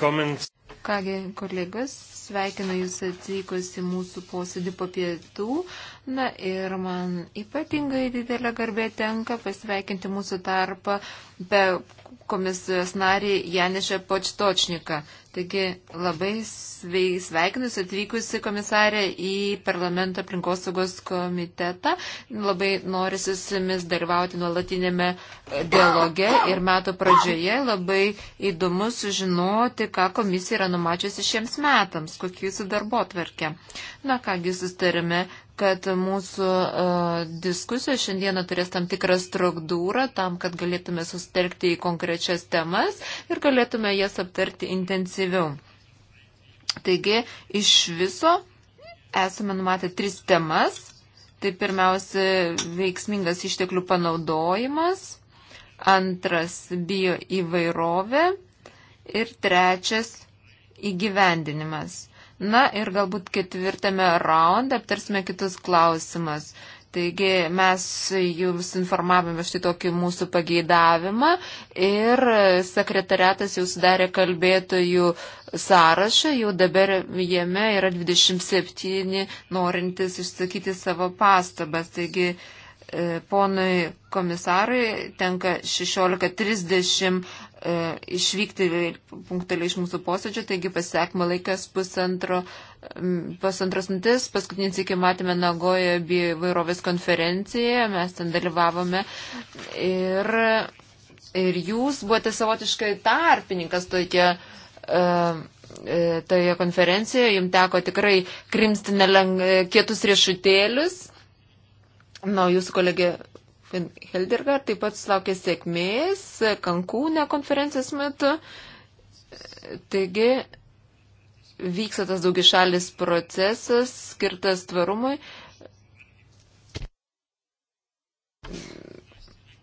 comments. Kągi, kolegos, sveikinu Jūs atvykus į mūsų posėdį po pietų. Na ir man ypatingai didelė garbė tenka pasveikinti mūsų tarpą be komisijos narį Janišę Počtočniką. Taigi labai sveikinus atvykusi komisarė į parlamento aplinkosaugos komitetą. Labai norisi su jumis dalyvauti nuolatinėme e, dialoge ir metų pradžioje labai įdomu sužinoti, ką komisija yra numačiusi šiems metams, kokia jūsų darbo tvarkė. Na kągi, sustarime kad mūsų uh, diskusijos šiandieną turės tam tikrą struktūrą tam, kad galėtume sustelkti į konkrečias temas ir galėtume jas aptarti intensyviau. Taigi, iš viso esame numatę tris temas. Tai pirmiausia, veiksmingas išteklių panaudojimas, antras bio įvairovė ir trečias įgyvendinimas. Na ir galbūt ketvirtame raunde aptarsime kitus klausimus. Taigi mes jums informavome štai tokį mūsų pageidavimą ir sekretariatas jau sudarė kalbėtojų sąrašą, jau dabar jame yra 27 norintys išsakyti savo pastabas. Taigi e, ponui komisarui tenka 16.30 E, išvykti punkteliai iš mūsų posėdžio, taigi pasiekmo laikas pusantro, pusantros mintis. Paskutinį sėkį matėme Nagoje įvairovės konferencijoje, mes ten dalyvavome ir, ir jūs buvote savotiškai tarpininkas tokie. Uh, e, e, Toje konferencijoje jums teko tikrai krimsti neleng... kietus riešutėlius. Na, jūsų kolegė Hildergar taip pat sulaukė sėkmės Kankūne konferencijos metu. Taigi vyksta tas daugišalis procesas skirtas tvarumui.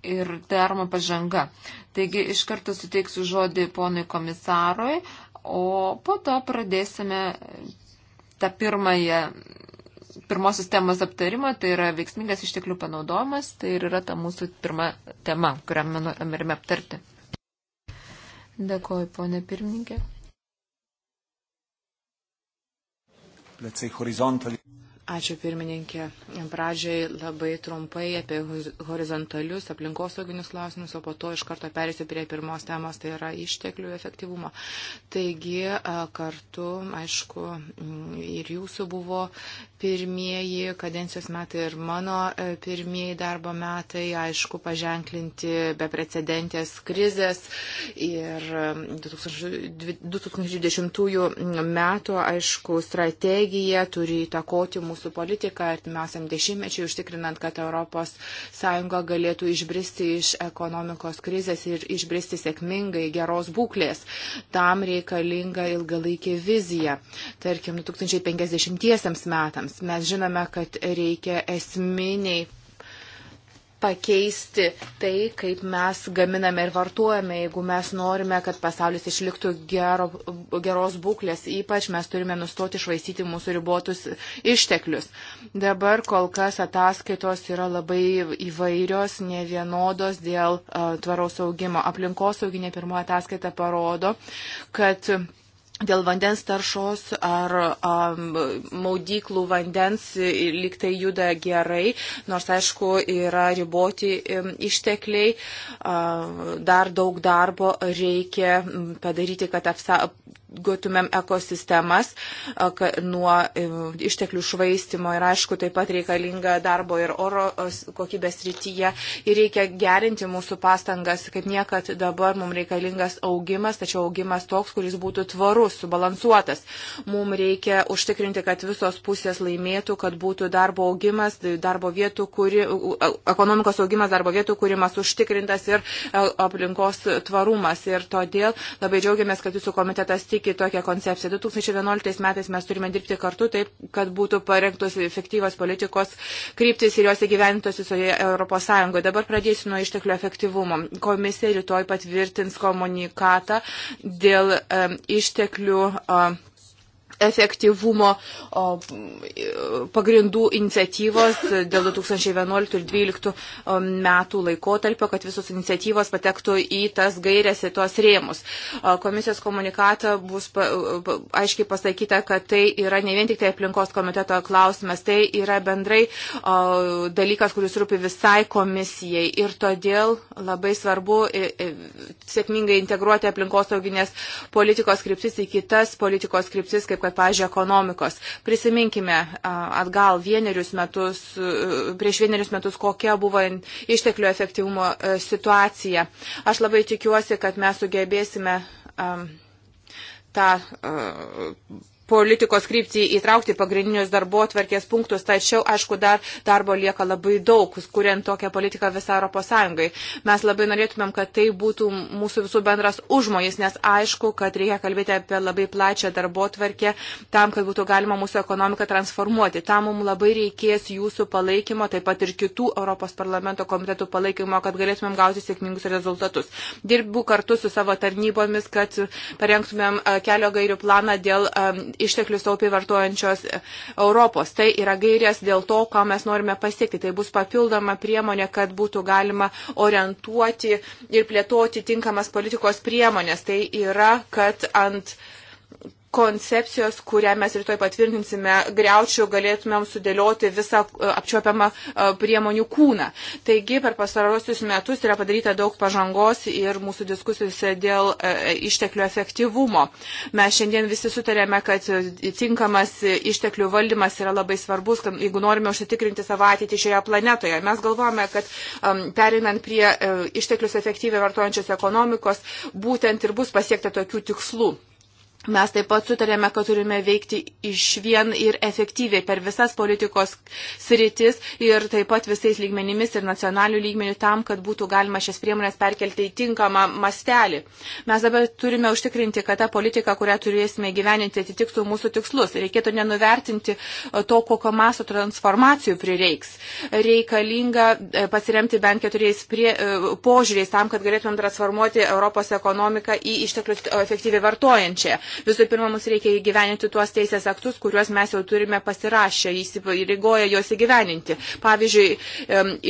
ir tai daroma pažanga. Taigi iš karto suteiksiu žodį ponui komisarui, o po to pradėsime tą pirmąją pirmos sistemos aptarimo, tai yra veiksmingas išteklių panaudojimas, tai ir yra ta mūsų pirma tema, kurią norime aptarti. Dėkuoju, ponė pirmininkė. Ačiū pirmininkė. Pradžiai labai trumpai apie horizontalius aplinkosauginius klausimus, o po to iš karto perėsiu prie pirmos temos, tai yra išteklių efektyvumo. Taigi kartu, aišku, ir jūsų buvo pirmieji kadencijos metai ir mano e, pirmieji darbo metai, aišku, paženklinti beprecedentės krizės ir 2020 metų, aišku, strategija turi įtakoti mūsų mūsų politiką artimiausiam dešimtmečiui, užtikrinant, kad ES galėtų išbristi iš ekonomikos krizės ir išbristi sėkmingai geros būklės. Tam reikalinga ilgalaikė vizija, tarkim, 2050 metams. Mes žinome, kad reikia esminiai pakeisti tai, kaip mes gaminame ir vartojame, jeigu mes norime, kad pasaulis išliktų gero, geros būklės, ypač mes turime nustoti švaistyti mūsų ribotus išteklius. Dabar kol kas ataskaitos yra labai įvairios, ne vienodos dėl uh, tvaraus augimo. Aplinkosauginė pirmoji ataskaita parodo, kad uh, dėl vandens taršos ar um, maudyklų vandens liktai juda gerai, nors aišku yra riboti ištekliai, um, dar daug darbo reikia padaryti, kad apsa saugotumėm ekosistemas nuo e, išteklių švaistimo ir aišku taip pat reikalinga darbo ir oro kokybės rytyje ir reikia gerinti mūsų pastangas, kaip niekad dabar mums reikalingas augimas, tačiau augimas toks, kuris būtų tvarus, subalansuotas. Mums reikia užtikrinti, kad visos pusės laimėtų, kad būtų darbo augimas, darbo vietų, kuri, ekonomikos augimas, darbo vietų kūrimas užtikrintas ir aplinkos tvarumas. Ir todėl labai džiaugiamės, kad jūsų komitetas teikia tiki tokią koncepciją. 2011 metais mes turime dirbti kartu taip, kad būtų parengtos efektyvos politikos kryptis ir jos įgyventos visoje Europos Sąjungoje. Dabar pradėsiu nuo išteklių efektyvumo. Komisija rytoj patvirtins komunikatą dėl um, išteklių. Um, efektyvumo o, pagrindų iniciatyvos dėl 2011 ir 2012 metų laikotarpio, kad visos iniciatyvos patektų į tas gairias, į tuos rėmus. Komisijos komunikata bus pa, pa, aiškiai pasakyta, kad tai yra ne vien tik tai aplinkos komiteto klausimas, tai yra bendrai o, dalykas, kuris rūpi visai komisijai ir todėl labai svarbu i, i, sėkmingai integruoti aplinkosauginės politikos kryptis į kitas politikos kryptis, kaip kad, pažiūrėjau, ekonomikos. Prisiminkime atgal vienerius metus, e, prieš vienerius metus, kokia buvo išteklių efektyvumo e, situacija. Aš labai tikiuosi, kad mes sugebėsime tą e, politikos kryptį įtraukti pagrindinius darbo atverkės punktus, tačiau, aišku, dar darbo lieka labai daug, kuriant tokią politiką visą Europos Sąjungai. Mes labai norėtumėm, kad tai būtų mūsų visų bendras užmojas, nes aišku, kad reikia kalbėti apie labai plačią darbo atverkę tam, kad būtų galima mūsų ekonomiką transformuoti. Tam mums labai reikės jūsų palaikymo, taip pat ir kitų Europos parlamento komitetų palaikymo, kad galėtumėm gauti sėkmingus rezultatus. Dirbu kartu su savo tarnybomis, kad parengtumėm kelio gairių planą dėl išteklius taupiai vartojančios Europos. Tai yra gairės dėl to, ką mes norime pasiekti. Tai bus papildoma priemonė, kad būtų galima orientuoti ir plėtoti tinkamas politikos priemonės. Tai yra, kad ant koncepcijos, kurią mes rytoj patvirtinsime, greučių galėtumėm sudėlioti visą e, apčiopiamą e, priemonių kūną. Taigi per pastarosius metus yra padaryta daug pažangos ir mūsų diskusijose dėl e, išteklių efektyvumo. Mes šiandien visi sutarėme, kad tinkamas išteklių valdymas yra labai svarbus, kad, jeigu norime užsitikrinti savo ateitį šioje planetoje. Mes galvojame, kad perinant prie išteklius efektyviai vartojančios ekonomikos, būtent ir bus pasiekta tokių tikslų. Mes taip pat sutarėme, kad turime veikti iš vien ir efektyviai per visas politikos sritis ir taip pat visais lygmenimis ir nacionalių lygmenių tam, kad būtų galima šias priemonės perkelti į tinkamą mastelį. Mes dabar turime užtikrinti, kad ta politika, kurią turėsime gyveninti, atitiktų mūsų tikslus. Reikėtų nenuvertinti to, kokio maso transformacijų prireiks. Reikalinga e, pasiremti bent keturiais prie, e, požiūriais tam, kad galėtumėm transformuoti Europos ekonomiką į išteklius efektyviai vartojančią Visų pirma, mums reikia įgyveninti tuos teisės aktus, kuriuos mes jau turime pasirašę, įsipareigoję juos įgyveninti. Pavyzdžiui,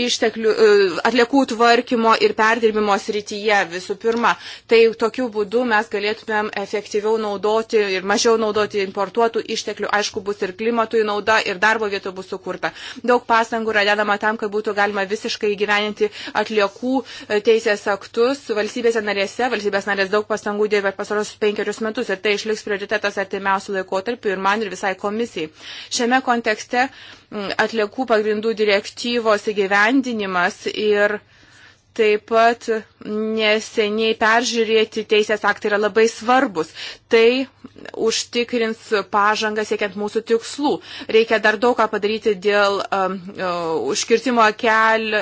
išteklių, e, atliekų tvarkymo ir perdirbimo srityje visų pirma. Tai tokiu būdu mes galėtumėm efektyviau naudoti ir mažiau naudoti importuotų išteklių. Aišku, bus ir klimatui nauda, ir darbo vietų bus sukurta. Daug pastangų yra dedama tam, kad būtų galima visiškai įgyveninti atliekų e, teisės aktus valstybėse narėse. Valstybės narės daug pastangų dėjo per pasarosius penkerius metus. Ir tai išliks prioritetas artimiausių laikotarpių ir man ir visai komisijai. Šiame kontekste mm, atliekų pagrindų direktyvos įgyvendinimas ir taip pat neseniai peržiūrėti teisės aktai yra labai svarbus. Tai užtikrins pažangą siekiant mūsų tikslų. Reikia dar daug ką padaryti dėl um, uh, užkirtimo kelio,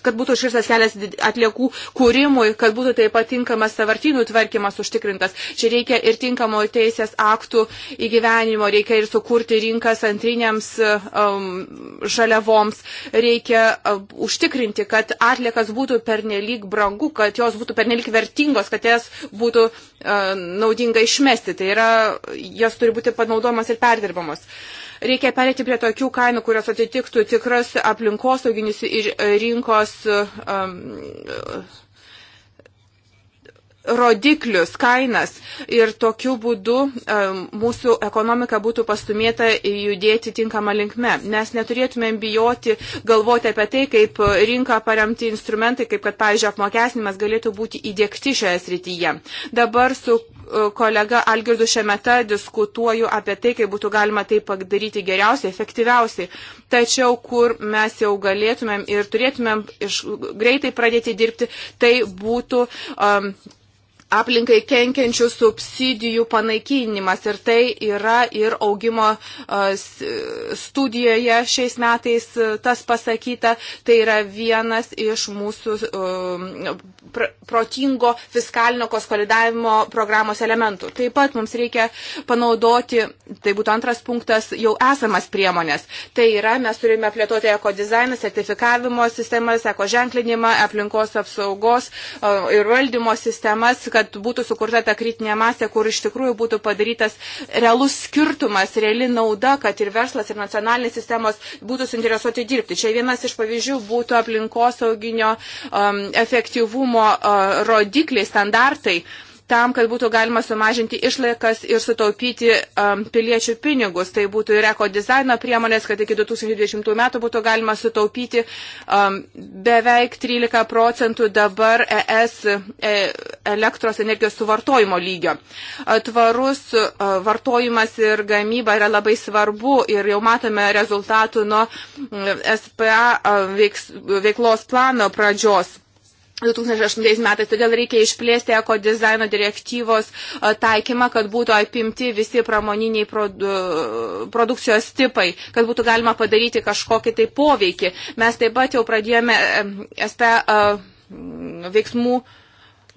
kad būtų užkirstas kelias atliekų kūrimui, kad būtų taip pat tinkamas savartynų tvarkymas užtikrintas. Čia reikia ir tinkamo teisės aktų įgyvenimo, reikia ir sukurti rinkas antriniams um, žaliavoms, reikia um, užtikrinti, kad atliekas būtų pernelyg brangu, kad jos būtų pernelik vertingos, kad jas būtų e, naudinga išmesti. Tai yra, jos turi būti panaudomas ir perdirbamos. Reikia perėti prie tokių kainų, kurios atitiktų tikras aplinkosauginius ir rinkos. E, e, rodiklius, kainas ir tokiu būdu mūsų ekonomika būtų pastumėta judėti tinkamą linkme. Mes neturėtumėm bijoti galvoti apie tai, kaip rinką paremti instrumentai, kaip kad, pavyzdžiui, apmokesnimas galėtų būti įdėkti šioje srityje. Dabar su e, kolega Algirdu Šemeta diskutuoju apie tai, kaip būtų galima tai padaryti geriausiai, efektyviausiai. Tačiau, kur mes jau galėtumėm ir turėtumėm iš, greitai pradėti dirbti, tai būtų um, aplinkai kenkiančių subsidijų panaikinimas. Ir tai yra ir augimo studijoje šiais metais tas pasakyta. Tai yra vienas iš mūsų protingo fiskalinio konsolidavimo programos elementų. Taip pat mums reikia panaudoti, tai būtų antras punktas, jau esamas priemonės. Tai yra, mes turime plėtoti ekodizainą, sertifikavimo sistemas, ekoženklinimą, aplinkos apsaugos ir valdymo sistemas, kad kad būtų sukurta ta kritinė masė, kur iš tikrųjų būtų padarytas realus skirtumas, reali nauda, kad ir verslas, ir nacionalinės sistemos būtų suinteresuoti dirbti. Čia vienas iš pavyzdžių būtų aplinkosauginio um, efektyvumo uh, rodikliai, standartai. Uh, tam, kad būtų galima sumažinti išlaikas ir sutaupyti um, piliečių pinigus. Tai būtų ir eko dizaino priemonės, kad iki 2020 metų būtų galima sutaupyti um, beveik 13 procentų dabar ES e, elektros energijos suvartojimo lygio. Tvarus vartojimas ir gamyba yra labai svarbu ir jau matome rezultatų nuo mm, SPA veiks, veiklos plano pradžios. 2008 metais, todėl reikia išplėsti eko dizaino direktyvos e, taikymą, kad būtų apimti visi pramoniniai produ, produkcijos tipai, kad būtų galima padaryti kažkokį tai poveikį. Mes taip pat jau pradėjome SP e, veiksmų uh,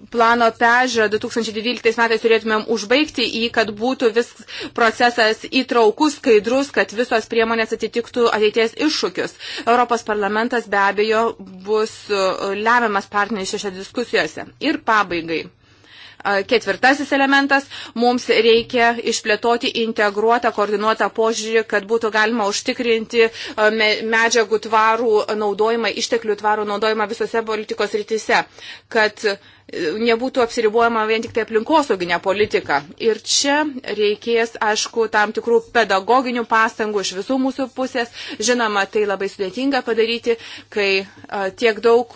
plano pežą 2012 metais turėtumėm užbaigti į, kad būtų vis procesas įtraukus, skaidrus, kad visos priemonės atitiktų ateities iššūkius. Europos parlamentas be abejo bus e, lemiamas partneris šiose diskusijose. Ir pabaigai. E, ketvirtasis elementas - mums reikia išplėtoti integruotą, koordinuotą požiūrį, kad būtų galima užtikrinti e, medžiagų tvarų naudojimą, išteklių tvarų naudojimą visose politikos rytise, kad nebūtų apsiribuojama vien tik tai aplinkosauginė politika. Ir čia reikės, aišku, tam tikrų pedagoginių pastangų iš visų mūsų pusės. Žinoma, tai labai sudėtinga padaryti, kai tiek daug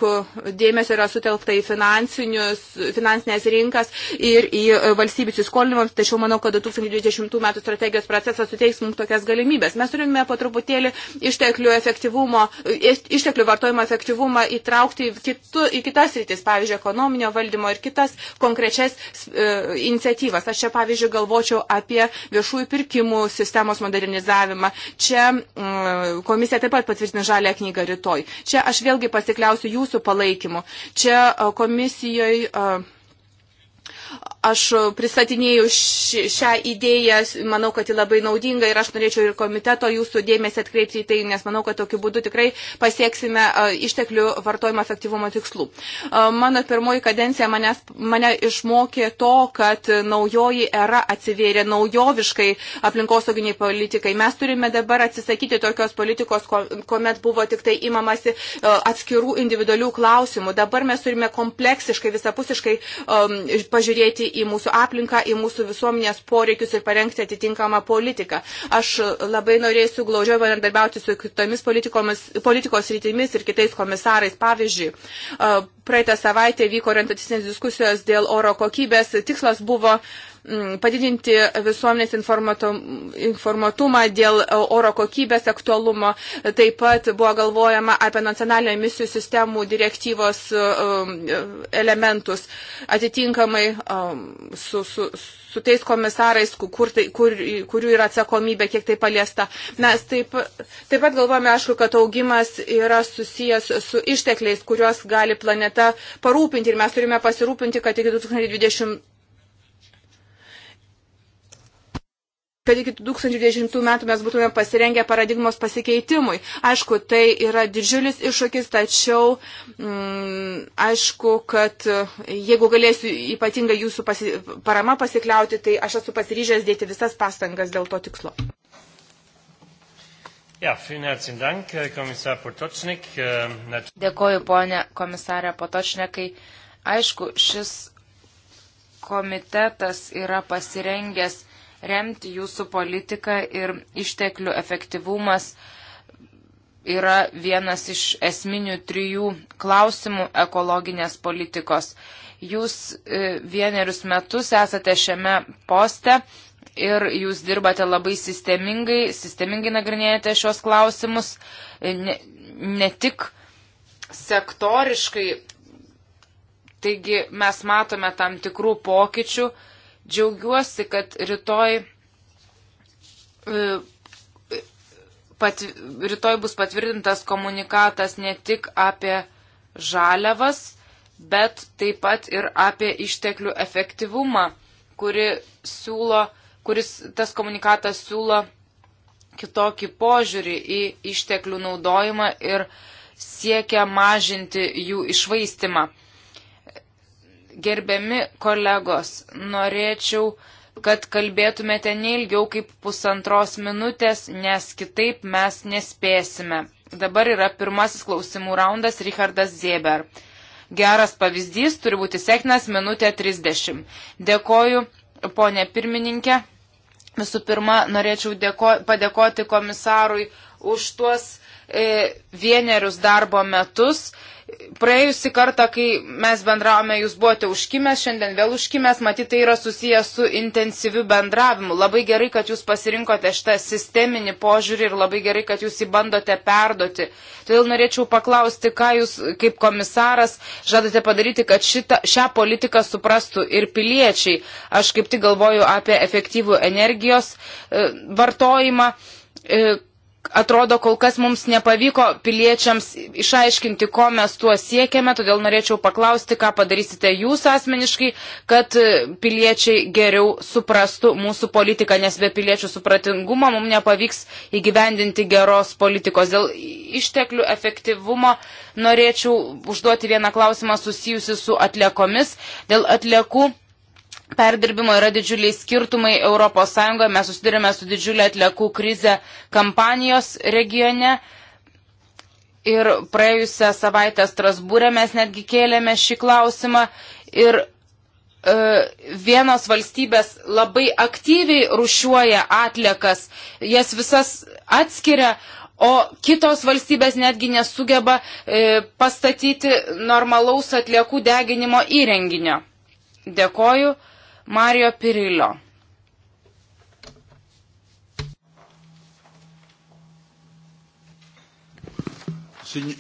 dėmesio yra sutelkta į finansinės rinkas ir į valstybių įsiskolinimams, tačiau manau, kad 2020 metų strategijos procesas suteiks mums tokias galimybės. Mes turime po truputėlį išteklių, efektyvumo, e, išteklių vartojimo efektyvumą įtraukti į, kitu, į kitas rytis, pavyzdžiui, ekonominio valdymo ir kitas konkrečias e, iniciatyvas. Aš čia, pavyzdžiui, galvočiau apie viešųjų pirkimų sistemos modernizavimą. Čia mm, komisija taip pat patvirtina žalę knygą rytoj. Čia aš vėlgi pasikliausiu jūsų palaikymu. Čia e, komisijoje Aš pristatinėjau šią idėją, manau, kad ji labai naudinga ir aš norėčiau ir komiteto jūsų dėmesį atkreipti į tai, nes manau, kad tokiu būdu tikrai pasieksime išteklių vartojimo efektyvumo tikslų. Mano pirmoji kadencija manęs, mane išmokė to, kad naujoji era atsivėrė naujoviškai aplinkosauginiai politikai. Mes turime dabar atsisakyti tokios politikos, kuomet buvo tik tai imamasi atskirų individualių klausimų. Dabar mes turime kompleksiškai, visapusiškai um, pažiūrėti pasižiūrėti į mūsų aplinką, į mūsų visuomenės poreikius ir parengti atitinkamą politiką. Aš labai norėsiu glaudžiau bendradarbiauti su kitomis politikos rytimis ir kitais komisarais. Pavyzdžiui, praeitą savaitę vyko orientacinės diskusijos dėl oro kokybės. Tikslas buvo Mm, padidinti visuomenės informatumą dėl e, oro kokybės aktualumo. Taip pat buvo galvojama apie nacionalinio emisijų sistemų direktyvos e, e, elementus. Atitinkamai su, su, su tais komisarais, kur tai, kur, kurių yra atsakomybė, kiek tai paliesta. Mes taip, taip pat galvojame, aišku, kad augimas yra susijęs su ištekliais, kuriuos gali planeta parūpinti ir mes turime pasirūpinti, kad iki 2020 kad iki 2020 metų mes būtume pasirengę paradigmos pasikeitimui. Aišku, tai yra didžiulis iššūkis, tačiau mm, aišku, kad e, jeigu galėsiu ypatingai jūsų pasi parama pasikliauti, tai aš esu pasiryžęs dėti visas pastangas dėl to tikslo. Ja, dank, äh, Dėkoju, ponė komisarė Potočnekai. Aišku, šis komitetas yra pasirengęs remti jūsų politiką ir išteklių efektyvumas yra vienas iš esminių trijų klausimų ekologinės politikos. Jūs e, vienerius metus esate šiame poste ir jūs dirbate labai sistemingai, sistemingai nagrinėjate šios klausimus, e, ne, ne tik sektoriškai, taigi mes matome tam tikrų pokyčių Džiaugiuosi, kad rytoj, e, pat, rytoj bus patvirtintas komunikatas ne tik apie žaliavas, bet taip pat ir apie išteklių efektyvumą, kuri siūlo, kuris tas komunikatas siūlo kitokį požiūrį į išteklių naudojimą ir siekia mažinti jų išvaistimą. Gerbiami kolegos, norėčiau, kad kalbėtumėte neilgiau kaip pusantros minutės, nes kitaip mes nespėsime. Dabar yra pirmasis klausimų raundas Richardas Zieber. Geras pavyzdys turi būti sėkmės minutė 30. Dėkoju, ponė pirmininkė. Visų pirma, norėčiau dėko, padėkoti komisarui už tuos E, vienerius darbo metus. Praėjusi kartą, kai mes bendravome, jūs buvote užkimęs, šiandien vėl užkimęs, matyt, tai yra susijęs su intensyviu bendravimu. Labai gerai, kad jūs pasirinkote šitą sisteminį požiūrį ir labai gerai, kad jūs jį bandote perduoti. Todėl norėčiau paklausti, ką jūs kaip komisaras žadate padaryti, kad šitą, šią politiką suprastų ir piliečiai. Aš kaip tik galvoju apie efektyvų energijos e, vartojimą e, atrodo, kol kas mums nepavyko piliečiams išaiškinti, ko mes tuo siekiame, todėl norėčiau paklausti, ką padarysite jūs asmeniškai, kad e, piliečiai geriau suprastų mūsų politiką, nes be piliečių supratingumo mums nepavyks įgyvendinti geros politikos. Dėl išteklių efektyvumo norėčiau užduoti vieną klausimą susijusi su atliekomis. Dėl atliekų perdirbimo yra didžiuliai skirtumai Europos Sąjungoje. Mes susidurime su didžiulė atliekų krize kampanijos regione. Ir praėjusią savaitę Strasbūrė mes netgi kėlėme šį klausimą. Ir e, vienos valstybės labai aktyviai rušiuoja atliekas, jas visas atskiria, o kitos valstybės netgi nesugeba e, pastatyti normalaus atliekų deginimo įrenginio. Dėkoju. Mario Pirillo.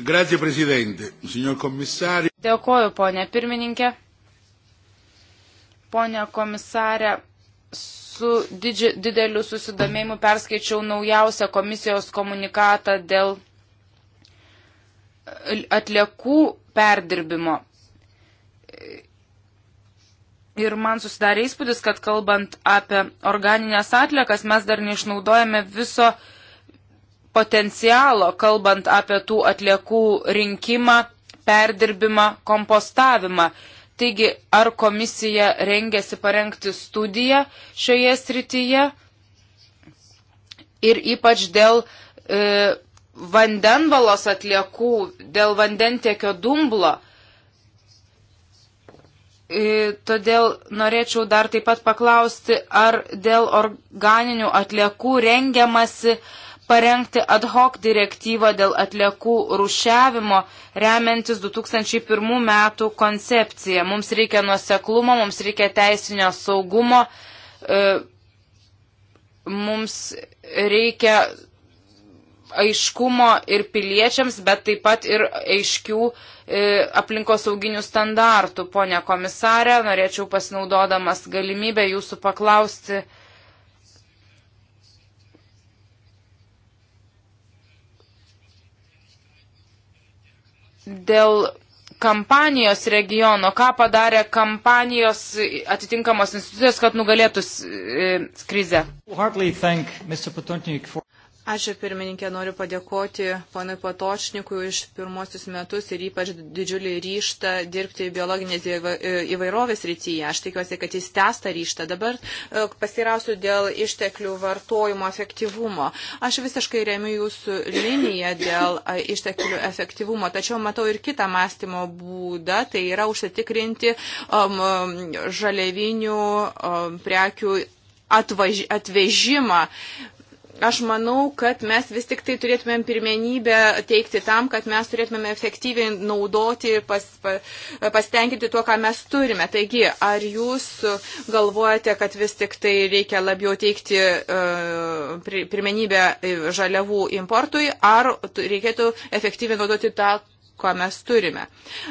Grazie Presidente, signor Commissario. Dėkoju, ponė pirmininkė. Pone komisarė, su didži, dideliu susidomėjimu perskaičiau naujausią komisijos komunikatą dėl atliekų perdirbimo. Ir man susidarė įspūdis, kad kalbant apie organinės atliekas, mes dar neišnaudojame viso potencialo, kalbant apie tų atliekų rinkimą, perdirbimą, kompostavimą. Taigi, ar komisija rengėsi parengti studiją šioje srityje ir ypač dėl e, vandenvalos atliekų, dėl vandentiekio dumblo, E, todėl norėčiau dar taip pat paklausti, ar dėl organinių atliekų rengiamasi parengti ad hoc direktyvą dėl atliekų rušiavimo, remiantis 2001 metų koncepciją. Mums reikia nuoseklumo, mums reikia teisinio saugumo, e, mums reikia aiškumo ir piliečiams, bet taip pat ir aiškių E, aplinkosauginių standartų. Pone komisarė, norėčiau pasinaudodamas galimybę jūsų paklausti. Dėl kampanijos regiono, ką padarė kampanijos atitinkamos institucijos, kad nugalėtų e, krizę. Ačiū pirmininkė, noriu padėkoti ponui Patočnikui už pirmosius metus ir ypač didžiulį ryštą dirbti biologinės e, įvairovės rytyje. Aš tikiuosi, kad jis testa ryštą. Dabar e, pasirausiu dėl išteklių vartojimo efektyvumo. Aš visiškai remiu jūsų liniją dėl e, išteklių efektyvumo, tačiau matau ir kitą mąstymo būdą, tai yra užsitikrinti um, žaliavinių um, prekių atvaž, atvežimą. Aš manau, kad mes vis tik tai turėtumėm pirmenybę teikti tam, kad mes turėtumėm efektyviai naudoti ir pas, pa, pastenkinti tuo, ką mes turime. Taigi, ar jūs galvojate, kad vis tik tai reikia labiau teikti uh, pirmenybę žaliavų importui, ar reikėtų efektyviai naudoti tą, ką mes turime.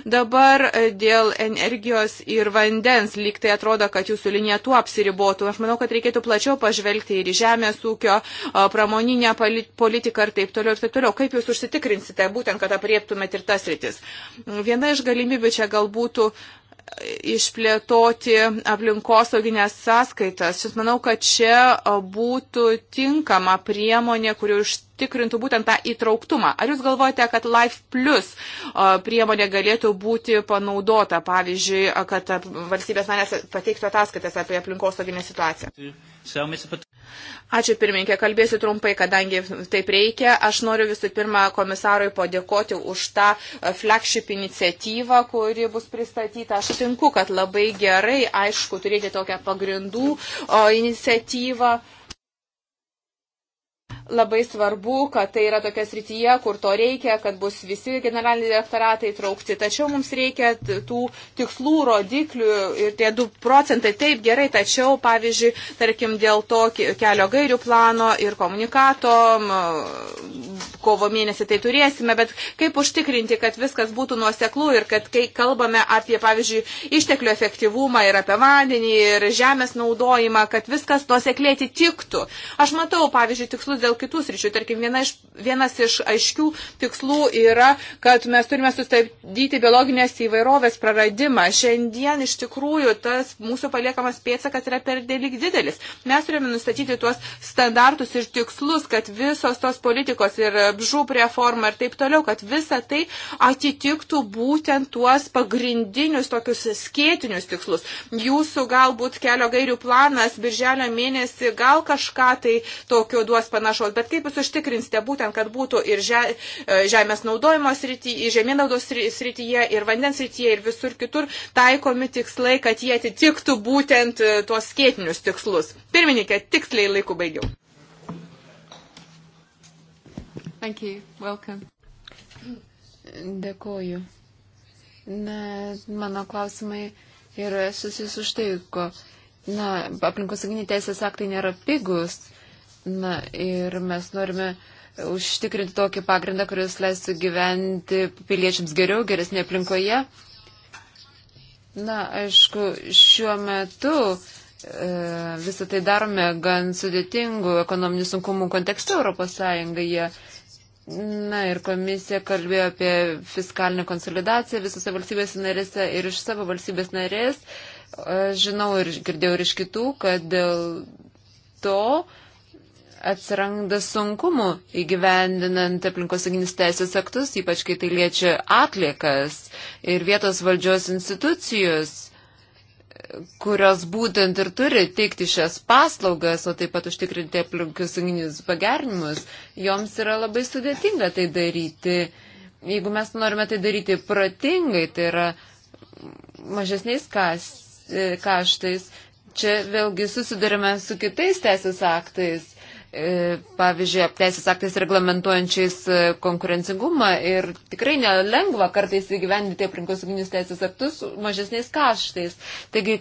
Dabar e, dėl energijos ir vandens, lyg tai atrodo, kad jūsų linija tuo apsiribotų. Aš manau, kad reikėtų plačiau pažvelgti ir į žemės ūkio, pramoninę politiką ir taip toliau ir taip toliau. Kaip jūs užsitikrinsite būtent, kad apriektumėt ir tas rytis? Viena iš galimybių čia galbūt išplėtoti aplinkosauginės sąskaitas. Aš manau, kad čia būtų tinkama priemonė, kuri užtikrintų būtent tą įtrauktumą. Ar jūs galvojate, kad Life Plus priemonė galėtų būti panaudota, pavyzdžiui, kad valstybės narės pateiktų ataskaitas apie aplinkosauginę situaciją? Ačiū pirmininkė, kalbėsiu trumpai, kadangi taip reikia. Aš noriu visų pirma komisarui padėkoti už tą e, flagship iniciatyvą, kuri bus pristatyta. Aš sutinku, kad labai gerai, aišku, turėti tokią pagrindų o, iniciatyvą labai svarbu, kad tai yra tokia srityje, kur to reikia, kad bus visi generaliniai direktoratai traukti. Tačiau mums reikia tų tikslų, rodiklių ir tie 2 procentai taip gerai, tačiau, pavyzdžiui, tarkim, dėl to kelio gairių plano ir komunikato kovo mėnesį tai turėsime, bet kaip užtikrinti, kad viskas būtų nuoseklų ir kad kai kalbame apie, pavyzdžiui, išteklių efektyvumą ir apie vandenį ir žemės naudojimą, kad viskas nuosekliai atitiktų. Aš matau, pavyzdžiui, tikslus dėl dėl kitų sričių. Tarkim, viena iš, vienas iš aiškių tikslų yra, kad mes turime sustabdyti biologinės įvairovės praradimą. Šiandien iš tikrųjų tas mūsų paliekamas pėtsakas yra per dėlik didelis. Mes turime nustatyti tuos standartus ir tikslus, kad visos tos politikos ir žūp reforma ir taip toliau, kad visa tai atitiktų būtent tuos pagrindinius tokius skėtinius tikslus. Jūsų galbūt kelio gairių planas birželio mėnesį gal kažką tai tokio duos panašaus lėšos, bet kaip jūs užtikrinsite būtent, kad būtų ir e, žemės naudojimo srityje, žemėnaudos srityje, ir vandens srityje, ir visur kitur taikomi tikslai, kad jie atitiktų būtent e, tuos skėtinius tikslus. Pirmininkė, tiksliai laiku baigiau. Thank you. Welcome. Dėkuoju. Na, mano klausimai yra susijus už tai, ko. Na, aplinkosaginiai teisės aktai nėra pigus, Na ir mes norime užtikrinti tokį pagrindą, kuris leistų gyventi piliečiams geriau, geresnė aplinkoje. Na, aišku, šiuo metu e, visą tai darome gan sudėtingų ekonominių sunkumų kontekste Europos Sąjungoje. Na ir komisija kalbėjo apie fiskalinę konsolidaciją visose valstybės narėse ir iš savo valstybės narės. Žinau ir girdėjau ir iš kitų, kad dėl to atsiranda sunkumų įgyvendinant aplinkosauginis teisės aktus, ypač kai tai liečia atliekas ir vietos valdžios institucijos, kurios būtent ir turi teikti šias paslaugas, o taip pat užtikrinti aplinkosauginius pagerinimus, joms yra labai sudėtinga tai daryti. Jeigu mes norime tai daryti pratingai, tai yra mažesniais e, kaštais, čia vėlgi susidurime su kitais teisės aktais E, pavyzdžiui, teisės aktais reglamentuojančiais e, konkurencingumą ir tikrai nelengva kartais įgyvendinti aplinkosauginius teisės aktus mažesniais kaštais. Taigi,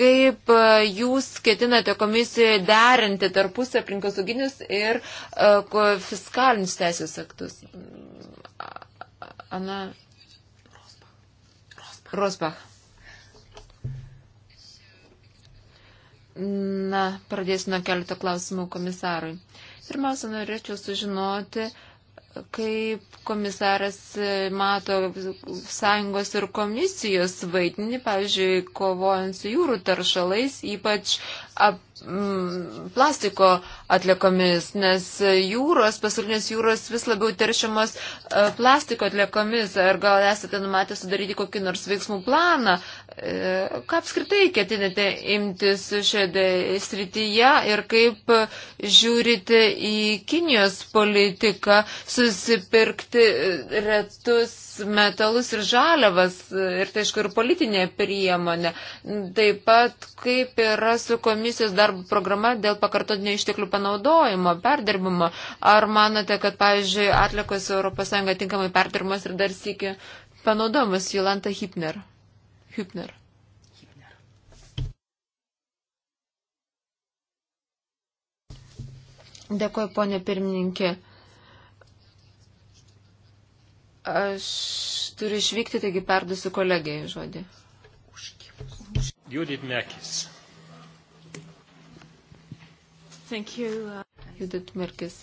kaip e, jūs ketinate komisijoje derinti tarpusę aplinkosauginius ir uh, fiskalinius teisės aktus? Ana. Rosbach. Rosbach. Na, pradėsiu nuo keletą klausimų komisarui. Pirmiausia, norėčiau sužinoti, kaip komisaras mato sąjungos ir komisijos vaidinį, pavyzdžiui, kovojant su jūrų taršalais, ypač ap, m, mm, plastiko atliekomis, nes jūros, pasaulinės jūros vis labiau teršiamos e, plastiko atliekomis. Ar gal esate numatę sudaryti kokį nors veiksmų planą E, ką apskritai ketinate imtis šioje srityje ir kaip žiūrite į Kinijos politiką susipirkti retus metalus ir žaliavas ir tai aišku ir politinė priemonė. Taip pat kaip yra su komisijos darbo programa dėl pakartotinio išteklių panaudojimo, perdirbimo. Ar manote, kad, pavyzdžiui, atlikos ES tinkamai perdirbimas ir dar sėki panaudomas Jolanta Hipner? Hübner. Dėkuoju, ponė pirmininkė. Aš turiu išvykti, taigi perdusiu kolegijai žodį. Judith Merkis. Thank you. Uh, Judith Merkis.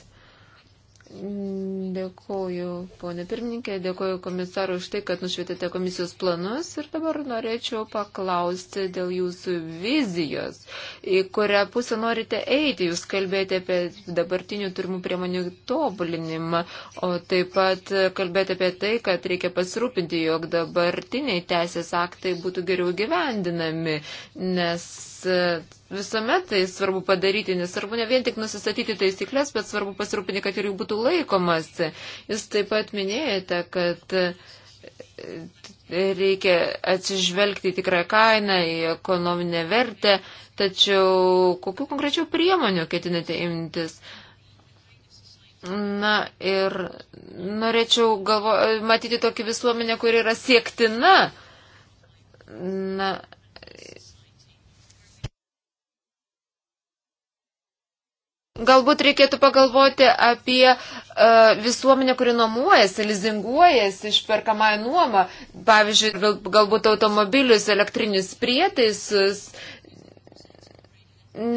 Dėkuoju, ponė pirmininkė, dėkuoju komisarui už tai, kad nušvietėte komisijos planus ir dabar norėčiau paklausti dėl jūsų vizijos, į kurią pusę norite eiti. Jūs kalbėjote apie dabartinių turimų priemonių tobulinimą, o taip pat kalbėjote apie tai, kad reikia pasirūpinti, jog dabartiniai teisės aktai būtų geriau gyvendinami, nes E, visuomet tai svarbu padaryti, nes svarbu ne vien tik nusistatyti taisyklės, bet svarbu pasirūpinti, kad ir jų būtų laikomasi. Jūs taip pat minėjote, kad e, reikia atsižvelgti į tikrą kainą, į ekonominę vertę, tačiau kokiu konkrečiu priemoniu ketinate imtis? Na ir norėčiau galvo, matyti tokį visuomenę, kuri yra siektina. Na, Galbūt reikėtų pagalvoti apie uh, visuomenę, kuri nuomuojasi, lizinguojasi, išperkamąją nuomą, pavyzdžiui, galbūt automobilius, elektrinius prietaisus,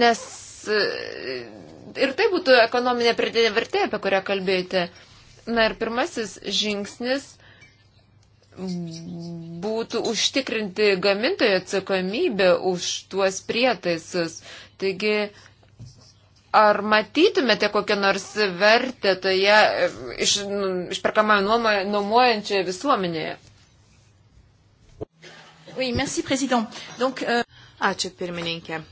nes e, ir tai būtų ekonominė pridėtinė vertė, apie kurią kalbėjote. Na ir pirmasis žingsnis būtų užtikrinti gamintojo atsakomybę už tuos prietaisus. Taigi, uh, Ar matytumėte kokią nors vertę toje e, iš, nu, išperkamą nuomą nuomojančioje visuomenėje? Oui, merci, Donc, euh... Ačiū pirmininkė.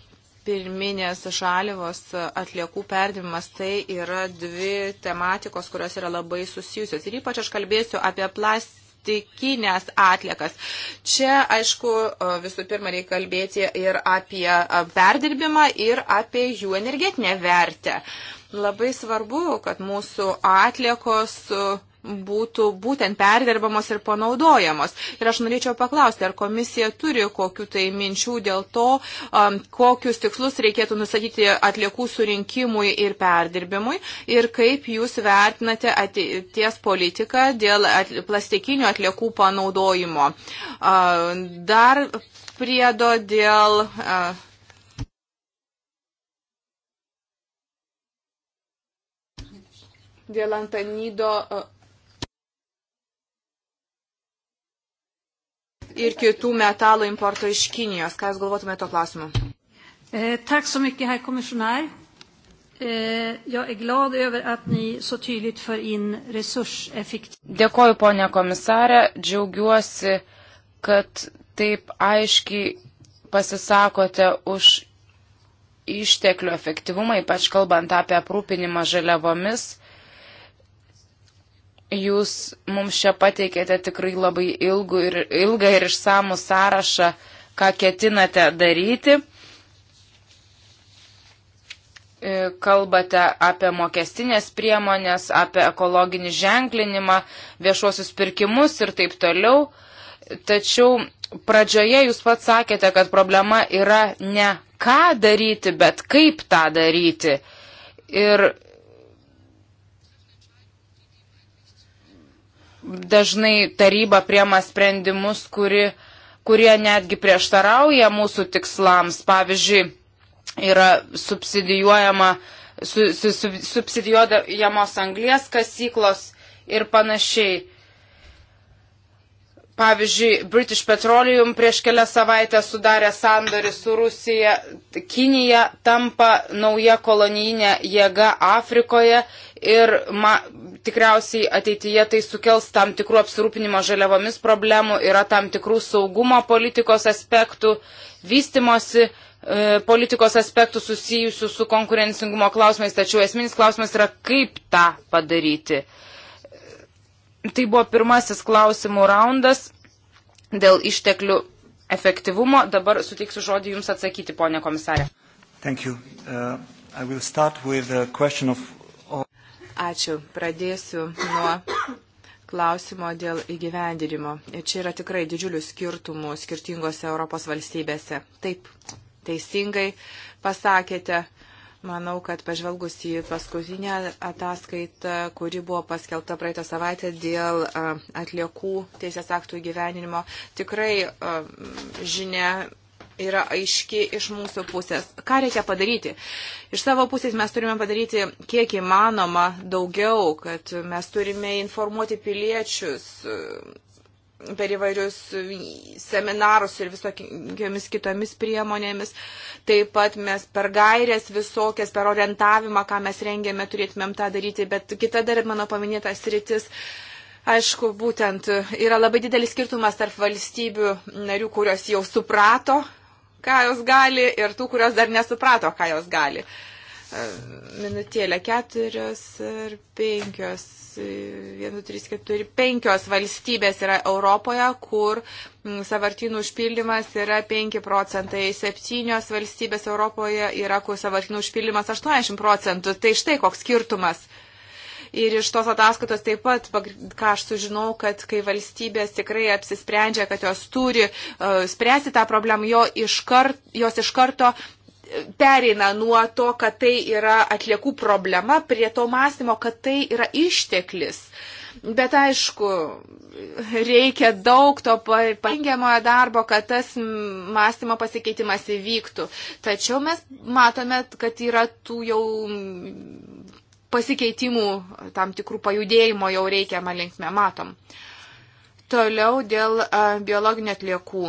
Pirminės žalivos atliekų perdimas tai yra dvi tematikos, kurios yra labai susijusios. Ir ypač aš kalbėsiu apie plast plastikinės atliekas. Čia, aišku, visų pirma reikia kalbėti ir apie perdirbimą, ir apie jų energetinę vertę. Labai svarbu, kad mūsų atliekos būtų būtent perdirbamos ir panaudojamos. Ir aš norėčiau paklausti, ar komisija turi kokiu tai minčių dėl to, um, kokius tikslus reikėtų nusatyti atliekų surinkimui ir perdirbimui ir kaip jūs vertinate ateities politiką dėl at, plastikinių atliekų panaudojimo. Uh, dar priedo dėl. Uh, dėl Antanydo uh, ir kitų metalų importo iš Kinijos. Ką Jūs galvotumėte to klausimu? Eh, tak so mycket, herr kommissionär. Eh, jag är glad över att ni så tydligt för in resurseffektivitet. Dėkoju, ponė komisarė. Džiaugiuosi, kad taip aiškiai pasisakote už išteklių efektyvumą, ypač kalbant apie aprūpinimą žaliavomis. Jūs mums čia pateikėte tikrai labai ilgų ir, ilgą ir išsamų sąrašą, ką ketinate daryti. E, kalbate apie mokestinės priemonės, apie ekologinį ženklinimą, viešuosius pirkimus ir taip toliau. Tačiau pradžioje jūs pats sakėte, kad problema yra ne ką daryti, bet kaip tą daryti. Ir dažnai taryba priema sprendimus, kuri, kurie netgi prieštarauja mūsų tikslams. Pavyzdžiui, yra subsidijuojama, su, su, su, subsidijuojamos anglės kasyklos ir panašiai. Pavyzdžiui, British Petroleum prieš kelias savaitę sudarė sandorį su Rusija. Kinija tampa nauja kolonijinė jėga Afrikoje ir ma, tikriausiai ateityje tai sukels tam tikrų apsirūpinimo žaliavomis problemų, yra tam tikrų saugumo politikos aspektų, vystimosi e, politikos aspektų susijusių su konkurencingumo klausimais, tačiau esminis klausimas yra, kaip tą padaryti. Tai buvo pirmasis klausimų raundas dėl išteklių efektyvumo. Dabar suteiksiu žodį Jums atsakyti, ponė komisarė. Thank you. Uh, I will start with a question of Ačiū. Pradėsiu nuo klausimo dėl įgyvendinimo. Ir čia yra tikrai didžiulių skirtumų skirtingose Europos valstybėse. Taip, teisingai pasakėte. Manau, kad pažvelgus į paskutinę ataskaitą, kuri buvo paskelbta praeitą savaitę dėl atliekų teisės aktų įgyveninimo, tikrai žinia yra aiški iš mūsų pusės. Ką reikia padaryti? Iš savo pusės mes turime padaryti kiek įmanoma daugiau, kad mes turime informuoti piliečius e, per įvairius seminarus ir visokiamis kitomis priemonėmis. Taip pat mes per gairės visokias, per orientavimą, ką mes rengėme, turėtumėm tą daryti. Bet kita dar mano paminėta sritis aišku, būtent yra labai didelis skirtumas tarp valstybių narių, kurios jau suprato ką jos gali, ir tų, kurios dar nesuprato, ką jos gali. E, minutėlė keturios ir penkios. 1, 3, 4, 5 valstybės yra Europoje, kur savartinų užpildymas yra 5 procentai, 7 valstybės Europoje yra, kur savartinų užpildymas 80 procentų. Tai štai koks skirtumas. Ir iš tos ataskaitos taip pat, ką aš sužinau, kad kai valstybės tikrai apsisprendžia, kad jos turi uh, spręsti tą problemą, jo iš kart, jos iš karto e, pereina nuo to, kad tai yra atliekų problema, prie to mąstymo, kad tai yra išteklis. Bet aišku, reikia daug to parengiamojo darbo, kad tas mąstymo pasikeitimas įvyktų. Tačiau mes matome, kad yra tų jau pasikeitimų, tam tikrų pajudėjimo jau reikiamą linkmę matom. Toliau dėl e, biologinio atliekų.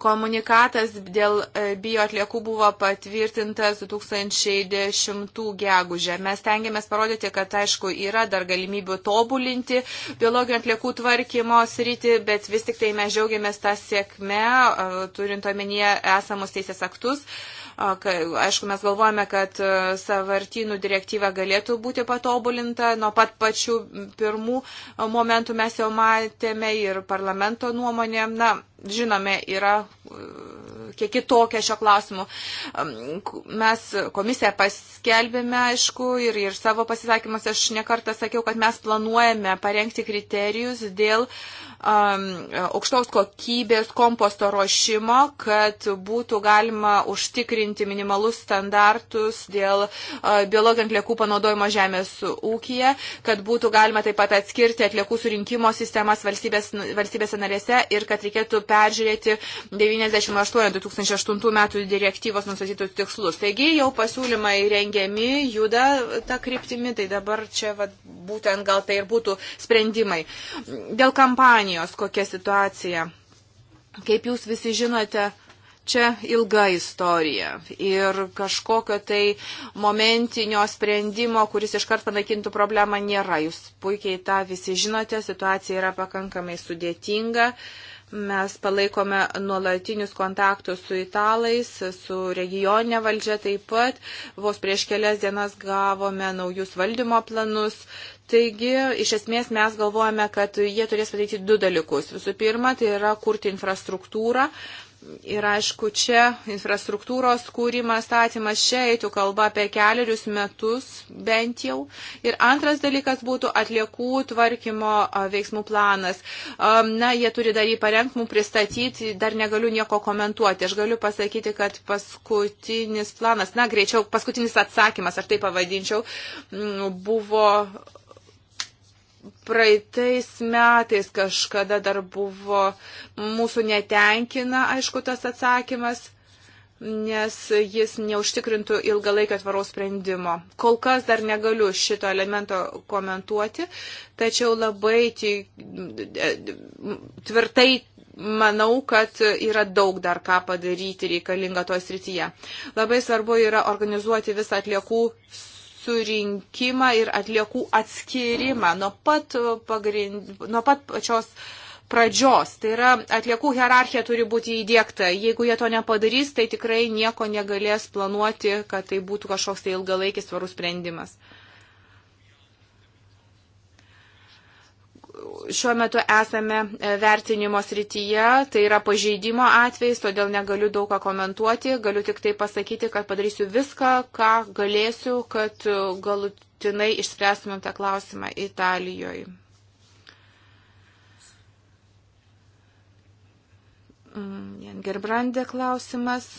Komunikatas dėl e, bioatliekų buvo patvirtintas 2010 gegužę. Mes tengiamės parodyti, kad aišku yra dar galimybių tobulinti biologinių atliekų tvarkymo sritį, bet vis tik tai mes džiaugiamės tą sėkmę, e, turint omenyje esamus teisės aktus. Uh, Aišku, mes galvojame, kad e, savartynų direktyva galėtų būti patobulinta. Nuo pat pačių pirmų e, momentų mes jau matėme ir parlamento nuomonė. Na, žinome, yra e, kiek kitokią šio klausimu. Mes komisiją paskelbėme, aišku, ir, ir savo pasisakymus aš nekartą sakiau, kad mes planuojame parengti kriterijus dėl um, aukštos kokybės komposto ruošimo, kad būtų galima užtikrinti minimalus standartus dėl uh, biologinių atliekų panaudojimo žemės ūkija, kad būtų galima taip pat atskirti atliekų surinkimo sistemas valstybės, valstybėse narėse ir kad reikėtų peržiūrėti 98 2008 metų direktyvos nusatytus tikslus. Taigi jau pasiūlymai rengiami, juda tą kryptimį, tai dabar čia vat, būtent gal tai ir būtų sprendimai. Dėl kampanijos kokia situacija? Kaip jūs visi žinote, čia ilga istorija ir kažkokio tai momentinio sprendimo, kuris iškart panaikintų problemą, nėra. Jūs puikiai tą visi žinote, situacija yra pakankamai sudėtinga. Uh, Mes palaikome nuolatinius kontaktus su italais, su regioninė valdžia taip pat. Vos prieš kelias dienas gavome naujus valdymo planus. Taigi, iš esmės mes galvojame, kad jie turės padaryti du dalykus. Visų pirma, tai yra kurti infrastruktūrą Ir aišku, čia infrastruktūros kūrimas, statymas, čia eitų kalba apie keliarius metus bent jau. Ir antras dalykas būtų atliekų tvarkymo veiksmų planas. Na, jie turi dar jį parengti, mums pristatyti, dar negaliu nieko komentuoti. Aš galiu pasakyti, kad paskutinis planas, na, greičiau, paskutinis atsakymas, aš tai pavadinčiau, buvo praeitais metais kažkada dar buvo mūsų netenkina, aišku, tas atsakymas, nes jis neužtikrintų ilgalaikio tvaraus sprendimo. Kol kas dar negaliu šito elemento komentuoti, tačiau labai tvirtai manau, kad yra daug dar ką padaryti reikalinga toje srityje. Labai svarbu yra organizuoti visą atliekų surinkimą ir atliekų atskirimą nuo pat, pagrind, nuo pat pačios pradžios. Tai yra atliekų hierarchija turi būti įdėkta. Jeigu jie to nepadarys, tai tikrai nieko negalės planuoti, kad tai būtų kažkoks tai ilgalaikis tvarus sprendimas. šiuo metu esame e, vertinimo srityje, tai yra pažeidimo atvejs, todėl negaliu daug ką komentuoti, galiu tik tai pasakyti, kad padarysiu viską, ką galėsiu, kad e, galutinai išspręstumėm tą klausimą Italijoje. Mm, Jan Gerbrandė klausimas.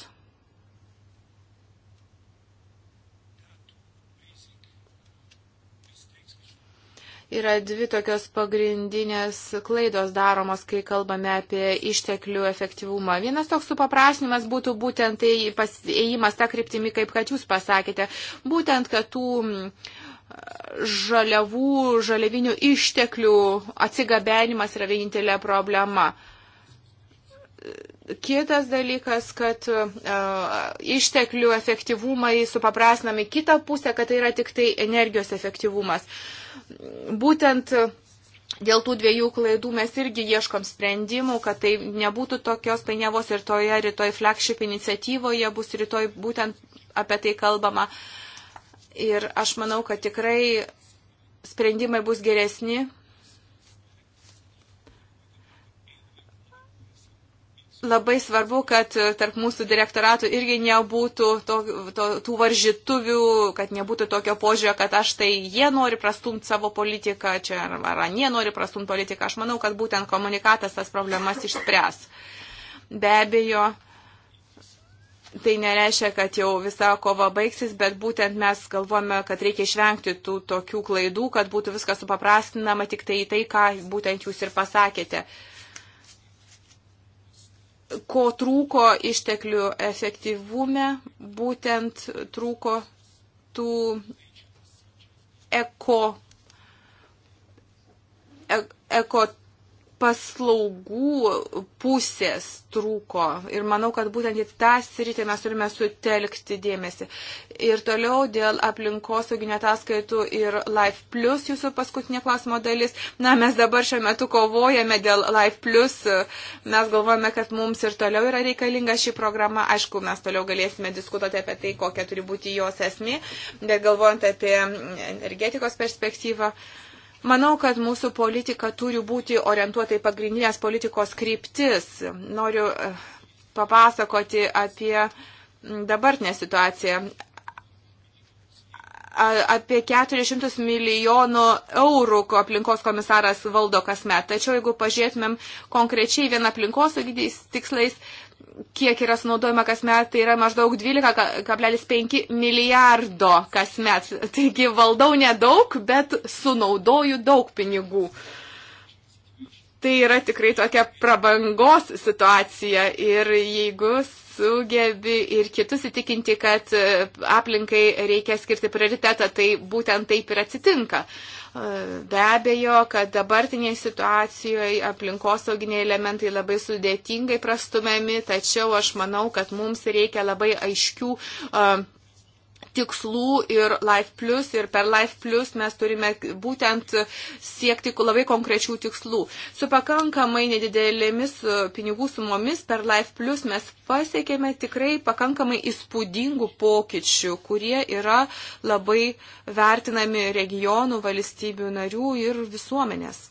Yra dvi tokios pagrindinės klaidos daromos, kai kalbame apie išteklių efektyvumą. Vienas toks supaprasnimas būtų būtent tai pasėjimas tą kryptimį, kaip kad jūs pasakėte. Būtent, kad tų mm, žaliavų, žaliavinių išteklių atsigabenimas yra vienintelė problema. Kitas dalykas, kad uh, išteklių efektyvumai supaprasnami kitą pusę, kad tai yra tik tai energijos efektyvumas. Uh, būtent dėl tų dviejų klaidų mes irgi ieškom sprendimų, kad tai nebūtų tokios painiavos ir toje rytoj flagship iniciatyvoje bus rytoj būtent apie tai kalbama. Ir aš manau, kad tikrai sprendimai bus geresni, labai svarbu, kad e, tarp mūsų direktoratų irgi nebūtų to, to, tų varžytuvių, kad nebūtų tokio požiūrio, kad aš tai jie nori prastumti savo politiką, čia ar, ar anie nori prastumti politiką. Aš manau, kad būtent komunikatas tas problemas išspręs. Be abejo, tai nereiškia, kad jau visa kova baigsis, bet būtent mes galvojame, kad reikia išvengti tų tokių klaidų, kad būtų viskas supaprastinama tik tai į tai, ką būtent jūs ir pasakėte. Uh, ko trūko išteklių efektyvume, būtent trūko tų eko, e, eko paslaugų pusės trūko. Ir manau, kad būtent į tą sritį mes turime sutelkti dėmesį. Ir toliau dėl aplinkosauginio ataskaitų ir Life Plus, jūsų paskutinė klausimo dalis. Na, mes dabar šiuo metu kovojame dėl Life Plus. Mes galvojame, kad mums ir toliau yra reikalinga ši programa. Aišku, mes toliau galėsime diskutuoti apie tai, kokia turi būti jos esmė. Bet galvojant apie energetikos perspektyvą. Uh, Manau, kad mūsų politika turi būti orientuota į pagrindinės politikos kryptis. Noriu eh, papasakoti apie mm, dabartinę situaciją. Apie 400 milijonų eurų aplinkos komisaras valdo kasmet. Tačiau jeigu pažiūrėtumėm konkrečiai vien aplinkos tikslais, kiek yra sunaudojama kasmet, tai yra maždaug 12,5 milijardo kasmet. Taigi valdau nedaug, bet sunaudoju daug pinigų. Tai yra tikrai tokia prabangos situacija ir jeigu sugebi ir kitus įtikinti, kad e, aplinkai reikia skirti prioritetą, tai būtent taip ir atsitinka. Uh, Be abejo, kad dabartinėje situacijoje aplinkosauginiai elementai labai sudėtingai prastumiami, tačiau aš manau, kad mums reikia labai aiškių tikslų ir Life Plus ir per Life Plus mes turime būtent siekti labai konkrečių tikslų. Su pakankamai nedidelėmis e, pinigų sumomis per Life Plus mes pasiekėme tikrai pakankamai įspūdingų pokyčių, kurie yra labai vertinami regionų, valstybių narių ir visuomenės.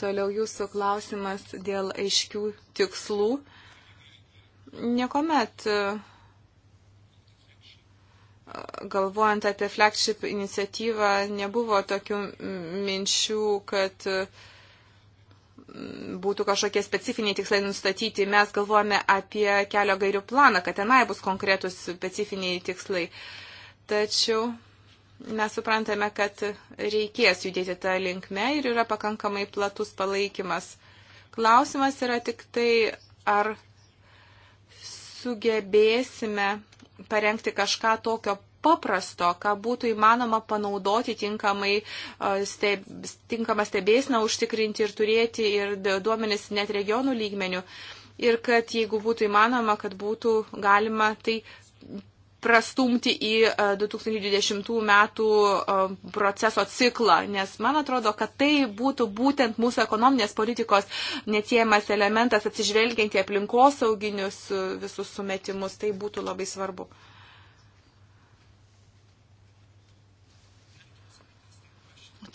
Toliau jūsų klausimas dėl aiškių tikslų. Niekuomet e, galvojant apie flagship iniciatyvą, nebuvo tokių minčių, kad e, būtų kažkokie specifiniai tikslai nustatyti. Mes galvojame apie kelio gairių planą, kad tenai bus konkretus specifiniai tikslai. Tačiau mes suprantame, kad reikės judėti tą linkme ir yra pakankamai platus palaikymas. Klausimas yra tik tai, ar sugebėsime parengti kažką tokio paprasto, ką būtų įmanoma panaudoti tinkamai, steb, tinkamą stebėsną užtikrinti ir turėti ir duomenis net regionų lygmenių. Ir kad jeigu būtų įmanoma, kad būtų galima tai prastumti į 2020 e, metų e, proceso ciklą, nes man atrodo, kad tai būtų būtent mūsų ekonominės politikos neatsiejamas elementas atsižvelgiant į aplinkosauginius e, visus sumetimus, tai būtų labai svarbu.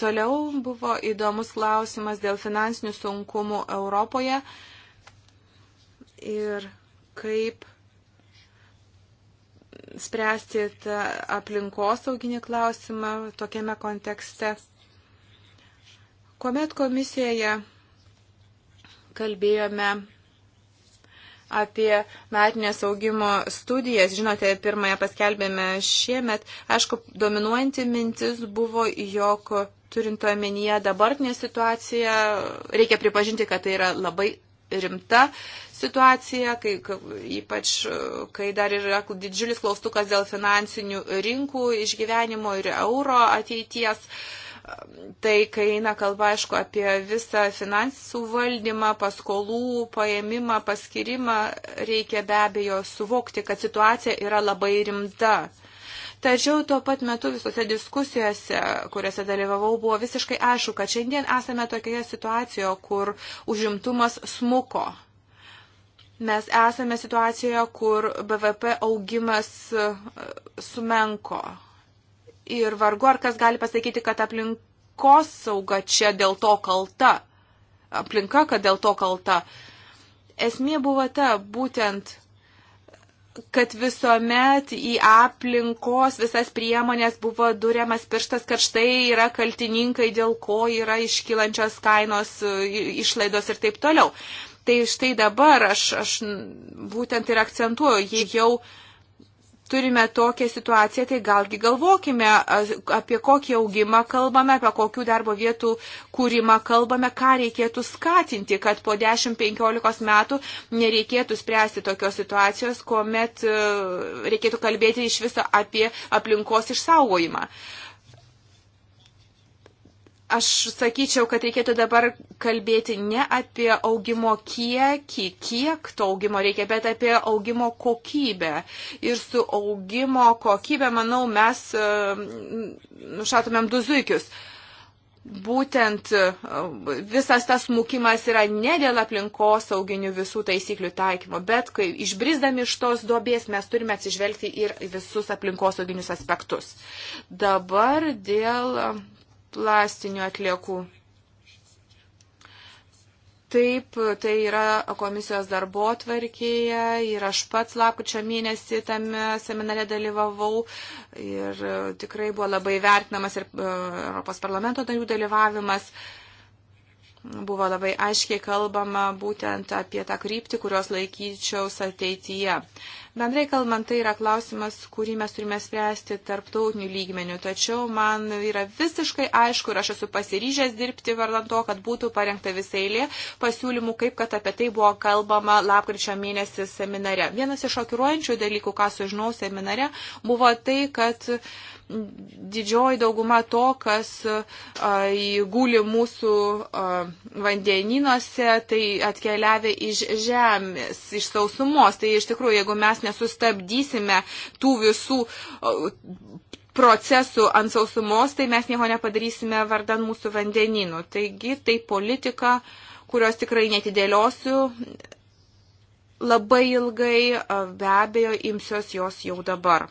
Toliau buvo įdomus klausimas dėl finansinių sunkumų Europoje ir kaip spręsti tą aplinkosauginį klausimą tokiame kontekste. Komet komisijoje kalbėjome apie metinės augimo studijas. Žinote, pirmąją paskelbėme šiemet. Aišku, dominuojanti mintis buvo, jog turint omenyje dabartinę situaciją, reikia pripažinti, kad tai yra labai rimta situaciją, kai, ypač e, kai dar yra didžiulis klaustukas dėl finansinių rinkų išgyvenimo ir euro ateities. Tai kai eina kalba, aišku, apie visą finansų valdymą, paskolų paėmimą, paskirimą, reikia be abejo suvokti, kad situacija yra labai rimta. Tačiau tuo pat metu visose diskusijose, kuriuose dalyvavau, buvo visiškai aišku, kad šiandien esame tokioje situacijoje, kur užimtumas smuko. Mes esame situacijoje, kur BVP augimas e, sumenko. Ir vargu ar kas gali pasakyti, kad aplinkos sauga čia dėl to kalta. Aplinka, kad dėl to kalta. Esmė buvo ta, būtent kad visuomet į aplinkos visas priemonės buvo duriamas pirštas, kad štai yra kaltininkai, dėl ko yra iškylančios kainos, e, išlaidos ir taip toliau. Tai štai dabar aš, aš būtent ir akcentuoju, jei jau turime tokią situaciją, tai galgi galvokime, apie kokį augimą kalbame, apie kokių darbo vietų kūrimą kalbame, ką reikėtų skatinti, kad po 10-15 metų nereikėtų spręsti tokios situacijos, kuomet e, reikėtų kalbėti iš viso apie aplinkos išsaugojimą. Uh, Aš sakyčiau, kad reikėtų dabar kalbėti ne apie augimo kiekį, kiek to augimo reikia, bet apie augimo kokybę. Ir su augimo kokybė, manau, mes e, nušatumėm du zuikius būtent e, visas tas mūkimas yra ne dėl aplinkos sauginių visų taisyklių taikymo, bet kai išbrisdami iš tos duobės mes turime atsižvelgti ir visus aplinkos sauginius aspektus. Dabar dėl plastinių atliekų. Taip, tai yra komisijos darbo tvarkėje ir aš pats lapkučio mėnesį tame seminare dalyvavau ir tikrai buvo labai vertinamas ir e, Europos parlamento narių dalyvavimas. Uh, buvo labai aiškiai kalbama būtent apie tą kryptį, kurios laikyčiaus ateityje. Bendrai kalbant, tai yra klausimas, kurį mes turime spręsti tarptautinių lygmenių, tačiau man yra visiškai aišku ir aš esu pasiryžęs dirbti vardant to, kad būtų parengta visa eilė pasiūlymų, kaip kad apie tai buvo kalbama lapkričio mėnesį seminare. Vienas iš šokiruojančių dalykų, ką sužinau seminare, buvo tai, kad uh, didžioji dauguma to, kas įgūli mūsų vandeninuose, tai atkeliavę iš žemės, iš sausumos. Tai iš tikrųjų, jeigu mes nesustabdysime tų visų procesų ant sausumos, tai mes nieko nepadarysime vardan mūsų vandeninų. Taigi tai politika, kurios tikrai netidėliosiu labai ilgai, be abejo, imsiuos jos jau dabar.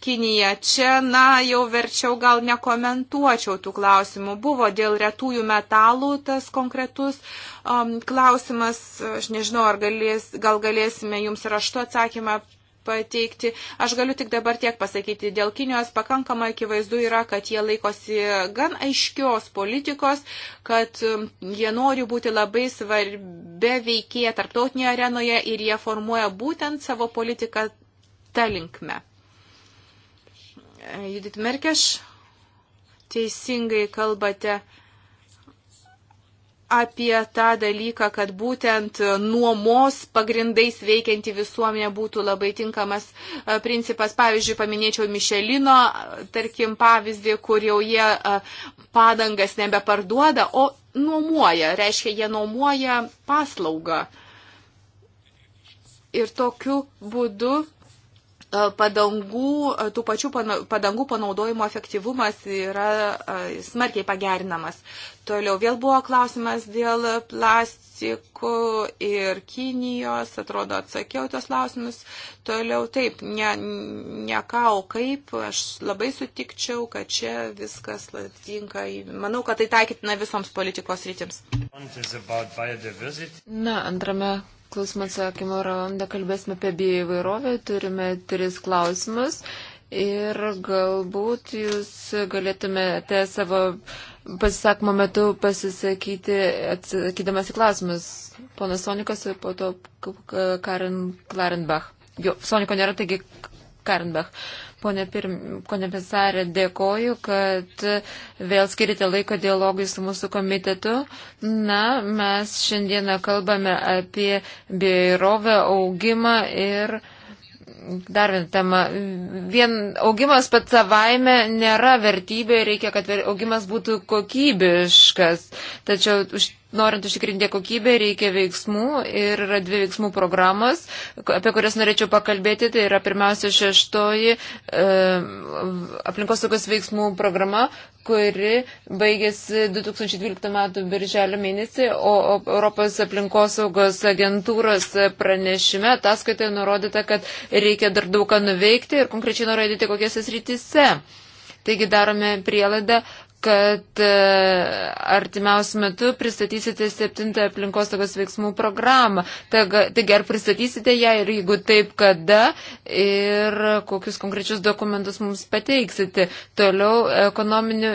Kinija. Čia, na, jau verčiau gal nekomentuočiau tų klausimų. Buvo dėl retųjų metalų tas konkretus um, klausimas. Aš nežinau, ar galės, gal galėsime jums raštu atsakymą pateikti. Aš galiu tik dabar tiek pasakyti. Dėl Kinijos pakankamai akivaizdu yra, kad jie laikosi gan aiškios politikos, kad um, jie nori būti labai svarbia veikėja tarptautinėje arenoje ir jie formuoja būtent savo politiką tą linkmę. Judit Merkeš, teisingai kalbate apie tą dalyką, kad būtent nuomos pagrindais veikianti visuomenė būtų labai tinkamas e, principas. Pavyzdžiui, paminėčiau Mišelino, tarkim, pavyzdį, kur jau jie e, padangas nebeparduoda, o nuomoja, reiškia, jie nuomoja paslaugą. Ir tokiu būdu E, padangų, e, tų pačių padangų panaudojimo efektyvumas yra e, smarkiai pagerinamas. Toliau vėl buvo klausimas dėl plastikų ir Kinijos, atrodo atsakiau tos klausimus. Toliau taip, ne, ne ką, o kaip, aš labai sutikčiau, kad čia viskas tinka. Manau, kad tai taikytina visoms politikos rytims. Na, antrame klausimą atsakymo raundą kalbėsime apie bioįvairovę. Turime tris klausimus ir galbūt jūs galėtumėte savo pasisakymo metu pasisakyti, atsakydamas į klausimus. Ponas Sonikas ir po to Karin Klarenbach. Jo, Soniko nėra, taigi Karenbach. Uh, Pone komisarė, dėkoju, kad vėl skirite laiko dialogui su mūsų komitetu. Na, mes šiandieną kalbame apie bioįrovę, augimą ir. Dar viena tema. Vien augimas pats savaime nėra vertybė, reikia, kad augimas būtų kokybiškas. Tačiau už norint užtikrinti kokybę, reikia veiksmų ir yra dvi veiksmų programos, apie kurias norėčiau pakalbėti. Tai yra pirmiausia šeštoji e, aplinkosaugos veiksmų programa, kuri baigėsi 2012 m. birželio mėnesį, o Europos aplinkosaugos agentūros pranešime ataskaitoje nurodyta, kad reikia dar daug ką nuveikti ir konkrečiai nurodyti, kokiose srityse. Taigi darome prielaidą, kad e, artimiausiu metu pristatysite septintą aplinkosaugos veiksmų programą. Taigi ar pristatysite ją ir jeigu taip, kada ir kokius konkrečius dokumentus mums pateiksite. Toliau ekonominių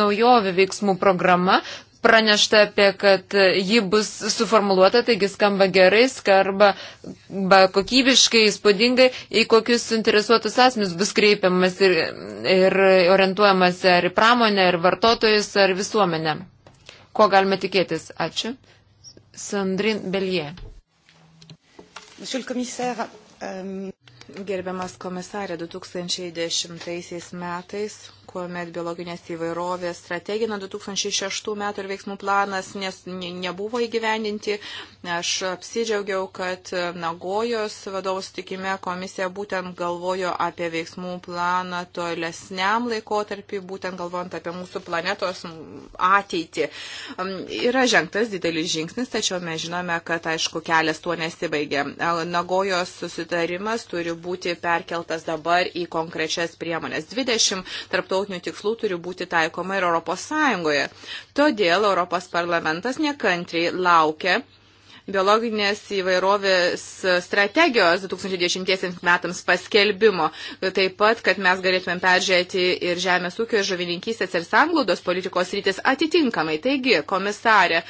naujovių veiksmų programa, pranešta apie, kad ji bus suformuluota, taigi skamba gerai, skamba kokybiškai, įspūdingai, į kokius suinteresuotus asmenys bus kreipiamas ir, ir orientuojamas ar į pramonę, ar vartotojus, ar visuomenę. Ko galime tikėtis? Ačiū. Sandrin Belie. Euh, gerbiamas komisarė, 2010 metais kuomet biologinės įvairovės strategija nuo 2006 metų ir veiksmų planas nes, ne, nebuvo įgyvendinti. Aš apsidžiaugiau, kad e, Nagojos vadovų sutikime komisija būtent galvojo apie veiksmų planą tolesniam laikotarpį, būtent galvojant apie mūsų planetos ateitį. Yra žengtas didelis žingsnis, tačiau mes žinome, kad aišku kelias tuo nesibaigia. Nagojos susitarimas turi būti perkeltas dabar į konkrečias priemonės. 20 tarptautų tarptautinių tikslų turi būti taikoma ir Europos Sąjungoje. Todėl Europos parlamentas nekantriai laukia biologinės įvairovės strategijos 2010 metams paskelbimo. Taip pat, kad mes galėtumėm peržiūrėti ir žemės ūkio, ir žuvininkystės, ir sanglaudos politikos rytis atitinkamai. Taigi, komisarė,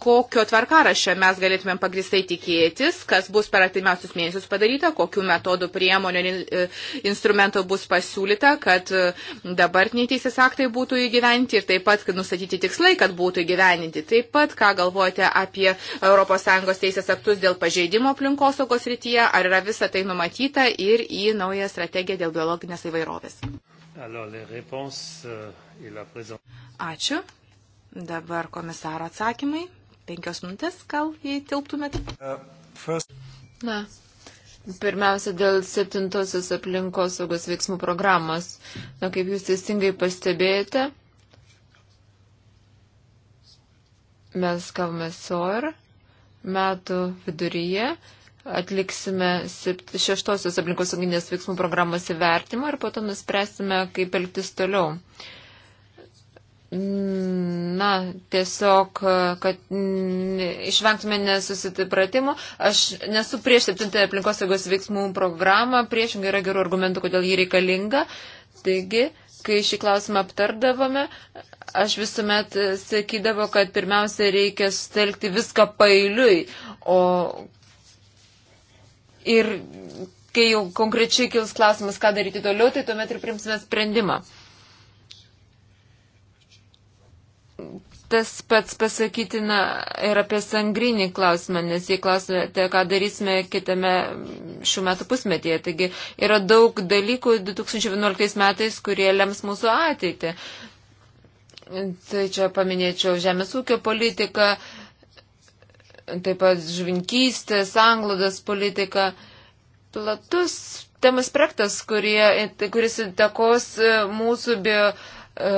kokio tvarkarašio mes galėtumėm pagristai tikėtis, kas bus per artimiausius mėnesius padaryta, kokiu metodu priemonių e, instrumento bus pasiūlyta, kad e, dabartiniai teisės aktai būtų įgyventi ir taip pat, kad nustatyti tikslai, kad būtų įgyveninti. Taip pat, ką galvojate apie Europos ES teisės aktus dėl pažeidimo aplinkosaugos rytyje, ar yra visa tai numatyta ir į naują strategiją dėl biologinės įvairovės. Euh, Ačiū. Dabar komisaro atsakymai. Penkios minutės, gal jei tilptumėt. Uh, Na, Pirmiausia, dėl septintosios aplinkos saugos veiksmų programos. Na, kaip jūs teisingai pastebėjote, mes gavome SOR metų viduryje atliksime šeštosios aplinkosauginės veiksmų programos įvertimą ir po to nuspręsime, kaip elgtis toliau. Na, tiesiog, kad išvengtume nesusitipratimų, aš nesu prieš septintąją aplinkosaugos veiksmų programą, priešingai yra gerų argumentų, kodėl ji reikalinga. Taigi, uh, kai šį klausimą aptardavome, aš visuomet sakydavo, kad pirmiausia reikia sutelkti viską pailiui, o ir kai jau konkrečiai kils klausimas, ką daryti toliau, tai tuomet ir primsime sprendimą. Tas pats pasakytina ir apie sangrinį klausimą, nes jei klausite, ką darysime kitame šių metų pusmetyje, taigi yra daug dalykų 2011 metais, kurie lems mūsų ateitį. Tai čia paminėčiau žemės ūkio politiką, taip pat žvinkystės, anglodas politika, platus temas projektas, kuris įtakos mūsų bio E,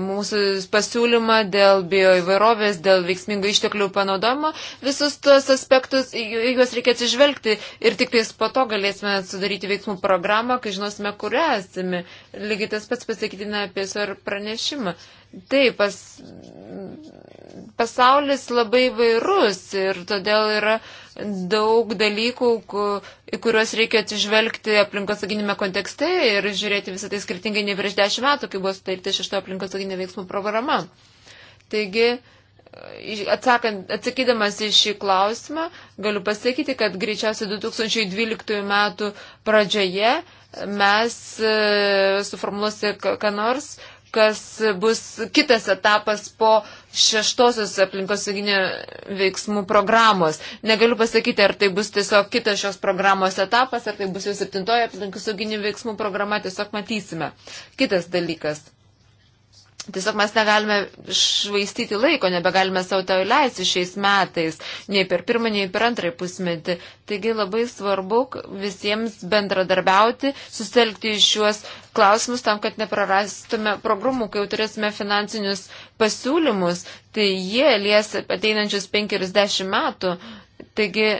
mūsų pasiūlymą dėl bioįvairovės, dėl veiksmingų išteklių panaudojimo, visus tuos aspektus, juos reikia atsižvelgti ir tik tais po to galėsime sudaryti veiksmų programą, kai žinosime, kur esame. Lygiai tas pats pasakytina apie SR pranešimą. Taip, pas, pasaulis labai vairus ir todėl yra daug dalykų, į kuriuos reikia atsižvelgti aplinkosauginėme kontekste ir žiūrėti visą tai skirtingai nei prieš dešimt metų, kai buvo sudaryta šešta aplinkosauginė veiksmų programa. Taigi, atsakant, atsakydamas į šį klausimą, galiu pasakyti, kad greičiausiai 2012 metų pradžioje mes e, suformuosime ką nors, kas bus kitas etapas po šeštosios aplinkosauginio veiksmų programos. Negaliu pasakyti, ar tai bus tiesiog kitas šios programos etapas, ar tai bus jau septintoji aplinkosauginio veiksmų programa, tiesiog matysime. Kitas dalykas. Tiesiog mes negalime švaistyti laiko, nebegalime savo to leisti šiais metais, nei per pirmą, nei per antrąjį pusmetį. Taigi labai svarbu visiems bendradarbiauti, sustelkti į šiuos klausimus tam, kad neprarastume programų, kai jau turėsime finansinius pasiūlymus, tai jie lies ateinančius penkerius dešimt metų. Taigi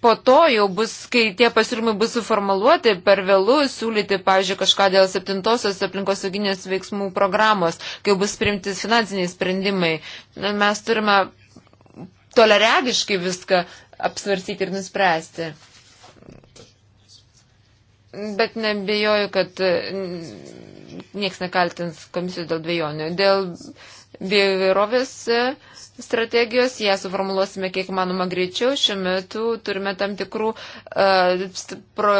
po to jau bus, kai tie pasiūlymai bus suformaluoti, per vėlų siūlyti, pavyzdžiui, kažką dėl septintosios aplinkosauginės veiksmų programos, kai bus priimti finansiniai sprendimai. Mes turime toleregiškai viską apsvarsyti ir nuspręsti. Bet nebejoju, kad niekas nekaltins komisijos dėl dviejonių. Dėl bioįvairovės strategijos, ją suformuluosime kiek manoma greičiau. Šiuo metu turime tam tikrų uh, pro,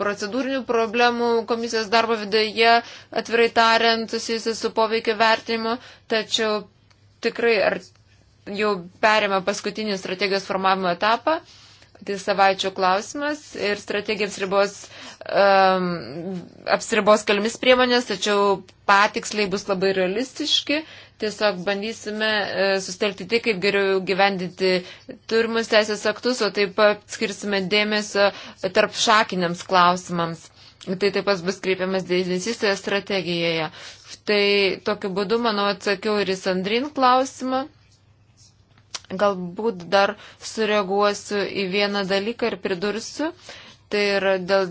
procedūrinių problemų komisijos darbo viduje, atvirai tariant, susijusi su poveikio vertinimu, tačiau tikrai ar jau perėmė paskutinį strategijos formavimo etapą. Tai savaičių klausimas ir strategija apsiribos, um, apsiribos keliomis priemonės, tačiau patiksliai bus labai realistiški. Uh, Tiesiog bandysime e, sustelkti tai, kaip geriau gyvendinti turimus teisės aktus, o taip pat skirsime dėmesio tarp šakiniams klausimams. Tai taip pat bus kreipiamas dėmesys toje strategijoje. Tai tokiu būdu, manau, atsakiau ir į Sandrin klausimą. Galbūt dar sureaguosiu į vieną dalyką ir pridursiu. Uh, Tai yra dėl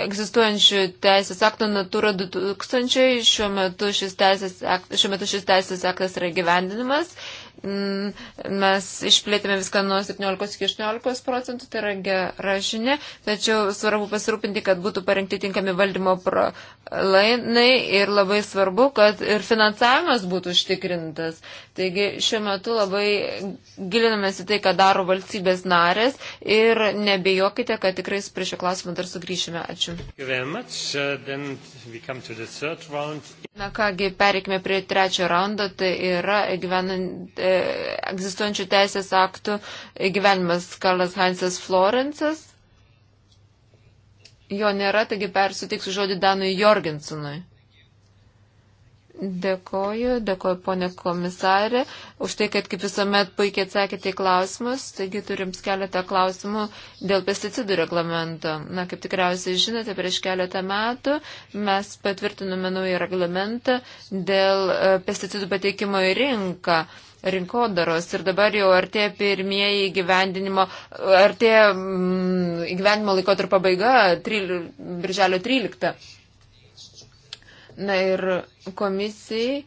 egzistuojančių teisės aktų Natura 2000, šiuo metu šis teisės, akt, šiuo metu šis teisės aktas yra gyvendinimas Mm, mes išplėtėme viską nuo 17 iki 18 procentų, tai yra gera žinia, tačiau svarbu pasirūpinti, kad būtų parengti tinkami valdymo pralainai ir labai svarbu, kad ir finansavimas būtų užtikrintas. Taigi šiuo metu labai gilinamės į tai, ką daro valstybės narės ir nebejokite, kad tikrai prie šio klausimo dar sugrįšime. Ačiū. Uh, Na kągi, pereikime prie trečio raundo, tai yra gyvenant egzistuojančių teisės aktų gyvenimas Karlas Heinzas Florencas. Jo nėra, taigi persutiksiu žodį Danui Jorgensenui. Dėkoju, dėkoju ponė komisarė už tai, kad kaip visuomet puikiai atsakėte į klausimus. Taigi turim keletą klausimų dėl pesticidų reglamento. Na, kaip tikriausiai žinote, prieš keletą metų mes patvirtinome naują reglamentą dėl e, pesticidų pateikimo į rinką. Uh, rinkodaros ir dabar jau artėja pirmieji gyvendinimo, artėja mm, gyvenimo laikotarpio pabaiga, tril, birželio 13. Na ir komisijai e,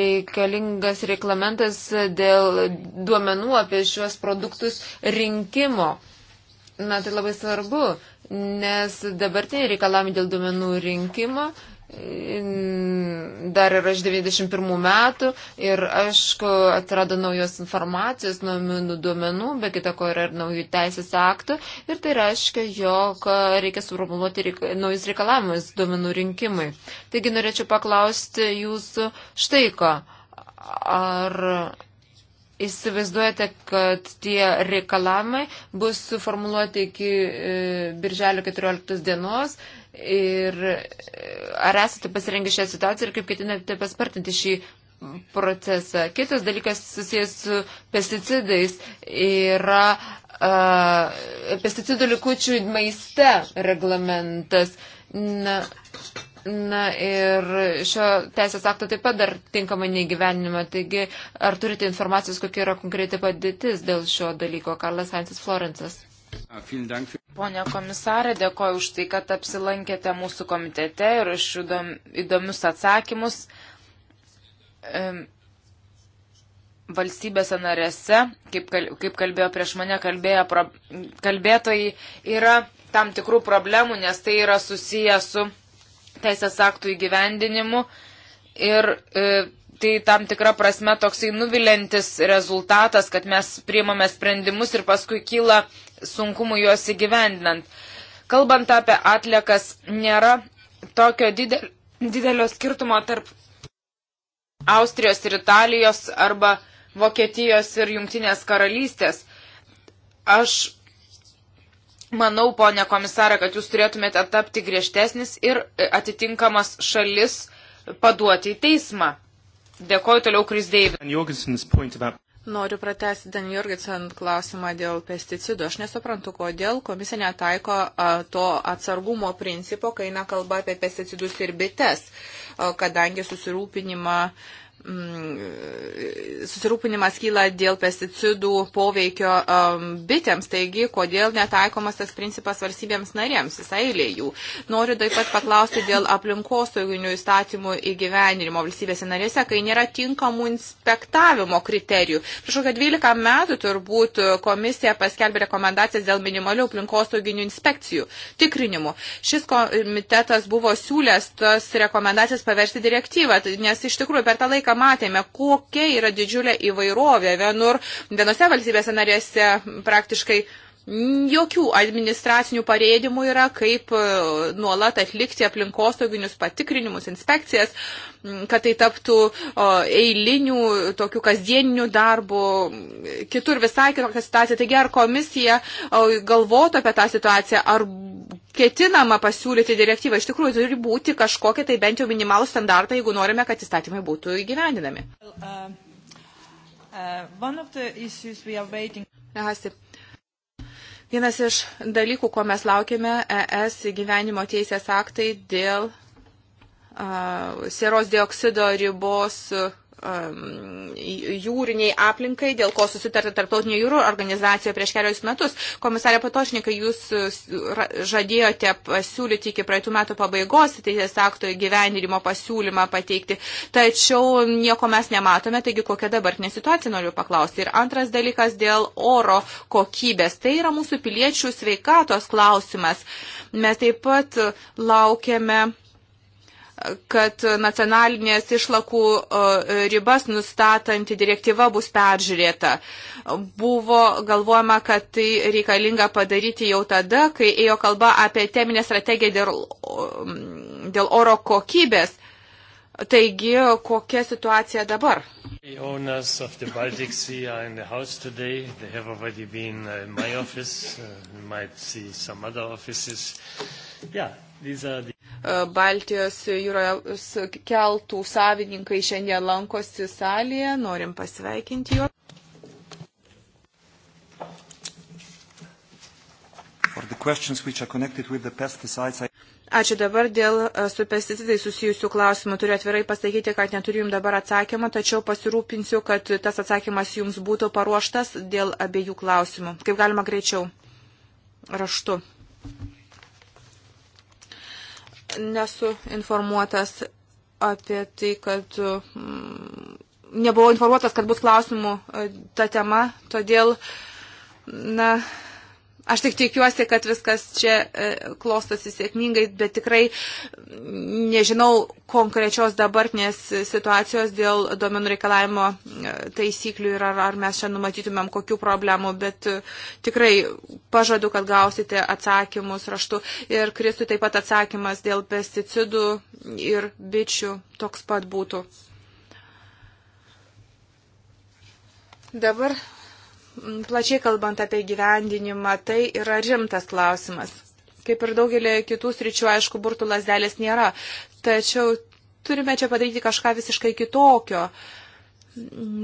reikalingas reglamentas dėl duomenų apie šiuos produktus rinkimo. Na tai labai svarbu, nes dabartiniai reikalavimai dėl duomenų rinkimo uh, dar yra iš 91 metų ir aišku atrado naujos informacijos, naujų duomenų, be kita ko yra ir naujų teisės aktų ir tai reiškia, jog reikia suformuluoti reik, naujus reikalavimus duomenų rinkimui. Taigi norėčiau paklausti jūsų štai ko. Ar Įsivaizduojate, kad tie reikalavimai bus suformuoluoti iki e, birželio 14 dienos Ir e, ar esate pasirengę šią situaciją ir kaip ketinate paspartinti šį procesą? Kitas dalykas susijęs su pesticidais yra uh, pesticidų likučių maiste reglamentas. Na, Na ir šio teisės akto taip pat dar tinkamai neįgyvenimo. Taigi, ar turite informacijos, kokia yra konkreti padėtis dėl šio dalyko? Karlas Hansis Florencas. Pone komisarė, dėkoju už tai, kad apsilankėte mūsų komitete ir už įdomius atsakymus. Valstybėse narėse, kaip, kaip kalbėjo prieš mane kalbėjo, kalbėtojai, yra tam tikrų problemų, nes tai yra susiję su teisės aktų įgyvendinimu ir e, tai tam tikra prasme toksai nuvilintis rezultatas, kad mes priimame sprendimus ir paskui kyla sunkumų juos įgyvendinant. Kalbant apie atliekas, nėra tokio didelio, didelio skirtumo tarp Austrijos ir Italijos arba Vokietijos ir Jungtinės karalystės. Aš manau, ponė komisarė, kad jūs turėtumėte tapti griežtesnis ir e, atitinkamas šalis paduoti į teismą. Dėkoju toliau Kris Deivis. Noriu pratesti Dan Jurgitsen klausimą dėl pesticidų. Aš nesuprantu, kodėl komisija netaiko to atsargumo principo, kai eina kalba apie pesticidus ir bites, kadangi susirūpinimą uh, Mm, susirūpinimas kyla dėl pesticidų poveikio um, bitėms, taigi kodėl netaikomas tas principas valstybėms narėms, visai eilė jų. Noriu taip pat paklausti dėl aplinkosauginių įstatymų įgyvenimo valstybėse narėse, kai nėra tinkamų inspektavimo kriterijų. Prieš kokią 12 metų turbūt komisija paskelbė rekomendacijas dėl minimalių aplinkosauginių inspekcijų tikrinimų. Šis komitetas buvo siūlęs tas rekomendacijas paversti direktyvą, nes iš tikrųjų per tą laiką pamatėme, kokia yra didžiulė įvairovė. Vienur, vienose valstybėse narėse praktiškai jokių administracinių pareidimų yra, kaip e, nuolat atlikti aplinkosauginius patikrinimus, inspekcijas, kad tai taptų eilinių, tokių kasdieninių darbų, kitur visai kitokia situacija. Taigi ar komisija galvotų apie tą situaciją, ar ketinama pasiūlyti direktyvą, iš tikrųjų turi būti kažkokie tai bent jau minimalų standartą, jeigu norime, kad įstatymai būtų įgyvendinami. Well, uh, uh, Hasip. Vienas iš dalykų, ko mes laukime, ES gyvenimo teisės aktai dėl uh, sieros dioksido ribos uh, Um, jūriniai aplinkai, dėl ko susitarta tarptautinio jūrų organizacijoje prieš kelius metus. Komisarė Patošnikai, jūs uh, žadėjote pasiūlyti iki praeitų metų pabaigos teisės akto įgyvendinimo pasiūlymą pateikti, tačiau nieko mes nematome, taigi kokia dabartinė situacija noriu paklausti. Ir antras dalykas dėl oro kokybės. Tai yra mūsų piliečių sveikatos klausimas. Mes taip pat laukiame kad nacionalinės išlakų e, ribas nustatanti direktyva bus peržiūrėta. Buvo galvojama, kad tai reikalinga padaryti jau tada, kai ėjo kalba apie teminę strategiją dėl, mm, dėl oro kokybės. Taigi, kokia situacija dabar? Uh, uh, yeah, these are the E, Baltijos jūroje keltų savininkai šiandien lankosi salėje. Norim pasveikinti juos. Ačiū dabar dėl e, su pesticidai susijusių klausimų. Turiu atvirai pasakyti, kad neturiu jums dabar atsakymą, tačiau pasirūpinsiu, kad tas atsakymas jums būtų paruoštas dėl abiejų klausimų. Kaip galima greičiau. Raštu nesu informuotas apie tai, kad mm, nebuvau informuotas, kad bus klausimų e, ta tema, todėl, na, Aš tik tikiuosi, kad viskas čia e, klostosi sėkmingai, bet tikrai nežinau konkrečios dabartinės situacijos dėl duomenų reikalavimo e, taisyklių ir ar, ar mes čia numatytumėm kokių problemų, bet e, tikrai pažadu, kad gausite atsakymus raštu. Ir Kristui taip pat atsakymas dėl pesticidų ir bičių toks pat būtų. Dabar plačiai kalbant apie gyvendinimą, tai yra rimtas klausimas. Kaip ir daugelį kitų sričių, aišku, burtų lasdelės nėra. Tačiau turime čia padaryti kažką visiškai kitokio. Uh,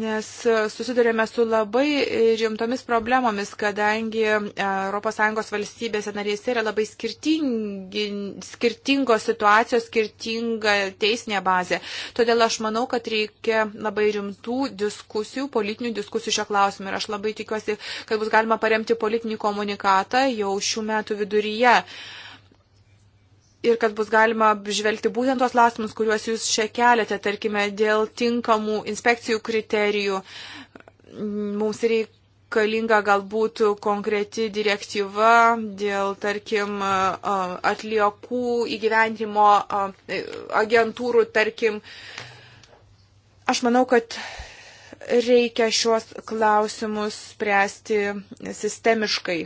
nes susidurėme su labai rimtomis problemomis, kadangi ES valstybėse narėse yra labai skirtingos situacijos, skirtinga teisinė bazė. Todėl aš manau, kad reikia labai rimtų diskusijų, politinių diskusijų šio klausimu. Ir aš labai tikiuosi, kad bus galima paremti politinį komunikatą jau šių metų viduryje. Uh, ir kad bus galima apžvelgti būtent tos klausimus, kuriuos jūs čia keliate, tarkime, dėl tinkamų inspekcijų kriterijų. Mums reikalinga galbūt konkreti direktyva dėl, tarkim, atliekų įgyventimo agentūrų, tarkim. Aš manau, kad reikia šios klausimus spręsti sistemiškai.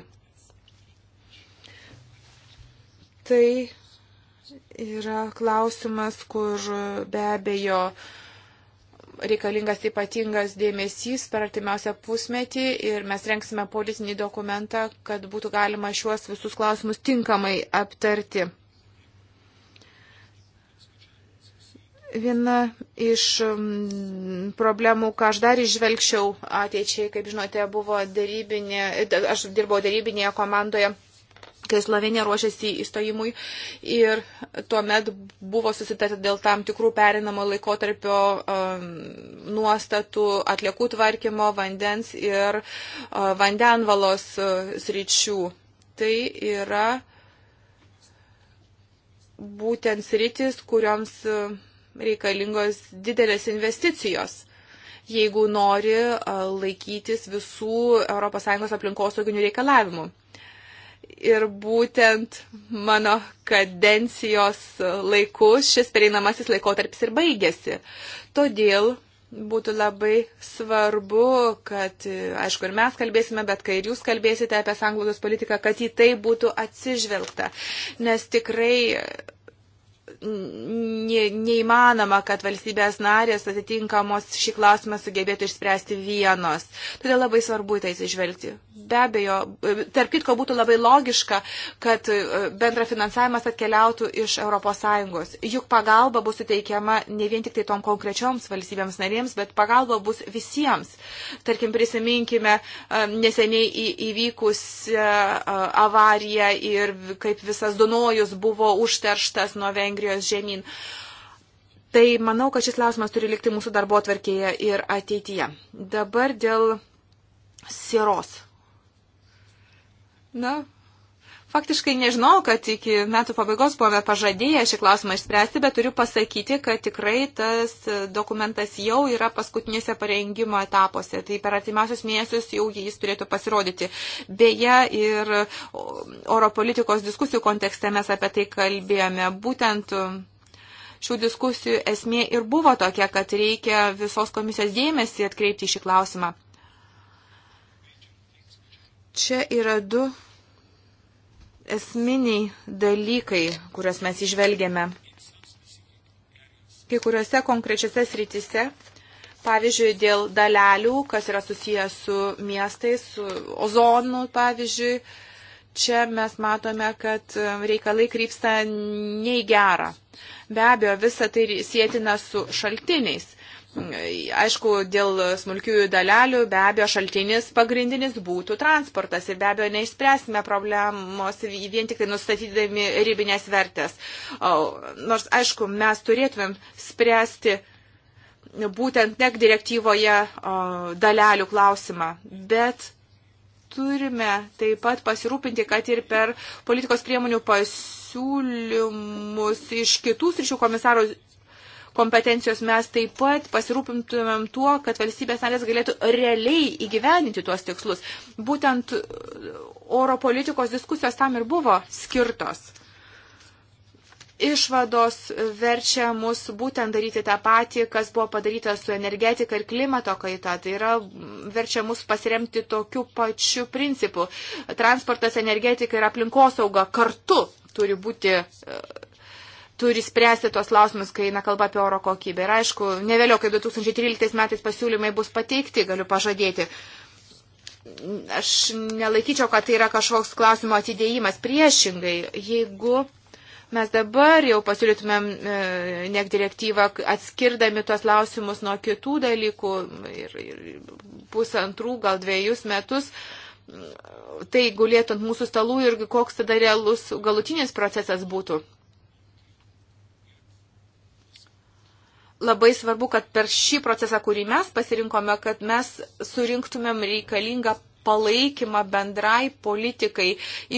Tai yra klausimas, kur be abejo reikalingas ypatingas dėmesys per artimiausią pusmetį ir mes renksime politinį dokumentą, kad būtų galima šiuos visus klausimus tinkamai aptarti. Viena iš mm, problemų, ką aš dar išvelgčiau ateičiai, kaip žinote, buvo darybinė, aš dirbau darybinėje komandoje kai Slovenija ruošiasi įstojimui ir tuomet buvo susitarta dėl tam tikrų perinamo laikotarpio um, nuostatų atliekų tvarkymo, vandens ir uh, vandenvalos uh, sričių. Tai yra būtent sritis, kurioms uh, reikalingos didelės investicijos jeigu nori uh, laikytis visų ES aplinkosauginių reikalavimų. Ir būtent mano kadencijos laiku šis pereinamasis laikotarpis ir baigėsi. Todėl būtų labai svarbu, kad, aišku, ir mes kalbėsime, bet kai ir jūs kalbėsite apie sanglaudos politiką, kad į tai būtų atsižvelgta. Nes tikrai neįmanoma, kad valstybės narės atitinkamos šį klausimą sugebėtų išspręsti vienos. Todėl labai svarbu į tai atsižvelgti. Be abejo, tarp kitko būtų labai logiška, kad e, bendra finansavimas atkeliautų iš ES. Juk pagalba bus suteikiama ne vien tik tai tom konkrečioms valstybėms narėms, bet pagalba bus visiems. Tarkim, prisiminkime e, neseniai įvykusią e, avariją ir kaip visas Dunojus buvo užterštas nuo Vengrijos kojas žemyn. Tai manau, kad šis klausimas turi likti mūsų darbo atverkėje ir ateityje. Dabar dėl siros. Na, faktiškai nežinau, kad iki metų pabaigos buvome pažadėję šį klausimą išspręsti, bet turiu pasakyti, kad tikrai tas dokumentas jau yra paskutinėse parengimo etapuose. Tai per artimiausius mėnesius jau jis turėtų pasirodyti. Beje, ir oro politikos diskusijų kontekste mes apie tai kalbėjome. Būtent šių diskusijų esmė ir buvo tokia, kad reikia visos komisijos dėmesį atkreipti į šį klausimą. Čia yra du esminiai dalykai, kuriuos mes išvelgėme kai kuriuose konkrečiose srityse, pavyzdžiui, dėl dalelių, kas yra susijęs su miestais, su ozonu, pavyzdžiui, čia mes matome, kad reikalai krypsta nei gerą. Be abejo, visa tai sėtina su šaltiniais. Aišku, dėl smulkiųjų dalelių be abejo šaltinis pagrindinis būtų transportas ir be abejo neišspręsime problemos vien tik tai nustatydami ribinės vertės. Nors, aišku, mes turėtumėm spręsti būtent nek direktyvoje dalelių klausimą, bet turime taip pat pasirūpinti, kad ir per politikos priemonių pasiūlymus iš kitų sričių komisarų kompetencijos mes taip pat pasirūpintumėm tuo, kad valstybės narės galėtų realiai įgyveninti tuos tikslus. Būtent oro politikos diskusijos tam ir buvo skirtos išvados verčia mus būtent daryti tą patį, kas buvo padaryta su energetika ir klimato kaita. Tai yra verčia mus pasiremti tokiu pačiu principu. Transportas, energetika ir aplinkosauga kartu turi būti turi spręsti tos lausimus, kai eina kalba apie oro kokybę. Ir aišku, ne vėliau, kai 2013 metais pasiūlymai bus pateikti, galiu pažadėti. Aš nelaikyčiau, kad tai yra kažkoks klausimo atidėjimas. Priešingai, jeigu mes dabar jau pasiūlytumėm e, nek direktyvą atskirdami tuos lausimus nuo kitų dalykų ir, ir pusantrų, gal dviejus metus. Tai gulėtų ant mūsų stalų ir koks tada realus galutinis procesas būtų. labai svarbu, kad per šį procesą, kurį mes pasirinkome, kad mes surinktumėm reikalingą palaikymą bendrai politikai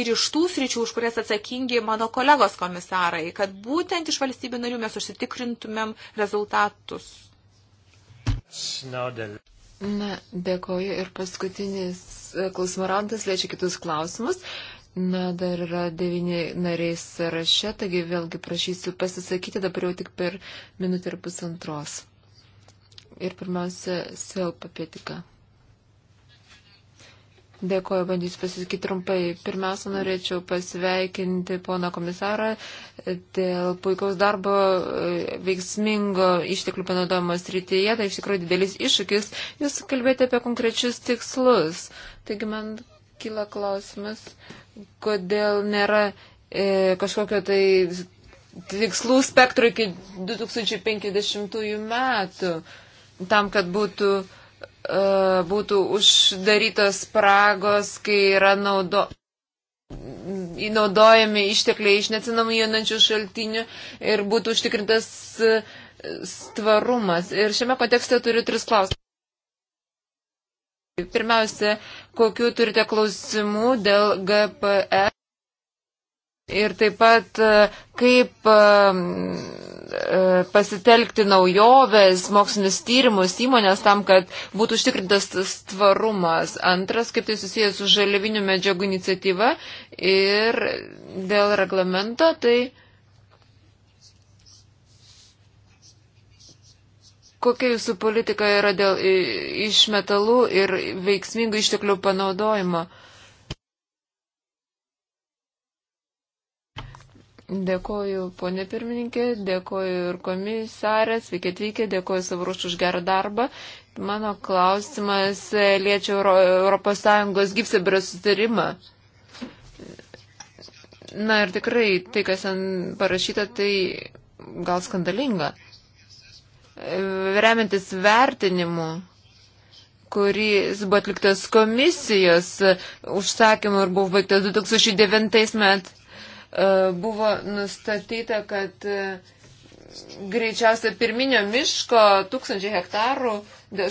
ir iš tų sričių, už kurias atsakingi mano kolegos komisarai, kad būtent iš valstybių narių mes užsitikrintumėm rezultatus. Snowden. Na, dėkoju. Ir paskutinis e, klausimų randas liečia kitus klausimus. Na, dar yra devyni nariai sąraše, taigi vėlgi prašysiu pasisakyti dabar jau tik per minutę ir pusantros. Ir pirmiausia, Sel papietika. Dėkuoju, bandysiu pasisakyti trumpai. Pirmiausia, norėčiau pasveikinti poną komisarą dėl puikaus darbo veiksmingo išteklių panaudojimo srityje. Tai iš tikrųjų didelis iššūkis. Jūs kalbėjote apie konkrečius tikslus. Taigi man kyla klausimas, kodėl nėra e, kažkokio tai tikslų spektro iki 2050 metų, tam, kad būtų, e, būtų uždarytos spragos, kai yra naudo, naudojami ištekliai iš neatsinamų jonančių šaltinių ir būtų užtikrintas e, tvarumas. Ir šiame kontekste turiu tris klausimus. Pirmiausia, kokiu turite klausimų dėl GPS e? ir taip pat e, kaip e, pasitelkti naujoves, mokslinius tyrimus įmonės tam, kad būtų užtikrintas tvarumas. Antras, kaip tai susijęs su žaliavinių medžiagų iniciatyva ir dėl reglamento, tai. Kokia jūsų politika yra dėl išmetalų ir veiksmingų išteklių panaudojimo? Dėkoju, ponė pirmininkė, dėkoju ir komisarės, sveiki atvykę, dėkoju savo ruošų už gerą darbą. Mano klausimas e, liečia Euro, Europos Sąjungos gypsibirą sutarimą. Na ir tikrai, tai, kas ten parašyta, tai gal skandalinga remiantis vertinimu, kuris buvo atliktas komisijos užsakymu ir buvo baigtas 2009 met, e, buvo nustatyta, kad e, greičiausia pirminio miško tūkstančiai hektarų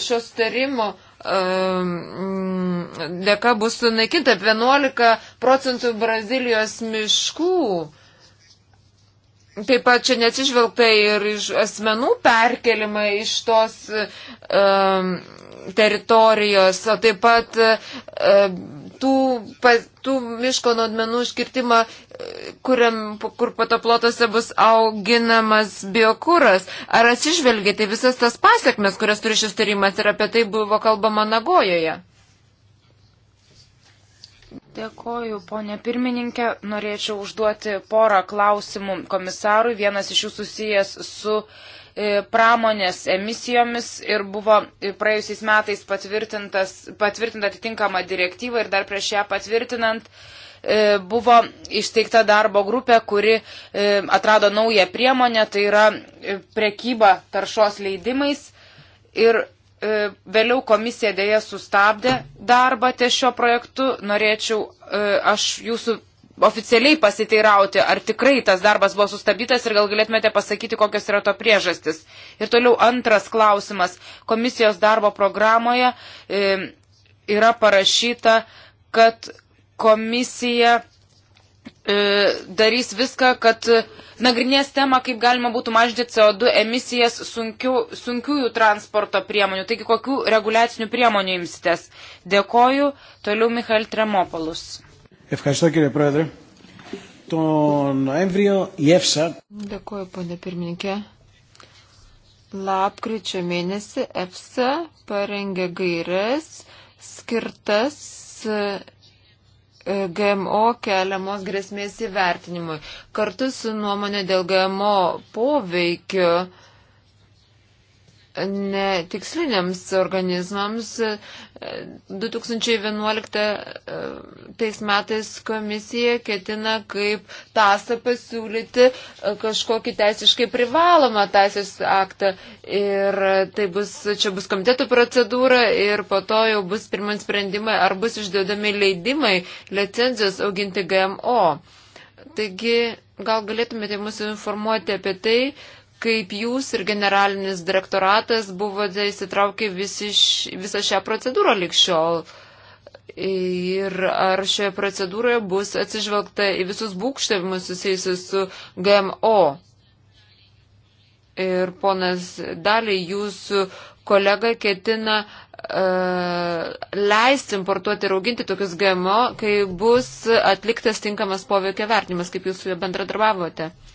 šios tarimo dėka bus sunaikinta 11 procentų Brazilijos miškų. Taip pat čia neatsižvelgta ir iš asmenų perkelimą iš tos um, teritorijos, o taip pat um, tų, pa, tų miško nuodmenų iškirtimą, kuriam, kur pataplotuose bus auginamas biokūras. Ar atsižvelgėte visas tas pasiekmes, kurias turi šis tyrimas ir apie tai buvo kalbama Nagojoje? Dėkoju, ponė pirmininkė. Norėčiau užduoti porą klausimų komisarui. Vienas iš jų susijęs su e, pramonės emisijomis ir buvo e, praėjusiais metais patvirtinta atitinkama direktyva ir dar prieš ją patvirtinant e, buvo išteikta darbo grupė, kuri atrado naują priemonę, tai yra prekyba taršos leidimais. Ir E, vėliau komisija dėja sustabdė darbą ties šio projektu. Norėčiau e, aš jūsų oficialiai pasiteirauti, ar tikrai tas darbas buvo sustabdytas ir gal galėtumėte pasakyti, kokios yra to priežastis. Ir toliau antras klausimas. Komisijos darbo programoje e, yra parašyta, kad komisija E, darys viską, kad nagrinės temą, kaip galima būtų mažinti CO2 emisijas sunkių, sunkiųjų transporto priemonių. Taigi, kokių reguliacinių priemonių imsitės? Dėkoju. Toliau Michael Tremopolus. Ευχαριστώ κύριε Πρόεδρε. Το Νοέμβριο η ΕΦΣΑ. Dėkoju, ponė pirmininkė. Lapkričio mėnesį EFSA parengė gairias skirtas GMO keliamos grėsmės įvertinimui. Kartu su nuomonė dėl GMO poveikio netiksliniams organizmams. 2011 metais komisija ketina kaip tasą pasiūlyti kažkokį teisiškai privalomą teisės aktą. Ir tai bus, čia bus komitetų procedūra ir po to jau bus pirmant sprendimai, ar bus išduodami leidimai, licenzijos auginti GMO. Taigi, gal galėtumėte mūsų informuoti apie tai, uh, kaip jūs ir generalinis direktoratas buvote įsitraukę visą šią procedūrą likščiol. Ir ar šioje procedūroje bus atsižvelgta į visus būkštavimus susijusius su GMO. Ir ponas Daliai, jūsų kolega ketina uh, leisti importuoti ir auginti tokius GMO, kai bus atliktas tinkamas poveikio vertinimas, kaip jūs su juo bendradarbavote. Uh,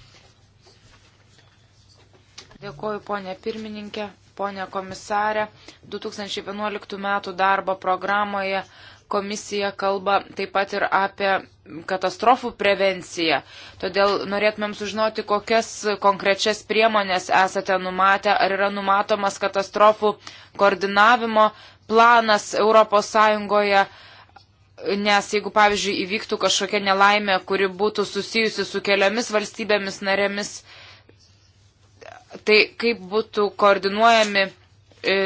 Dėkuoju, ponė pirmininkė, ponė komisarė. 2011 m. darbo programoje komisija kalba taip pat ir apie katastrofų prevenciją. Todėl norėtumėm sužinoti, kokias konkrečias priemonės esate numatę, ar yra numatomas katastrofų koordinavimo planas ES, nes jeigu, pavyzdžiui, įvyktų kažkokia nelaimė, kuri būtų susijusi su keliomis valstybėmis narėmis, tai kaip būtų koordinuojami e,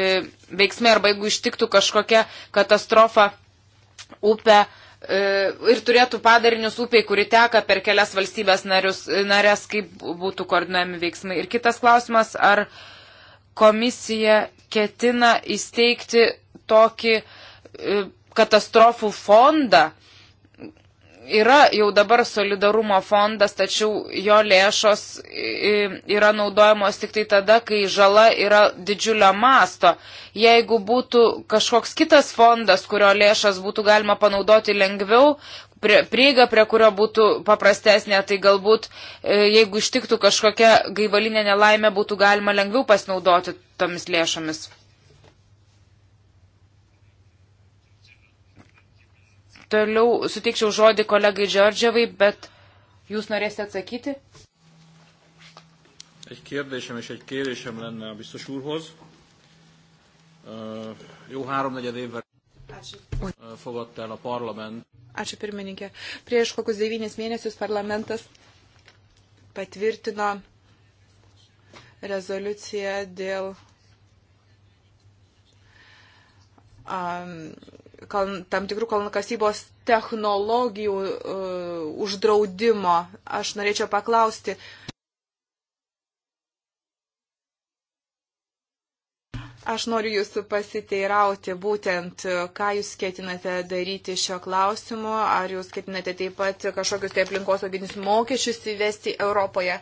veiksmai arba jeigu ištiktų kažkokia katastrofa upė e, ir turėtų padarinius upiai, kuri teka per kelias valstybės narius, narės, kaip būtų koordinuojami veiksmai. Ir kitas klausimas, ar komisija ketina įsteigti tokį e, katastrofų fondą, e, yra jau dabar solidarumo fondas, tačiau jo lėšos yra naudojamos tik tai tada, kai žala yra didžiulio masto. Jeigu būtų kažkoks kitas fondas, kurio lėšas būtų galima panaudoti lengviau, prie, prieiga prie kurio būtų paprastesnė, tai galbūt e, jeigu ištiktų kažkokia gaivalinė nelaimė, būtų galima lengviau pasinaudoti tomis lėšomis. Toliau sutikčiau žodį kolegai Džordžiavai, bet jūs norėsite atsakyti? Egy kérdésem és egy kérésem lenne a biztos úrhoz. Uh, jó háromnegyed évvel Ačiū. fogadta el a parlament. Ačiū pirmininkė. Prieš kokius devynis mėnesius parlamentas patvirtino rezoliuciją dėl um, tam tikrų kalnakasybos technologijų uh, uždraudimo. Aš norėčiau paklausti. Aš noriu jūsų pasiteirauti būtent, uh, ką jūs ketinate daryti šio klausimu, ar jūs ketinate taip pat kažkokius tai aplinkosauginius mokesčius įvesti Europoje.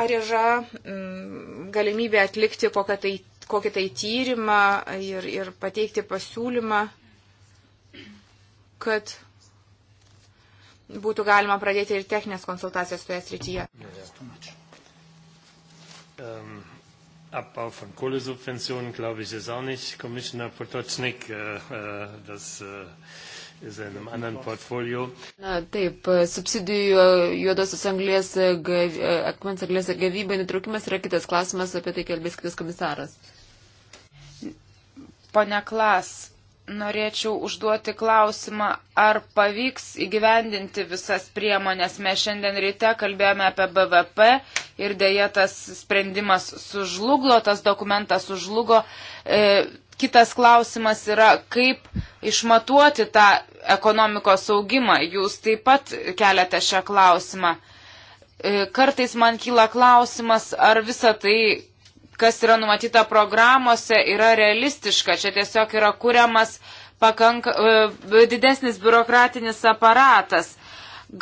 Ar yra mm, galimybė atlikti kokią tai kokį tai tyrimą ir, ir pateikti pasiūlymą, kad būtų galima pradėti ir techninės konsultacijas toje srityje. Um. Abbau von Kohlesubventionen, glaube ich, ist auch nicht. Commissioner Potocznik, äh, äh, das äh, ist in einem anderen Portfolio. Na, taip, subsidijų juodosios anglės, akmens anglės gavybai nutraukimas yra kitas klausimas, apie tai kalbės kitas komisaras. Pone Klas, norėčiau užduoti klausimą, ar pavyks įgyvendinti visas priemonės. Mes šiandien ryte kalbėjome apie BVP ir dėja tas sprendimas sužlugo, tas dokumentas sužlugo. E, kitas klausimas yra, kaip išmatuoti tą ekonomikos augimą. Jūs taip pat keliate šią klausimą. E, kartais man kyla klausimas, ar visa tai, kas yra numatyta programuose, yra realistiška. Čia tiesiog yra kuriamas pakank, e, didesnis biurokratinis aparatas.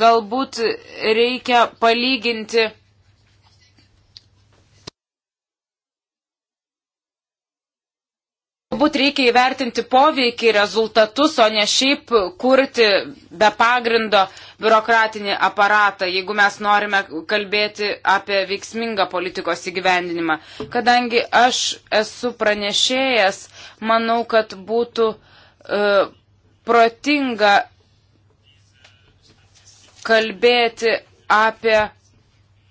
Galbūt reikia palyginti galbūt reikia įvertinti poveikį, rezultatus, o ne šiaip kurti be pagrindo biurokratinį aparatą, jeigu mes norime kalbėti apie veiksmingą politikos įgyvendinimą. Kadangi aš esu pranešėjas, manau, kad būtų uh, protinga kalbėti apie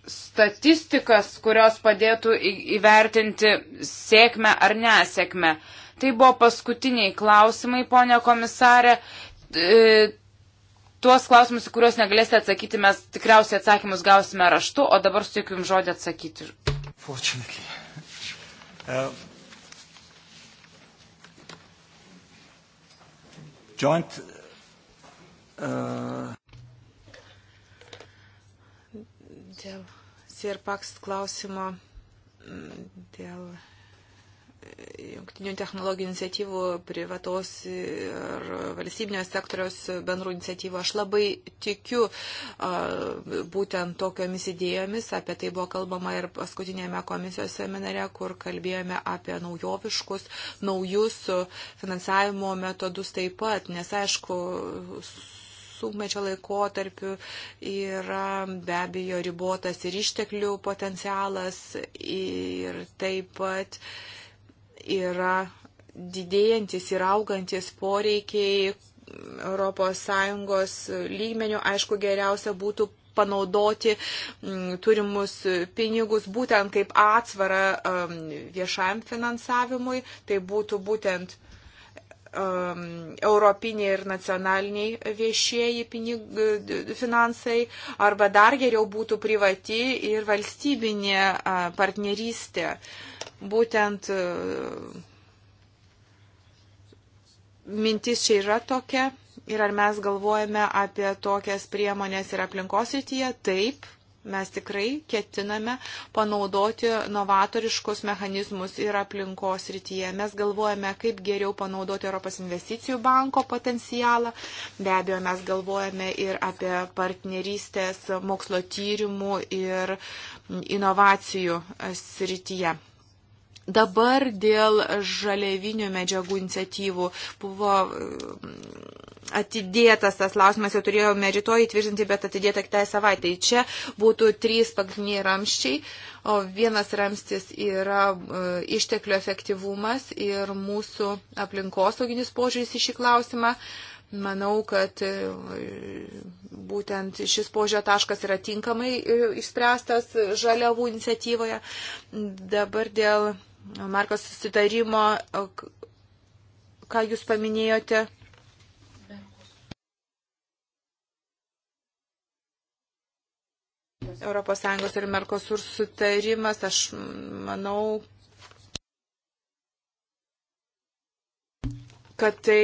statistikas, kurios padėtų įvertinti sėkmę ar nesėkmę. Tai buvo paskutiniai klausimai, ponė komisarė. E, tuos klausimus, į kuriuos negalėsite atsakyti, mes tikriausiai atsakymus gausime raštu, o dabar suteikiu jums žodį atsakyti. Fortunately. Uh, joint, uh... Dėl Sirpaks klausimo, mm, dėl jungtinių technologijų iniciatyvų, privatos ir valstybinio sektoriaus bendrų iniciatyvų. Aš labai tikiu būtent tokiomis idėjomis, apie tai buvo kalbama ir paskutinėme komisijos seminare, kur kalbėjome apie naujoviškus, naujus finansavimo metodus taip pat, nes aišku, sunkmečio laikotarpiu yra be abejo ribotas ir išteklių potencialas ir taip pat yra didėjantis ir augantis poreikiai ES lygmenių. Aišku, geriausia būtų panaudoti mm, turimus pinigus būtent kaip atsvarą mm, viešajam finansavimui. Tai būtų būtent um, europiniai ir nacionaliniai viešieji pinig, finansai, arba dar geriau būtų privati ir valstybinė uh, partnerystė. Būtent uh, mintis čia yra tokia. Ir ar mes galvojame apie tokias priemonės ir aplinkos rytyje? Taip, Mes tikrai ketiname panaudoti novatoriškus mechanizmus ir aplinkos rytyje. Mes galvojame, kaip geriau panaudoti Europos investicijų banko potencialą. Be abejo, mes galvojame ir apie partnerystės mokslo tyrimų ir inovacijų srityje. Dabar dėl žaliavinių medžiagų iniciatyvų buvo atidėtas tas lausimas, jau turėjome rytoj įtvirtinti, bet atidėta kitai savaitai. Tai čia būtų trys pagrindiniai ramščiai, o vienas ramstis yra e, išteklių efektyvumas ir mūsų aplinkosauginis požiūris į šį klausimą. Manau, kad e, būtent šis požio taškas yra tinkamai e, išspręstas žaliavų iniciatyvoje. Dabar dėl Markos susitarimo, ką jūs paminėjote ES ir Merkosur sutarimas, aš manau, kad tai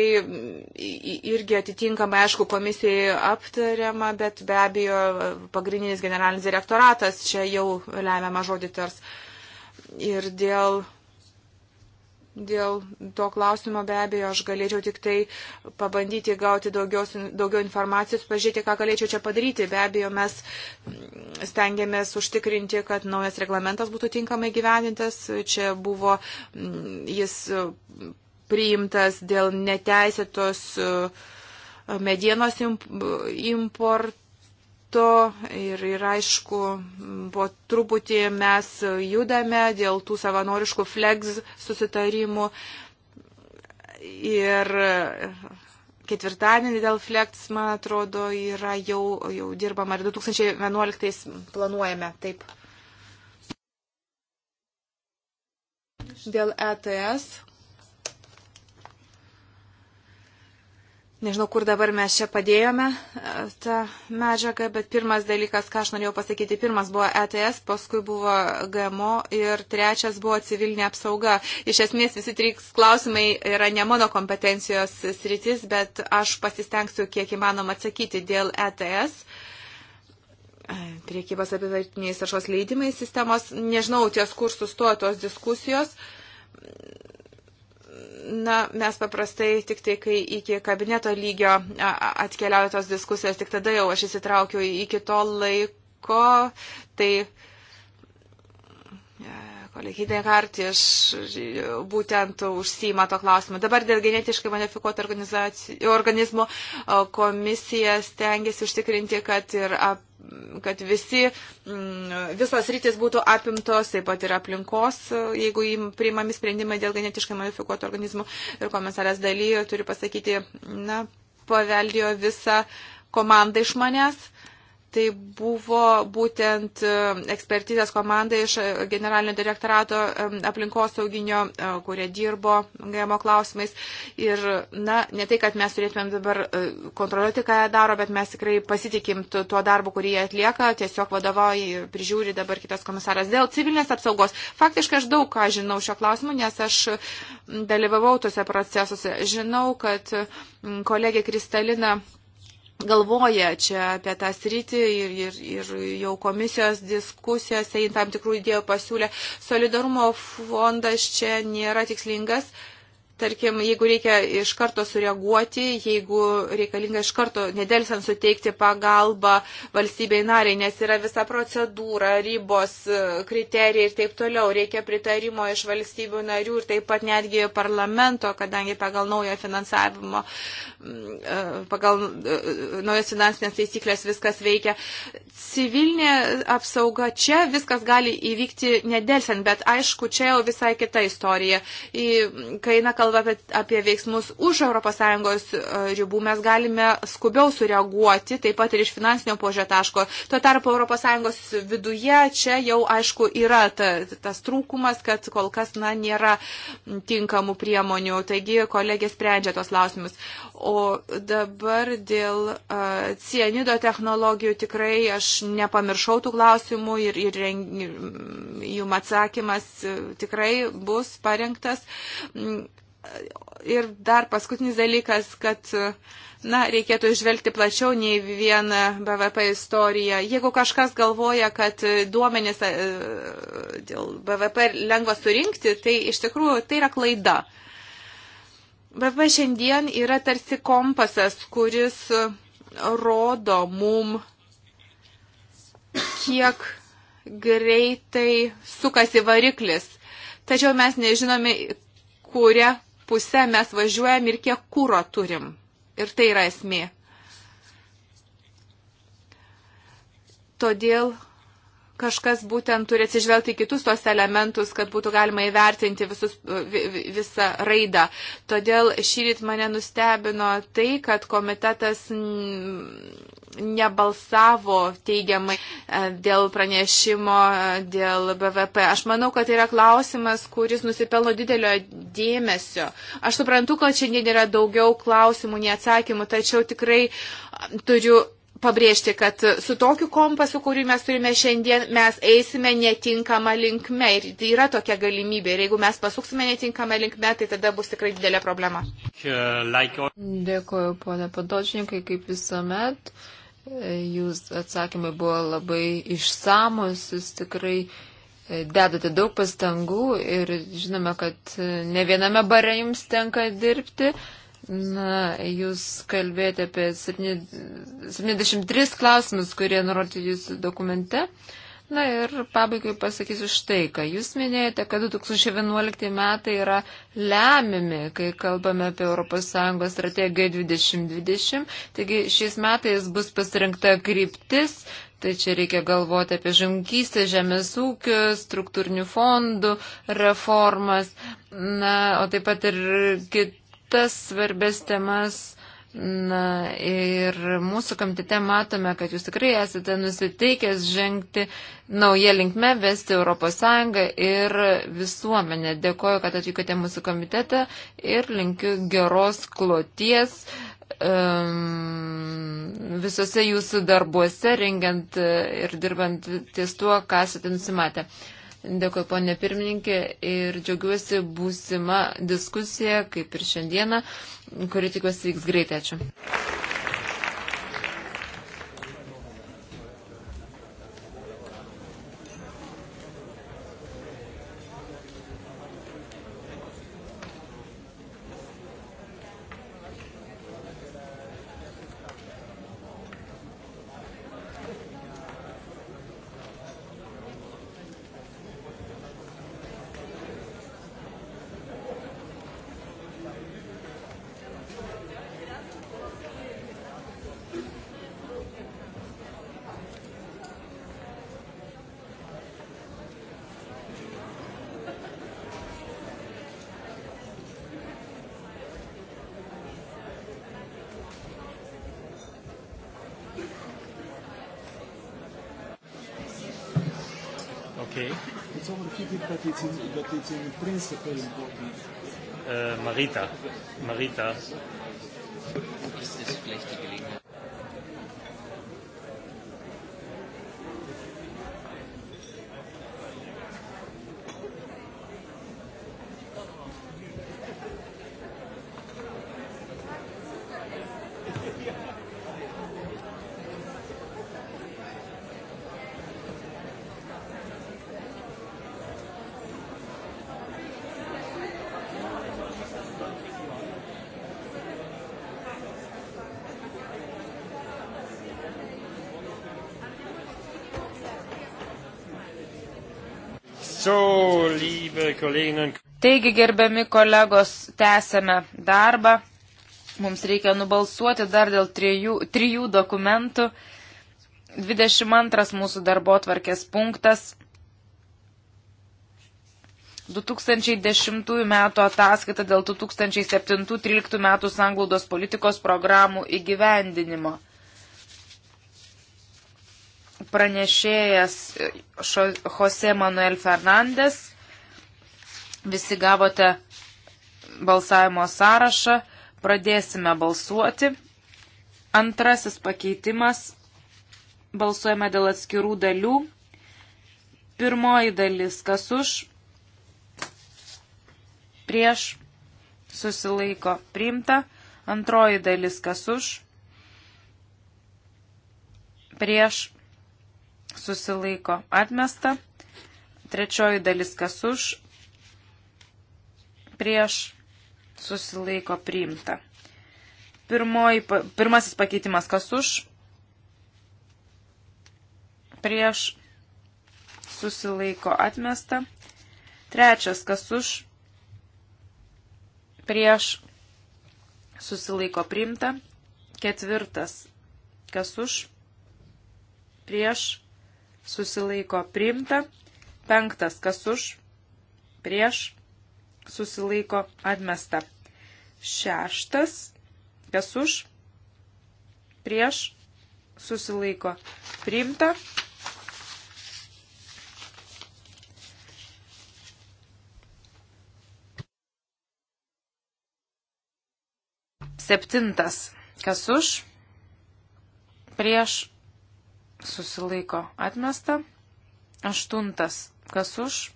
irgi atitinkamai, aišku, komisijai aptariama, bet be abejo pagrindinis generalinis direktoratas čia jau lemiamą žodį tars. Ir dėl Dėl to klausimo be abejo aš galėčiau tik tai pabandyti gauti daugios, daugiau informacijos, pažiūrėti, ką galėčiau čia padaryti. Be abejo, mes mm, stengiamės užtikrinti, kad naujas reglamentas būtų tinkamai gyvenintas. Čia buvo mm, jis mm, priimtas dėl neteisėtos medienos importo meto ir, ir aišku, po truputį mes judame dėl tų savanoriškų flex susitarimų ir ketvirtadienį dėl flex, man atrodo, yra jau, jau dirbama ir 2011 planuojame taip. Dėl ETS Nežinau, kur dabar mes čia padėjome e, tą medžiagą, bet pirmas dalykas, ką aš norėjau pasakyti, pirmas buvo ETS, paskui buvo GMO ir trečias buvo civilinė apsauga. Iš esmės visi trys klausimai yra ne mano kompetencijos sritis, bet aš pasistengsiu kiek įmanoma atsakyti dėl ETS. E, priekybos apivartiniais taršos leidimais sistemos. Nežinau, ties kur sustojo tos diskusijos Na, mes paprastai tik tai, kai iki kabineto lygio atkeliauja tos diskusijos, tik tada jau aš įsitraukiu iki to laiko. Tai uh, Kolegydė Hartiš būtent užsima to klausimą. Dabar dėl genetiškai modifikuoto organizmo komisija stengiasi užtikrinti, kad ir ap, kad visi, mm, visos rytis būtų apimtos, taip pat ir aplinkos, jeigu jim priimami sprendimai dėl genetiškai modifikuoto organizmo. Ir komisaras dalyjo turi pasakyti, na, paveldėjo visą komandą iš manęs tai buvo būtent e, ekspertizės komanda iš e, generalinio direktorato e, aplinkosauginio, kurie dirbo GMO klausimais. Ir, na, ne tai, kad mes turėtumėm dabar kontroliuoti, ką jie daro, bet mes tikrai pasitikim tuo darbu, kurį jie atlieka, tiesiog vadovauja, prižiūri dabar kitas komisaras. Dėl civilinės apsaugos. Faktiškai aš daug ką žinau šio klausimu, nes aš dalyvavau tuose procesuose. Žinau, kad kolegė Kristalina galvoja čia apie tą sritį ir, ir, ir jau komisijos diskusijose į tam tikrų idėjų pasiūlė. Solidarumo fondas čia nėra tikslingas. Uh, Tarkim, jeigu reikia iš karto sureaguoti, jeigu reikalinga iš karto nedelsiant suteikti pagalbą valstybei nariai, nes yra visa procedūra, ribos, e, kriterijai ir taip toliau, reikia pritarimo iš valstybių narių ir taip pat netgi parlamento, kadangi pagal naują finansavimo, e, pagal e, naujas finansinės taisyklės viskas veikia. Civilinė apsauga čia viskas gali įvykti nedelsiant, bet aišku, čia jau visai kita istorija. Kai eina kalba kalba apie, apie veiksmus už ES e, ribų, mes galime skubiau sureaguoti, taip pat ir iš finansinio požio taško. Tuo tarpu ES viduje čia jau aišku yra ta, tas trūkumas, kad kol kas na, nėra tinkamų priemonių. Taigi kolegė sprendžia tos lausimus. O dabar dėl uh, e, cienido technologijų tikrai aš nepamiršau tų klausimų ir, ir jum atsakymas e, tikrai bus parengtas Ir dar paskutinis dalykas, kad na, reikėtų išvelgti plačiau nei vieną BVP istoriją. Jeigu kažkas galvoja, kad duomenis e, dėl BVP lengva surinkti, tai iš tikrųjų tai yra klaida. BVP šiandien yra tarsi kompasas, kuris rodo mum, kiek greitai sukasi variklis. Tačiau mes nežinome, kuria pusę mes važiuojam ir kiek kūro turim. Ir tai yra esmė. Todėl kažkas būtent turi atsižvelgti kitus tos elementus, kad būtų galima įvertinti visus, visą raidą. Todėl šį rytą mane nustebino tai, kad komitetas nebalsavo teigiamai e, dėl pranešimo, e, dėl BVP. Aš manau, kad tai yra klausimas, kuris nusipelno didelio dėmesio. Aš suprantu, kad šiandien yra daugiau klausimų nei atsakymų, tačiau tikrai turiu pabrėžti, kad su tokiu kompasu, kurį mes turime šiandien, mes eisime netinkamą linkmę. Ir tai yra tokia galimybė. Ir jeigu mes pasuksime netinkamą linkmę, tai tada bus tikrai didelė problema. Dėkuoju, ponė Padočininkai, kaip visuomet. Jūs atsakymai buvo labai išsamus, jūs tikrai e, dedate daug pastangų ir žinome, kad e, ne viename bare jums tenka dirbti. Na, jūs kalbėjote apie 73 klausimus, kurie nurodyti jūsų dokumente. Na ir pabaigai pasakysiu štai, ką jūs minėjote, kad 2011 metai yra lemiami, kai kalbame apie ES strategiją 2020. Taigi šiais metais bus pasirinkta kryptis, tai čia reikia galvoti apie žemkystę, žemės ūkio, struktūrinių fondų reformas, na, o taip pat ir kitų kitas svarbės temas. Na ir mūsų komitete matome, kad jūs tikrai esate nusiteikęs žengti naują linkmę, vesti ES ir visuomenę. Dėkoju, kad atvykote mūsų komitetą ir linkiu geros kloties um, visose jūsų darbuose, rengiant ir dirbant ties tuo, ką esate nusimatę. Dėkui, ponė pirmininkė, ir džiaugiuosi būsima diskusija, kaip ir šiandieną, kuri tikiuosi vyks greitai. Ačiū. sono i principi importanti. Eh, Marita, Marita. Ist es vielleicht die Gelegenheit? Taigi, gerbiami kolegos, tęsėme darbą. Mums reikia nubalsuoti dar dėl trijų, trijų dokumentų. 22 mūsų darbo tvarkės punktas. 2010 m. ataskaita dėl 2007-2013 m. sanglaudos politikos programų įgyvendinimo pranešėjas eh, Jose Manuel Fernandes. Visi gavote balsavimo sąrašą. Pradėsime balsuoti. Antrasis pakeitimas. Balsuojame dėl atskirų dalių. Pirmoji dalis, kas už, prieš, susilaiko, priimta. Antroji dalis, kas už, prieš, susilaiko, atmesta. Trečioji dalis, kas už, prieš susilaiko priimta. Pirmoji, pirmasis pakeitimas kas už, prieš susilaiko atmesta. Trečias kas už, prieš susilaiko priimta. Ketvirtas kas už, prieš susilaiko priimta. Penktas kas už, prieš susilaiko atmesta. Šeštas, kas už, prieš, susilaiko priimta. Septintas, kas už, prieš, susilaiko atmesta. Aštuntas, kas už,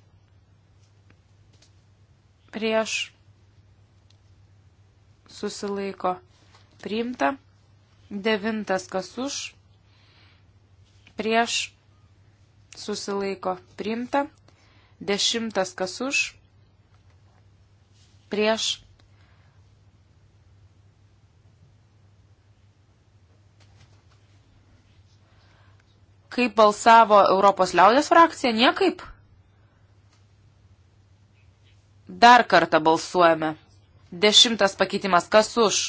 prieš susilaiko priimta, devintas kas už, prieš susilaiko priimta, dešimtas kas už, prieš Kaip balsavo Europos liaudės frakcija? Niekaip. Dar kartą balsuojame. Dešimtas pakeitimas. Kas už?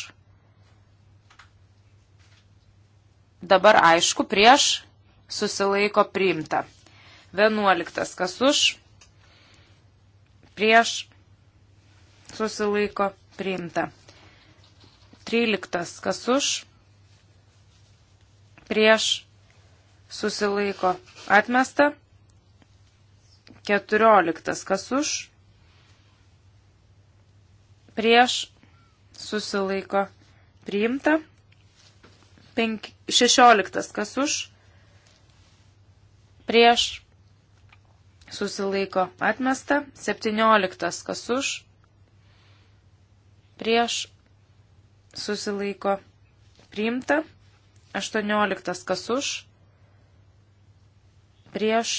Dabar aišku, prieš susilaiko priimta. Vienuoliktas. Kas už? Prieš susilaiko priimta. Tryliktas. Kas už? Prieš susilaiko atmesta. Keturioliktas. Kas už? prieš susilaiko priimta. 16. Kas už? Prieš susilaiko atmesta. 17. Kas už? Prieš susilaiko priimta. 18. Kas už? Prieš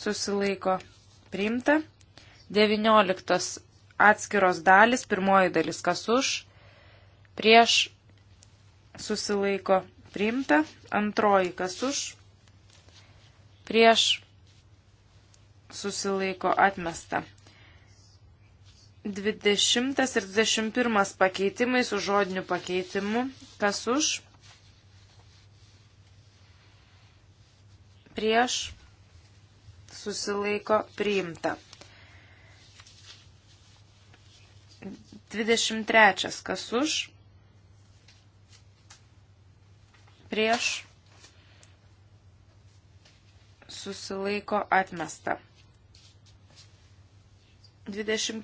susilaiko priimta. 19 atskiros dalis, pirmoji dalis kas už, prieš susilaiko priimta, antroji kas už, prieš susilaiko atmesta. 20 ir 21 pakeitimai su žodiniu pakeitimu, kas už, prieš susilaiko priimta. 23. Kas už? Prieš susilaiko atmesta. 24.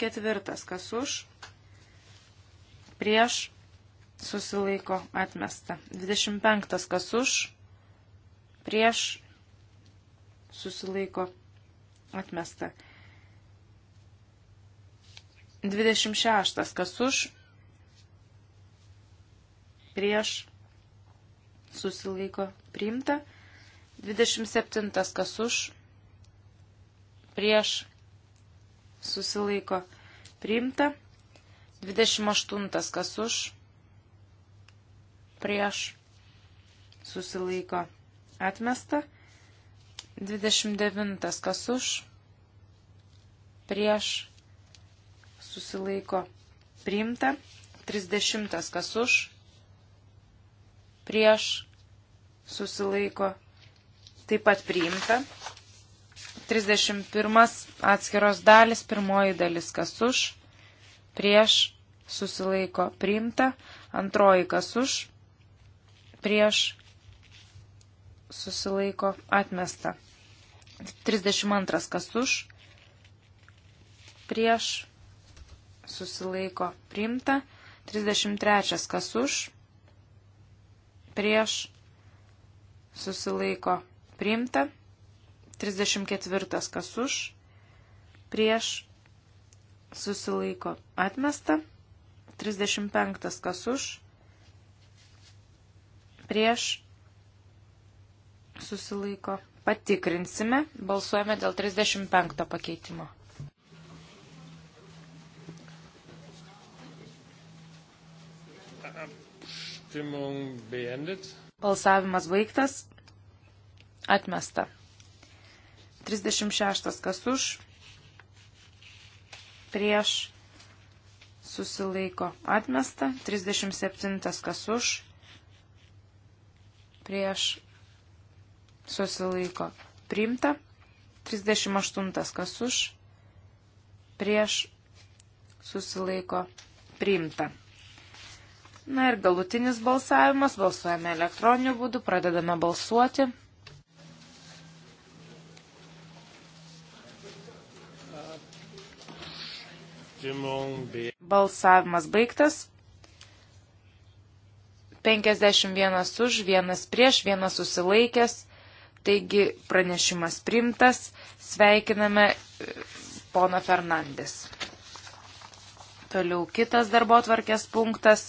Kas už? Prieš susilaiko atmesta. 25. Kas už? Prieš susilaiko atmesta. 26. Kas už? Prieš susilaiko priimta. 27. Kas už? Prieš susilaiko priimta. 28. Kas už? Prieš susilaiko atmesta. 29. Kas už? Prieš susilaiko priimta, 30 kas už, prieš susilaiko taip pat priimta, 31 atskiros dalis, pirmoji dalis kas už, prieš susilaiko priimta, antroji kas už, prieš susilaiko atmesta. 32 kas už, prieš susilaiko priimta. 33 kas už, prieš susilaiko priimta. 34 kas už, prieš susilaiko atmesta. 35 kas už, prieš susilaiko. Patikrinsime, balsuojame dėl 35 pakeitimo. Balsavimas baigtas. Atmesta. 36 kas už. Prieš. Susilaiko. Atmesta. 37 kas už. Prieš. Susilaiko. Priimta. 38 kas už prieš susilaiko priimta. Na ir galutinis balsavimas, balsuojame elektroniniu būdu, pradedame balsuoti. Balsavimas baigtas. 51 už, 1 prieš, 1 susilaikęs. Taigi pranešimas primtas. Sveikiname e, pono Fernandes. Toliau kitas darbo tvarkės punktas.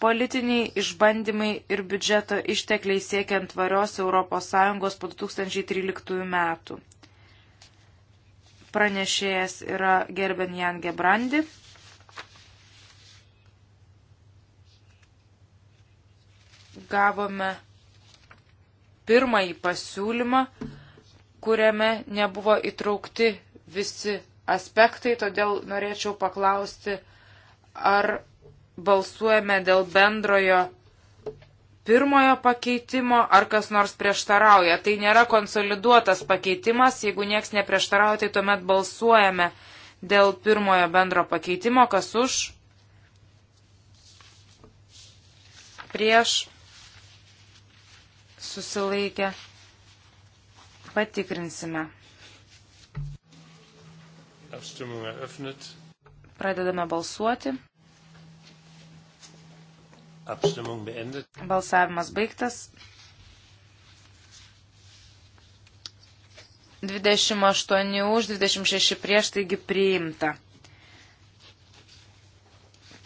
politiniai išbandymai ir biudžeto ištekliai siekiant tvarios ES po 2013 metų. Pranešėjas yra gerben Jan Gebrandi. Gavome pirmąjį pasiūlymą, kuriame nebuvo įtraukti visi aspektai, todėl norėčiau paklausti, ar balsuojame dėl bendrojo pirmojo pakeitimo, ar kas nors prieštarauja. Tai nėra konsoliduotas pakeitimas, jeigu nieks neprieštarauja, tai tuomet balsuojame dėl pirmojo bendro pakeitimo, kas už, prieš, susilaikę, patikrinsime. Pradedame balsuoti. Balsavimas baigtas. 28 už, 26 prieš, taigi priimta.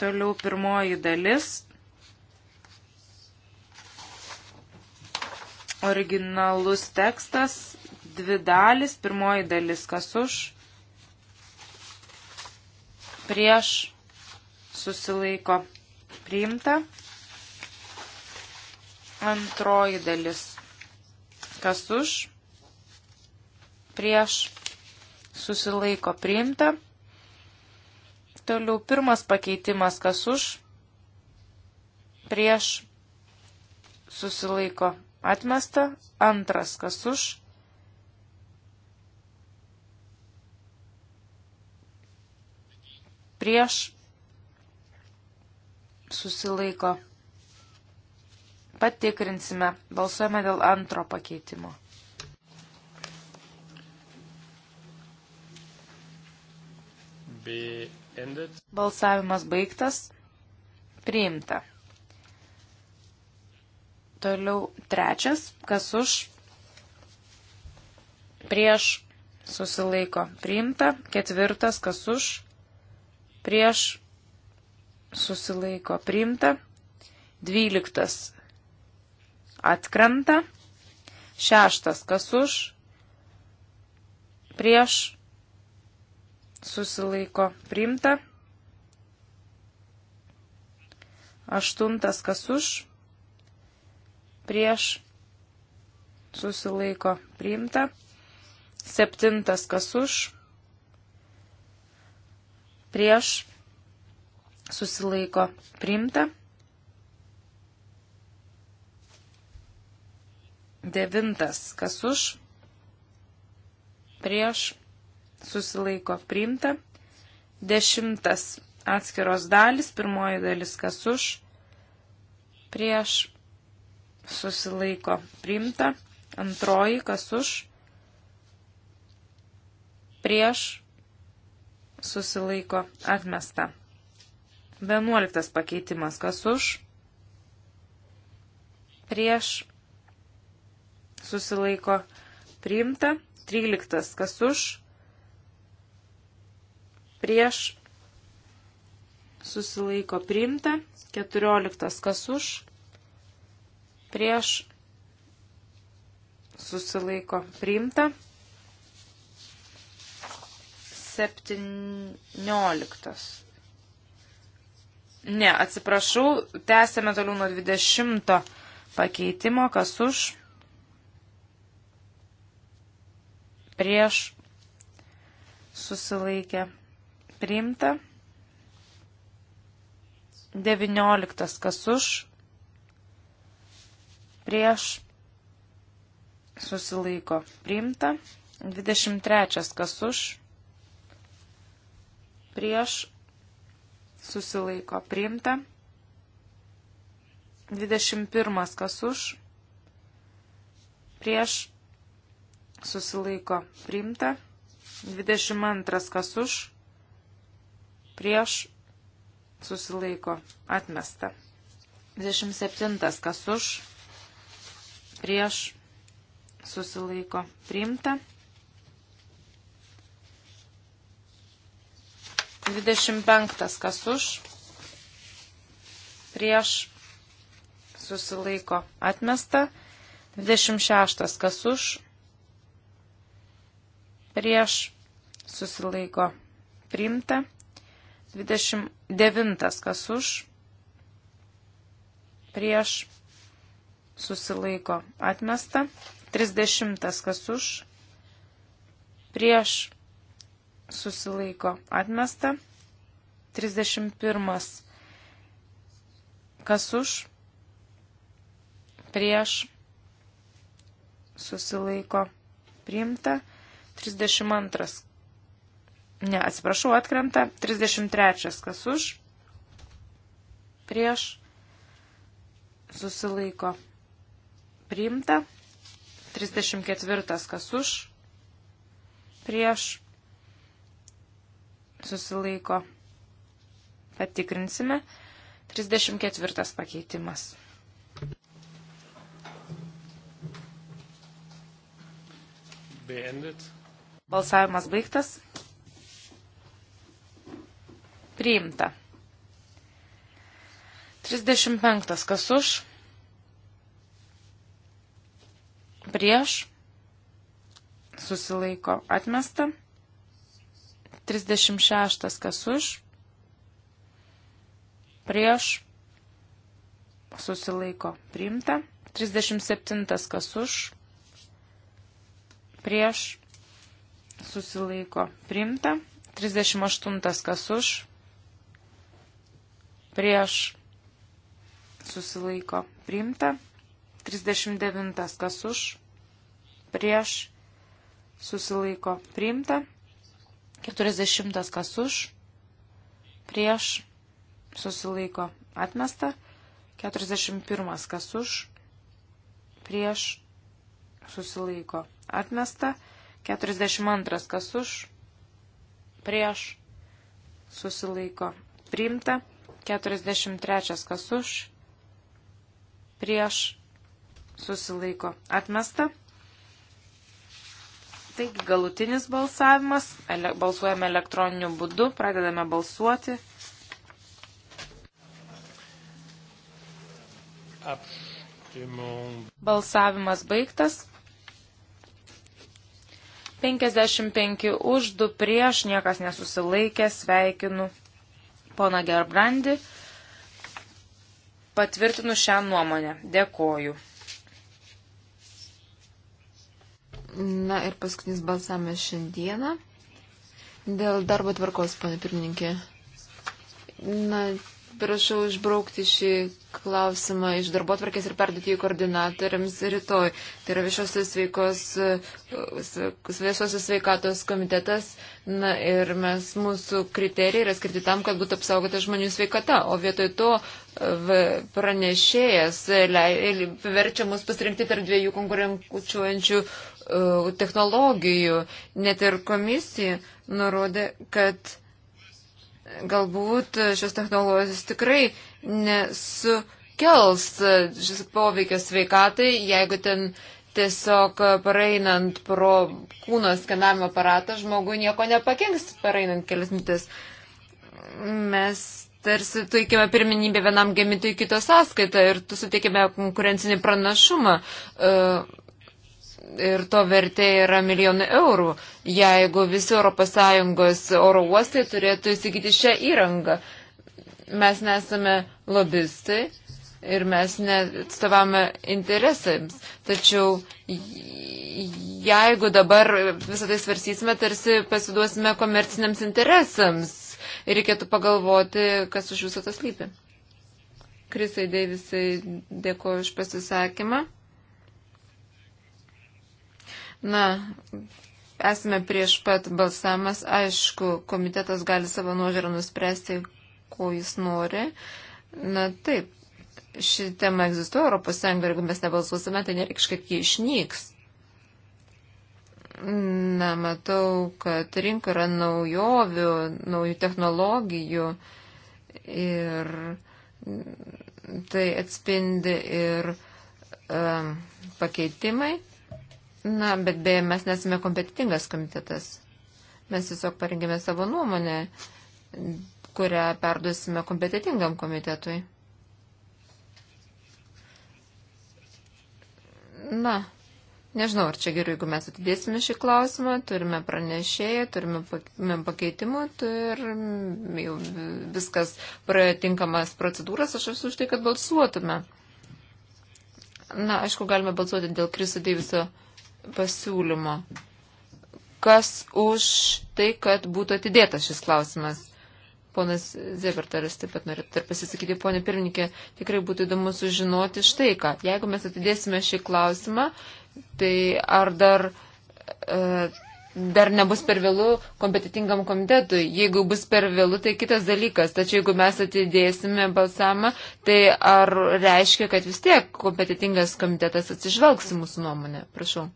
Toliau pirmoji dalis. Originalus tekstas, dvi dalis, pirmoji dalis kas už, prieš, susilaiko, priimta, Antroji dalis. Kas už? Prieš susilaiko priimta. Toliau pirmas pakeitimas. Kas už? Prieš susilaiko atmesta. Antras. Kas už? Prieš susilaiko atmesta Patikrinsime. Balsuojame dėl antro pakeitimo. Balsavimas baigtas. Priimta. Toliau trečias, kas už, prieš, susilaiko, priimta. Ketvirtas, kas už, prieš, susilaiko, priimta. Dvyliktas, atkrenta. Šeštas, kas už, prieš, susilaiko priimta. Aštuntas, kas už, prieš, susilaiko priimta. Septintas, kas už, prieš, susilaiko priimta. devintas, kas už, prieš, susilaiko priimta, dešimtas atskiros dalis, pirmoji dalis, kas už, prieš, susilaiko priimta, antroji, kas už, prieš, susilaiko atmesta. Vienuoliktas pakeitimas, kas už, prieš, susilaiko priimta. 13. Kas už, prieš susilaiko priimta. 14. Kas už, prieš susilaiko priimta. 17. Ne, atsiprašau, tęsėme toliau nuo 20 pakeitimo, kas už prieš susilaikė priimta. 19 kas už prieš susilaiko priimta. 23 kas už prieš susilaiko priimta. 21 kas už prieš susilaiko priimta. 22 kas už, prieš susilaiko atmesta. 27 kas už, prieš susilaiko priimta. 25 kas už, prieš susilaiko atmesta. 26 kas už, prieš susilaiko priimta. 29 kas už prieš susilaiko atmesta. 30 kas už prieš susilaiko atmesta. 31 kas už prieš susilaiko priimta. 32. Ne, atsiprašau, atkrenta. 33. Kas už? Prieš. Susilaiko. Priimta. 34. Kas už? Prieš. Susilaiko. Patikrinsime. 34. pakeitimas. Beendet. Balsavimas baigtas. Priimta. 35. Kas už? Prieš. Susilaiko atmesta. 36. Kas už? Prieš. Susilaiko priimta. 37. Kas už? Prieš susilaiko priimta. 38 kas už, prieš susilaiko priimta. 39 kas už, prieš susilaiko priimta. 40 kas už, prieš susilaiko atmesta. 41 kas už, prieš susilaiko atmesta. 42 kas už, prieš, susilaiko, priimta. 43 kas už, prieš, susilaiko, atmesta. Taigi galutinis balsavimas, ele, balsuojame elektroniniu būdu, pradedame balsuoti. Apštimum. Balsavimas baigtas. 55 už, 2 prieš, niekas nesusilaikė, sveikinu pona Gerbrandi, patvirtinu šią nuomonę. Dėkoju. Na ir paskutinis balsavimas šiandieną. Dėl darbo tvarkos, pane pirmininkė. Na, prašau išbraukti šį klausimą iš darbo tvarkės ir perduoti jį koordinatoriams rytoj. Tai yra viešosios, veikos, viešosios sveikatos komitetas. Na ir mes, mūsų kriterijai yra skirti tam, kad būtų apsaugota žmonių sveikata. O vietoj to pranešėjas verčia mus pasirinkti tarp dviejų konkurenčiuojančių e, technologijų. Net ir komisija nurodė, kad galbūt šios technologijos tikrai nesukels šis poveikio sveikatai, jeigu ten tiesiog pareinant pro kūno skenavimo aparatą žmogui nieko nepakenks pareinant kelias mintis. Mes tarsi teikime pirminybę vienam gamintojui kito sąskaitą ir tu suteikime konkurencinį pranašumą. Uh, ir to vertė yra milijonų eurų, jeigu visi ES oro uostai turėtų įsigyti šią įrangą. Mes nesame lobistai ir mes neatstovame interesams. Tačiau jeigu dabar visą tai svarsysime, tarsi pasiduosime komerciniams interesams. Ir reikėtų pagalvoti, kas už viso tas lypi. Krisai Deivisai dėkoju už pasisakymą. Na, esame prieš pat balsamas. Aišku, komitetas gali savo nuožiūrą nuspręsti, ko jis nori. Na, taip, ši tema egzistuoja Europos Sąjungoje, jeigu mes nebalsuosime, tai nereikš, kad ji išnyks. Na, matau, kad rinka yra naujovių, naujų technologijų ir tai atspindi ir um, pakeitimai. Na, bet beje, mes nesame kompetitingas komitetas. Mes tiesiog parengėme savo nuomonę, kurią perduosime kompetitingam komitetui. Na, nežinau, ar čia geriau, jeigu mes atidėsime šį klausimą, turime pranešėją, turime pakeitimų ir jau viskas praėjo tinkamas procedūras, aš esu už tai, kad balsuotume. Na, aišku, galime balsuoti dėl Kriso Deiviso. Tai pasiūlymo. Kas už tai, kad būtų atidėtas šis klausimas? Ponas Zebertaras taip pat norėtų ir pasisakyti, ponė pirmininkė, tikrai būtų įdomu sužinoti štai ką. Jeigu mes atidėsime šį klausimą, tai ar dar, e, dar nebus per vėlų kompetitingam komitetui? Jeigu bus per vėlų, tai kitas dalykas. Tačiau jeigu mes atidėsime balsamą, tai ar reiškia, kad vis tiek kompetitingas komitetas atsižvelgs į mūsų nuomonę? Prašau.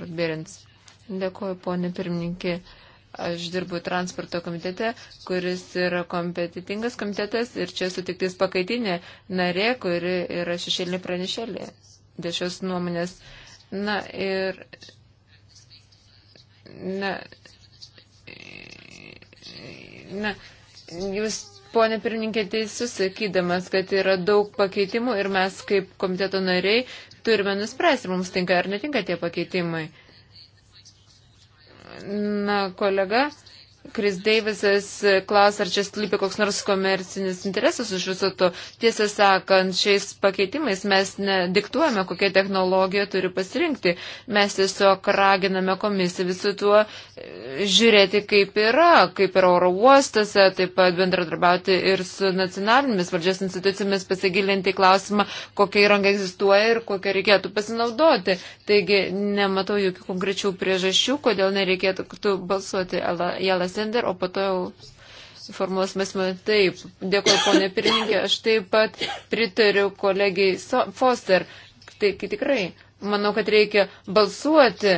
Rudberins. Dėkuoju, ponė pirmininkė. Aš dirbu transporto komitete, kuris yra kompetitingas komitetas ir čia sutiktis pakaitinė narė, kuri yra šešėlinė pranešėlė dėl šios nuomonės. Na ir. Na. Na. Jūs Pone pirmininkė, teisus sakydamas, kad yra daug pakeitimų ir mes kaip komiteto nariai turime nuspręsti, mums tinka ar netinka tie pakeitimai. Na, kolega Kris Deivisas klaus, ar čia slypi koks nors komercinis interesas už viso to. Tiesą sakant, šiais pakeitimais mes nediktuojame, kokią technologiją turi pasirinkti. Mes tiesiog raginame komisiją visu tuo e, žiūrėti, kaip yra, kaip yra oro uostose, taip pat bendradarbiauti ir su nacionalinėmis valdžios institucijomis, pasigilinti į klausimą, kokia įranga egzistuoja ir kokią reikėtų pasinaudoti. Taigi nematau jokių konkrečių priežasčių, kodėl nereikėtų balsuoti. Jelas Sender, o po to jau formuos mesmą. Taip, dėkuoju, ponė pirmininkė, aš taip pat pritariu kolegiai Foster. Tai tikrai, manau, kad reikia balsuoti,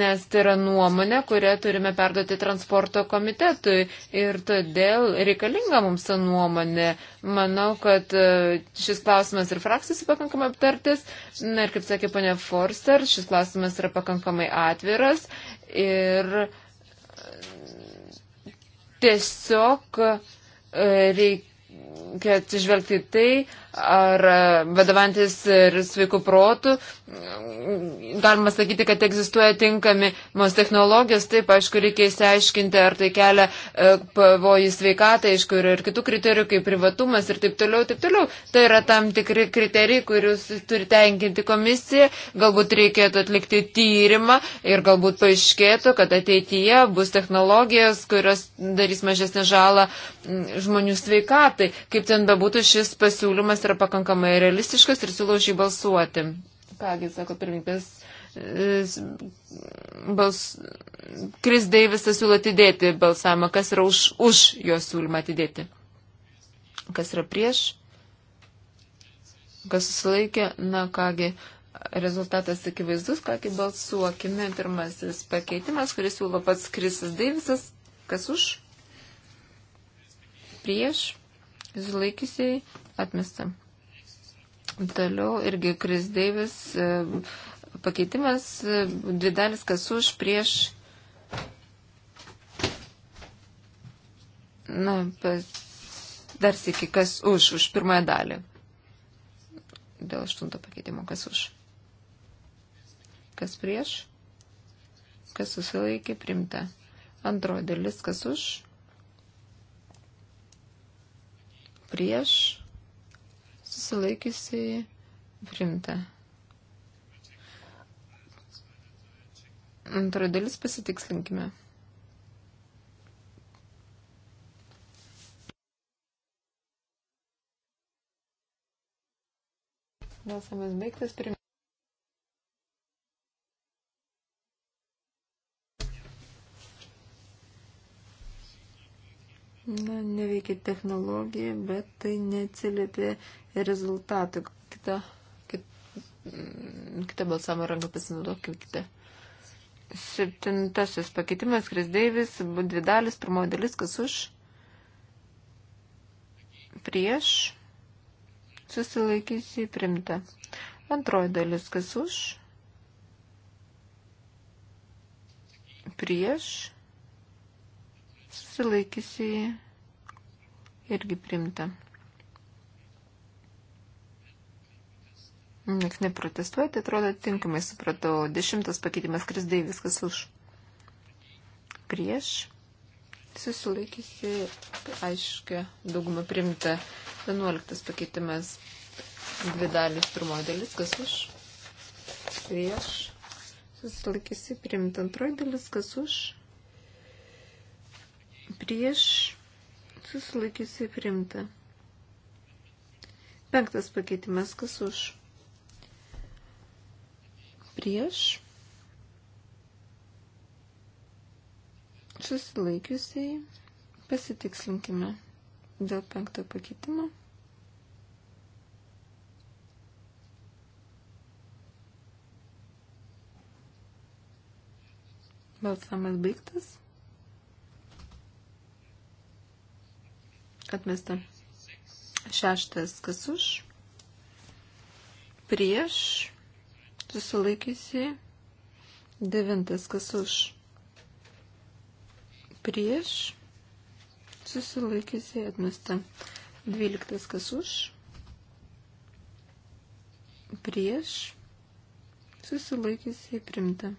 nes tai yra nuomonė, kurią turime perduoti transporto komitetui ir todėl reikalinga mums ta nuomonė. Manau, kad e, šis klausimas ir frakcijose pakankamai aptartis. Na ir kaip sakė ponė Forster, šis klausimas yra pakankamai atviras ir Tiesiog e, reikia atsižvelgti tai, ar e, vadovantis ir sveiku protu, galima sakyti, kad egzistuoja tinkami mūsų technologijos, taip, aišku, reikia įsiaiškinti, ar tai kelia e, pavojų sveikatai, aišku, ir kitų kriterijų, kaip privatumas ir taip toliau, taip toliau. Tai yra tam tikri kriterijai, kuriuos turi tenkinti komisija, galbūt reikėtų atlikti tyrimą ir galbūt paaiškėtų, kad ateityje bus technologijos, kurios darys mažesnę žalą žmonių sveikatai. Kaip ten bebūtų, šis pasiūlymas pasiūlymas yra pakankamai realistiškas ir siūlau šį balsuoti. Kągi, sako pirmininkas, bals... Kris Deivisas siūlo atidėti balsavimą. Kas yra už, už jo siūlymą atidėti? Kas yra prieš? Kas susilaikė? Na kągi, rezultatas akivaizdus, kągi balsuokime. Pirmasis pakeitimas, kuris siūlo pats Krisas Deivisas. Kas už? Prieš? Zulaikysiai Atmesta. Toliau irgi Kris Deivis e, pakeitimas, e, dvi dalis kas už, prieš. Na, pas, dar sėki, kas už, už pirmąją dalį. Dėl aštunto pakeitimo, kas už. Kas prieš? Kas susilaikė, primta. Antroji dalis, kas už. Prieš susilaikiusiai primta. Antroji dalis pasitikslinkime. Balsamas baigtas, primta. palankiai technologiją, bet tai neatsiliepė rezultatų. Kita, kit, mm, kita balsamo ranka pasinaudokime kitą. Septintasis pakeitimas, Krisdeivis, dvi dalis, pirmoji dalis, kas už, prieš, susilaikysi, primta. Antroji dalis, kas už, prieš, susilaikysi, primta irgi primta. Niekas neprotestuoja, tai atrodo tinkamai supratau. Dešimtas pakeitimas krisdai viskas už. Prieš. Susilaikysi aiškia daugumą primta. Vienuoliktas pakeitimas. Dvi dalis, pirmoji dalis, kas už. Prieš. Susilaikysi primta antroji dalis, kas už. Prieš susilaikysiai priimta. Penktas pakeitimas, kas už. Prieš. Susilaikiusiai pasitikslinkime dėl penkto pakeitimo. Balsamas baigtas. Atmesta. Šeštas, kas už? Prieš. Susilaikysi. Devintas, kas už? Prieš. Susilaikysi. Atmesta. Dvyliktas, kas už? Prieš. Susilaikysi. Primta.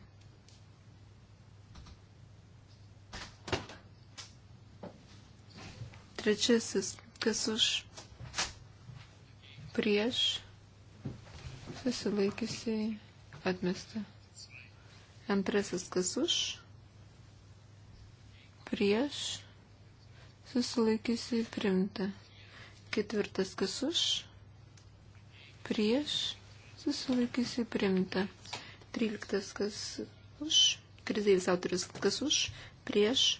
Trečiasis, kas už prieš susilaikiusiai atmesta. Antrasis, kas už prieš susilaikiusiai primta. Ketvirtas, kas už prieš susilaikiusiai primta. Tryliktas, kas už. Krizėvis autorius, kas už prieš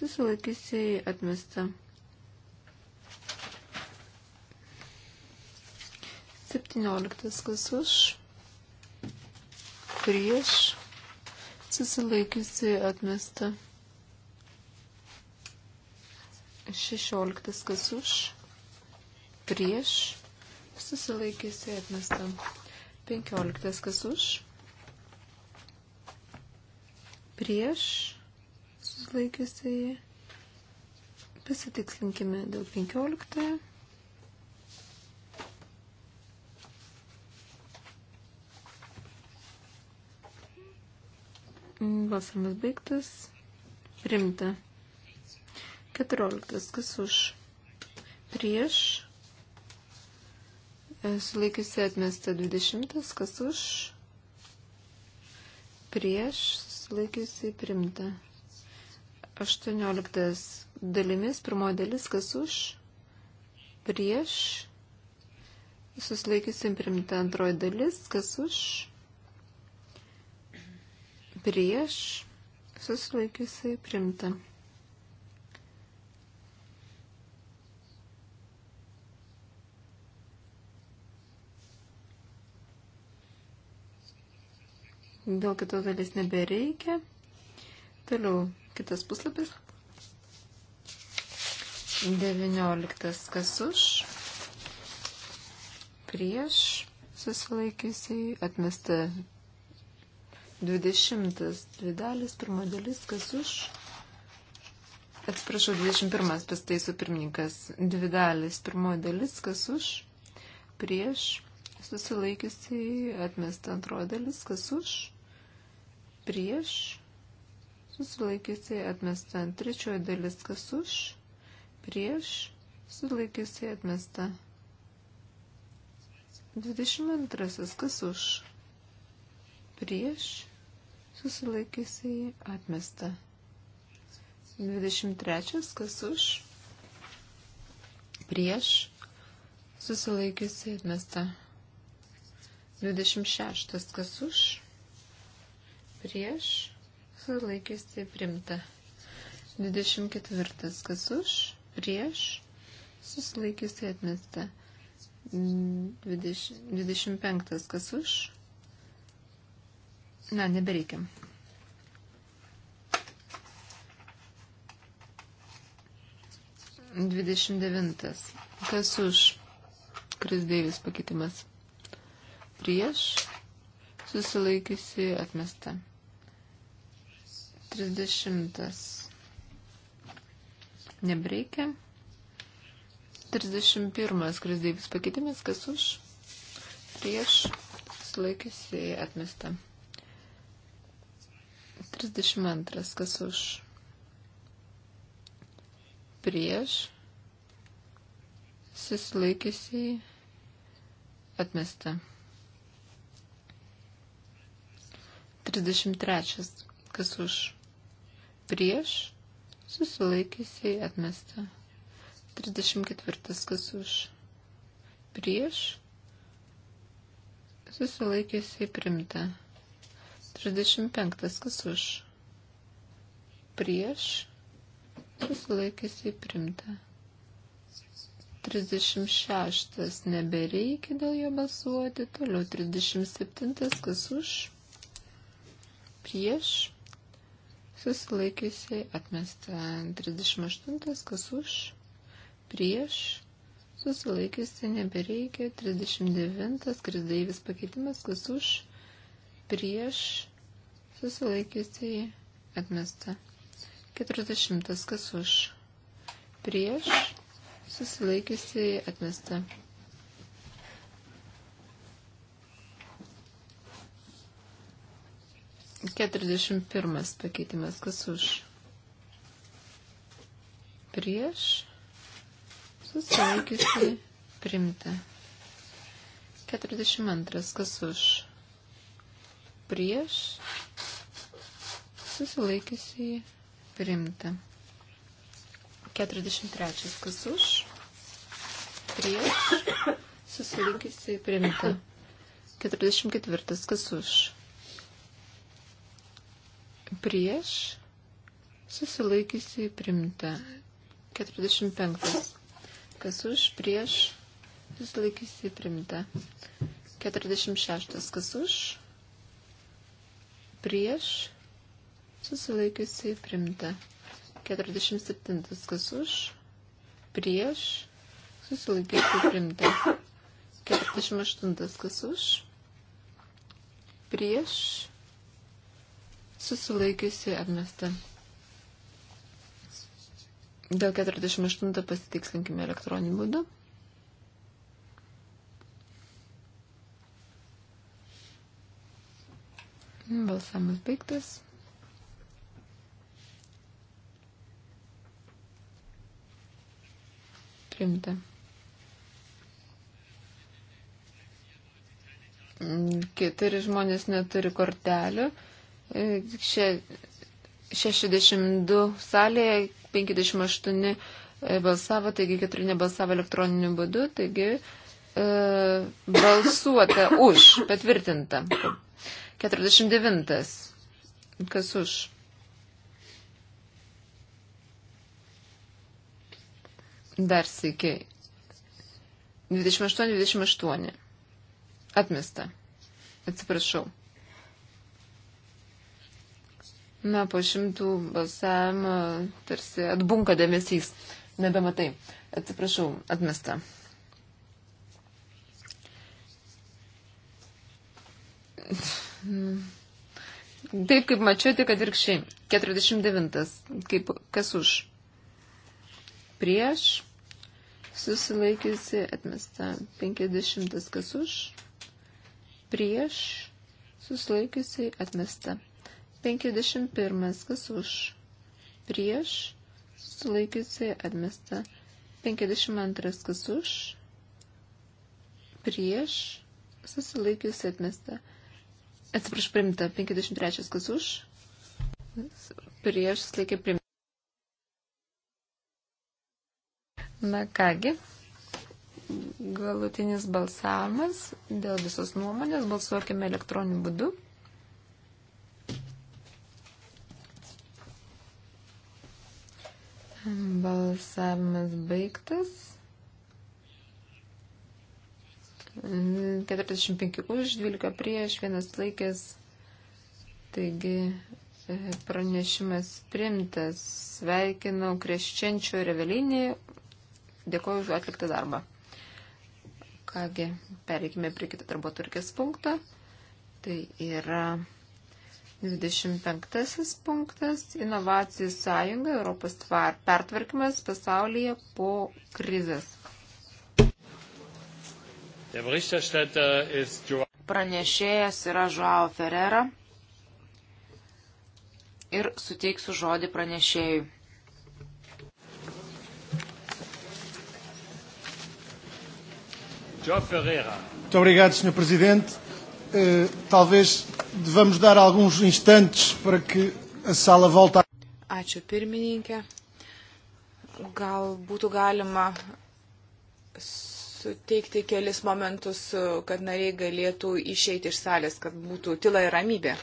susilaikysiai atmesta. Septynioliktas kas už, prieš, susilaikysiai atmesta. Šešioliktas kas už, prieš, susilaikysiai atmesta. Penkioliktas kas už, prieš, susilaikiusiai. Pasitikslinkime dėl 15. Balsavimas baigtas. Primta. 14. Kas už? Prieš. Sulaikiusi atmesta 20. Kas už? Prieš. Sulaikiusi primta. 18 dalimis, pirmoji dalis, kas už, prieš, susilaikysim primti antroji dalis, kas už, prieš, susilaikysiai primti. Dėl kitos dalies nebereikia. Toliau Kitas puslapis. 19. Kas už? Prieš susilaikysiai atmesta 20. Dvi dalis, pirma dalis, kas už? Atsiprašau, 21. Pastaisų pirmininkas. Dvi dalis, pirmoji dalis, kas už? Prieš susilaikysiai atmesta antroji dalis, kas už? Prieš susilaikysiai atmesta. Trečioji dalis kas už, prieš, susilaikysiai atmesta. 22 kas už, prieš, susilaikysiai atmesta. 23 kas už, prieš, susilaikysiai atmesta. 26 kas už, prieš, laikėsi primta. 24. Kas už, prieš, susilaikiusi atmesta. 20, 25. Kas už? Na, nebereikia. Dvidešimt devintas. Kas už krisdėjus pakitimas? Prieš susilaikiusi atmesta. 30. Nebreikia. 31. Krasdeivis pakeitimas, kas už, prieš, sulaikiusi atmesta. 32. Kas už, prieš, susilaikiusi atmesta. 33. Kas už, prieš, susilaikysiai atmesta. 34 kas už, prieš, susilaikysiai primta. 35 kas už, prieš, susilaikysiai primta. 36 nebereikia dėl jo balsuoti, toliau 37 kas už, prieš, susilaikiusiai atmesta 38, kas už, prieš, susilaikiusiai nebereikia 39, krisdaivis pakeitimas, kas už, prieš, susilaikiusiai atmesta 40, kas už, prieš, susilaikiusiai atmesta 40. 41 pakeitimas. Kas už? Prieš. Susilaikiusi. Primta. 42. Kas už? Prieš. Susilaikiusi. Primta. 43. Kas už? Prieš. Susilaikiusi. Primta. 44. Kas už? prieš, susilaikysi primta. 45. Kas už, prieš, susilaikysi primta. 46. Kas už, prieš, susilaikysi primta. 47. Kas už, prieš, susilaikysi primta. 48. Kas už, prieš, susilaikiusi atmesta. Dėl 48 pasitikslinkime elektroninį būdų. Balsamas baigtas. Primta. Keturi žmonės neturi kortelių. 62 e, salėje, 58 e, balsavo, taigi 4 nebalsavo elektroniniu būdu, taigi e, balsuota už, patvirtinta. 49. Kas už? Dar sėkiai. 28, 28. Atmesta. Atsiprašau. Na, po šimtų balsavimų tarsi atbunka dėmesys. Nebematai. Atsiprašau, atmesta. Taip kaip mačiau, tik atvirkščiai. 49. Kaip, kas už? Prieš. Susilaikiusi atmesta. 50. Kas už? Prieš. Susilaikiusi atmesta. 51. Kas už? Prieš. Sulaikiusi atmesta. 52. Kas už? Prieš. Susilaikiusi atmesta. Atsiprašau, primta. 53. Kas už? Prieš. Susilaikė primta. Na kągi, galutinis balsavimas dėl visos nuomonės balsuokime elektroniniu būdu. Balsavimas baigtas. 45 už, 12 prieš, vienas laikės. Taigi e, pranešimas primtas. Sveikinu Kreščenčio Revelinį. Dėkoju už atliktą darbą. Kągi, pereikime prie kito darbo turkės punkto. Tai yra. 25 punktas - inovacijų sąjunga Europos tvar, pertvarkymas pasaulyje po krizės. Pranešėjas yra Žuao Ferrera ir suteiksiu žodį pranešėjui. João Ferreira. Muito obrigado, Sr. Presidente eh, talvez devamos dar alguns instantes para que a sala volte a. Ačiū pirmininkė. Gal būtų galima suteikti kelis momentus, eh, kad nariai galėtų išeiti iš salės, kad būtų tila ir ramybė.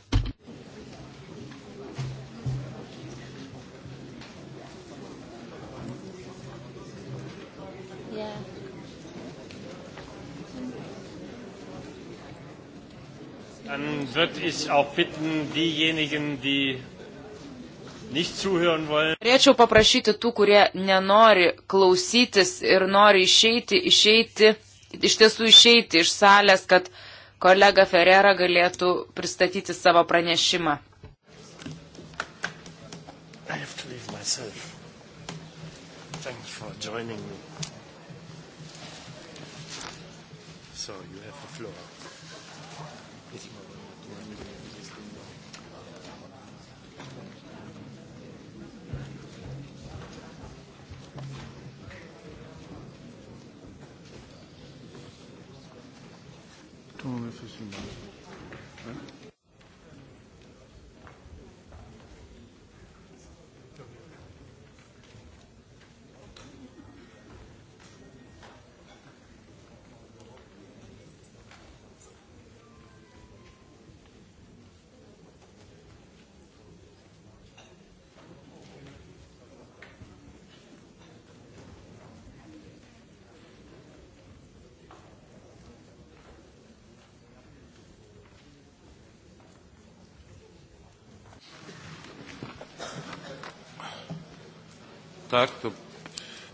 Dann würde ich auch bitten, diejenigen, die nicht zuhören wollen. Norėčiau paprašyti tų, kurie nenori klausytis ir nori išeiti, išeiti, iš tiesų išeiti iš salės, kad kolega Ferrera galėtų pristatyti savo pranešimą. So you have the floor. Tout le monde le fait, c'est une Tak, to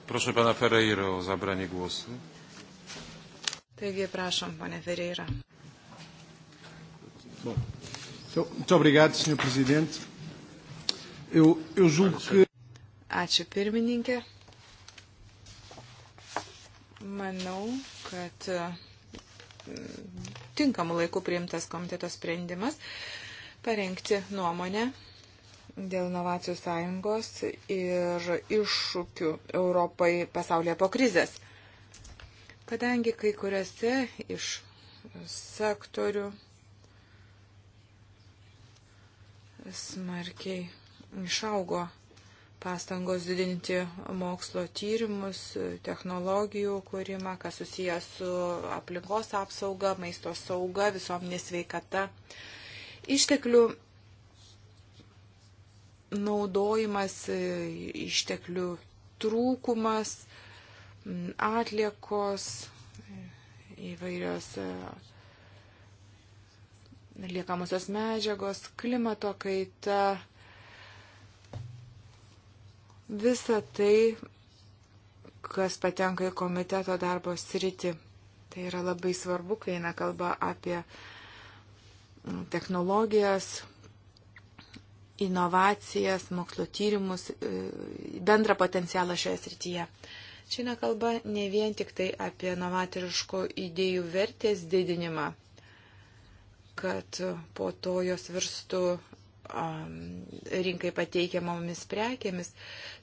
proszę pana Ferreira o zabranie głosu. Taigi, prašom, pane Ferreira. Bom, então, muito obrigado, Sr. Presidente. Eu, eu julgo que. Ačiū pirmininkė. Manau, kad mm, tinkamų laikų priimtas komiteto sprendimas parengti nuomonę dėl inovacijų sąjungos ir iššūkių Europai pasaulyje po krizės. Kadangi kai kuriuose iš sektorių smarkiai išaugo pastangos didinti mokslo tyrimus, technologijų kūrimą, kas susijęs su aplinkos apsauga, maisto sauga, visuomenės veikata. Išteklių naudojimas, e, išteklių trūkumas, atliekos, e, įvairios e, liekamosios medžiagos, klimato kaita. Visa tai, kas patenka į komiteto darbo sritį, tai yra labai svarbu, kai eina kalba apie technologijas, inovacijas, mokslo tyrimus, e, bendrą potencialą šioje srityje. Čia nekalba ne vien tik tai apie novatoriško idėjų vertės didinimą, kad po to jos virstų rinkai pateikiamomis prekėmis,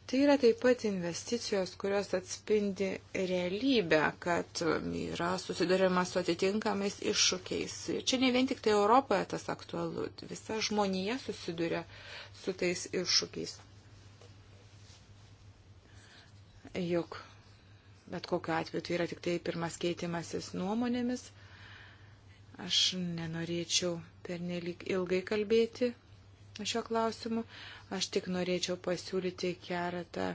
tai yra taip pat investicijos, kurios atspindi realybę, kad yra susidurima su atitinkamais iššūkiais. Čia ne vien tik tai Europoje tas aktualu, visa žmonija susiduria su tais iššūkiais. Juk bet kokiu atveju tai yra tik tai pirmas keitimasis nuomonėmis. Aš nenorėčiau pernelyg ilgai kalbėti, šio klausimu. Aš tik norėčiau pasiūlyti keletą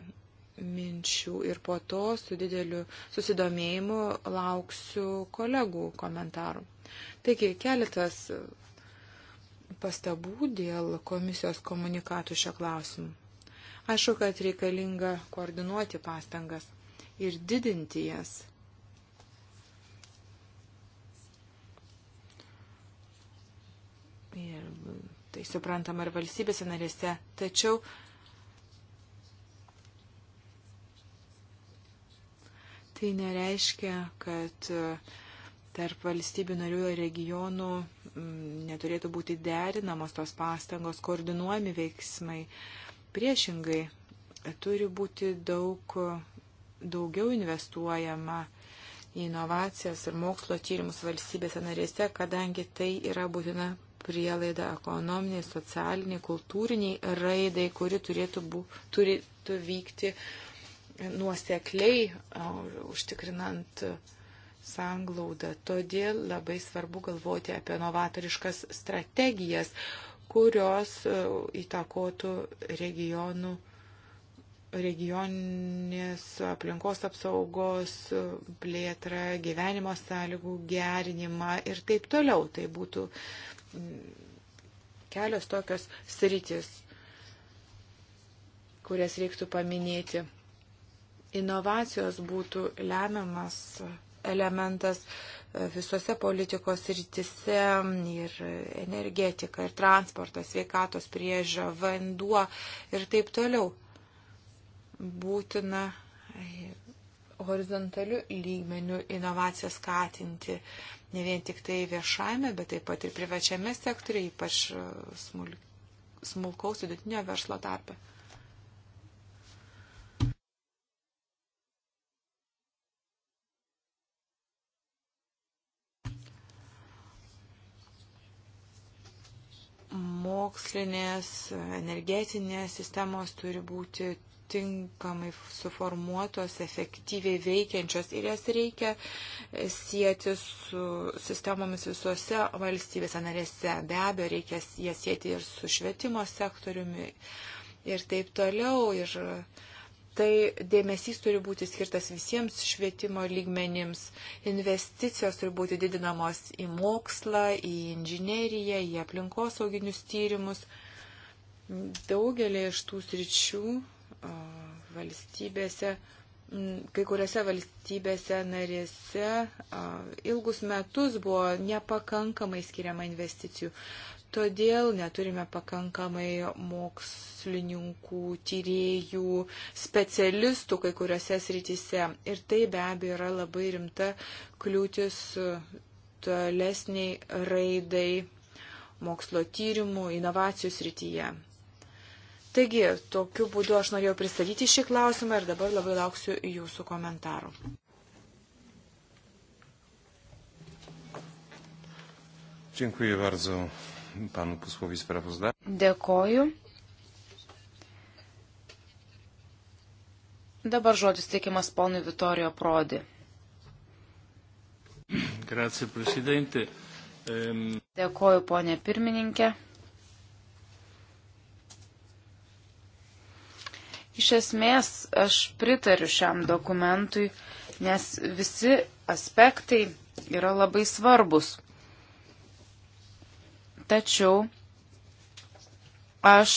minčių ir po to su dideliu susidomėjimu lauksiu kolegų komentarų. Taigi, keletas pastabų dėl komisijos komunikatų šio klausimu. Aišku, kad reikalinga koordinuoti pastangas ir didinti jas. Ir tai suprantama ir valstybėse narėse. Tačiau tai nereiškia, kad e, tarp valstybių narių ir regionų neturėtų būti derinamos tos pastangos, koordinuojami veiksmai. Priešingai, turi būti daug daugiau investuojama į inovacijas ir mokslo tyrimus valstybėse narėse, kadangi tai yra būtina prielaida ekonominiai, socialiniai, kultūriniai raidai, kuri turėtų, bu, turėtų vykti nuosekliai, užtikrinant sanglaudą. Todėl labai svarbu galvoti apie novatoriškas strategijas, kurios įtakotų regionų regioninės aplinkos apsaugos plėtrą, gyvenimo sąlygų gerinimą ir taip toliau. Tai būtų uh, kelios tokios sritis, kurias reiktų paminėti. Inovacijos būtų lemiamas elementas visose politikos rytise ir energetika, ir transportas, sveikatos prieža, vanduo ir taip toliau. Būtina horizontaliu lygmeniu inovacijas skatinti ne vien tik tai viešajame, bet taip pat ir privačiame sektoriuje, ypač e, smulk, smulkaus vidutinio verslo tarpe. mokslinės, energetinės sistemos turi būti tinkamai suformuotos, efektyviai veikiančios ir jas reikia sieti su sistemomis visose valstybėse narėse. Be abejo, reikia jas sieti ir su švietimo sektoriumi ir taip toliau. Ir tai dėmesys turi būti skirtas visiems švietimo lygmenims. Investicijos turi būti didinamos į mokslą, į inžineriją, į aplinkosauginius tyrimus. Daugelį iš tų sričių valstybėse, kai kuriuose valstybėse narėse ilgus metus buvo nepakankamai skiriama investicijų. Todėl neturime pakankamai mokslininkų, tyriejų, specialistų kai kuriuose srityse. Ir tai be abejo yra labai rimta kliūtis tolesniai raidai mokslo tyrimų, inovacijų srityje. Taigi, tokiu būdu aš norėjau pristatyti šį klausimą ir dabar labai lauksiu jūsų komentarų. Dziękuję bardzo panu posłowi sprawozdawcy. Dėkoju. Dabar žodis teikiamas ponui Vitorijo Prodi. Grazie, prezidente. Ehm, Dėkoju, ponė pirmininkė. Iš esmės aš pritariu šiam dokumentui, nes visi aspektai yra labai svarbus. Tačiau aš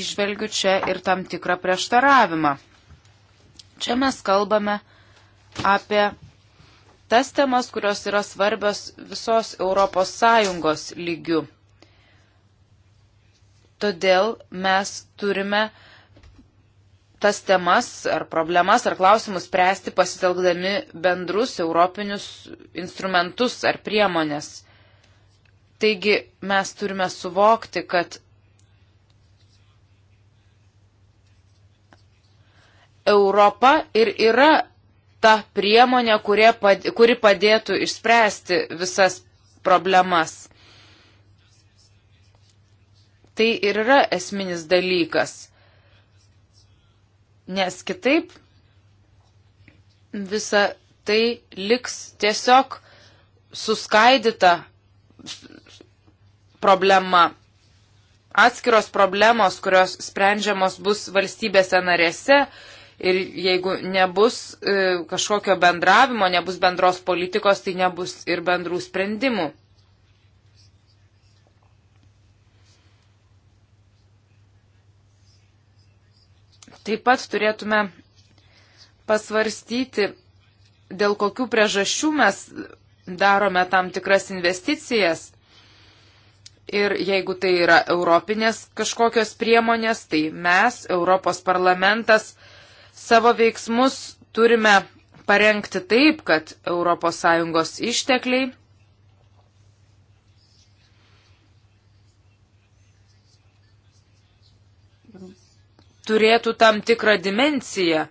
išvelgiu čia ir tam tikrą prieštaravimą. Čia mes kalbame apie tas temas, kurios yra svarbios visos Europos Sąjungos lygių. Todėl mes turime tas temas ar problemas ar klausimus spręsti pasitelkdami bendrus europinius instrumentus ar priemonės. Taigi mes turime suvokti, kad Europa ir yra ta priemonė, kuri padėtų išspręsti visas problemas. Tai ir yra esminis dalykas. Nes kitaip visa tai liks tiesiog suskaidyta problema. Atskiros problemos, kurios sprendžiamos bus valstybėse narėse ir jeigu nebus e, kažkokio bendravimo, nebus bendros politikos, tai nebus ir bendrų sprendimų. Taip pat turėtume pasvarstyti, dėl kokių priežasčių mes darome tam tikras investicijas. Ir jeigu tai yra europinės kažkokios priemonės, tai mes, Europos parlamentas, savo veiksmus turime parengti taip, kad ES ištekliai turėtų tam tikrą dimenciją.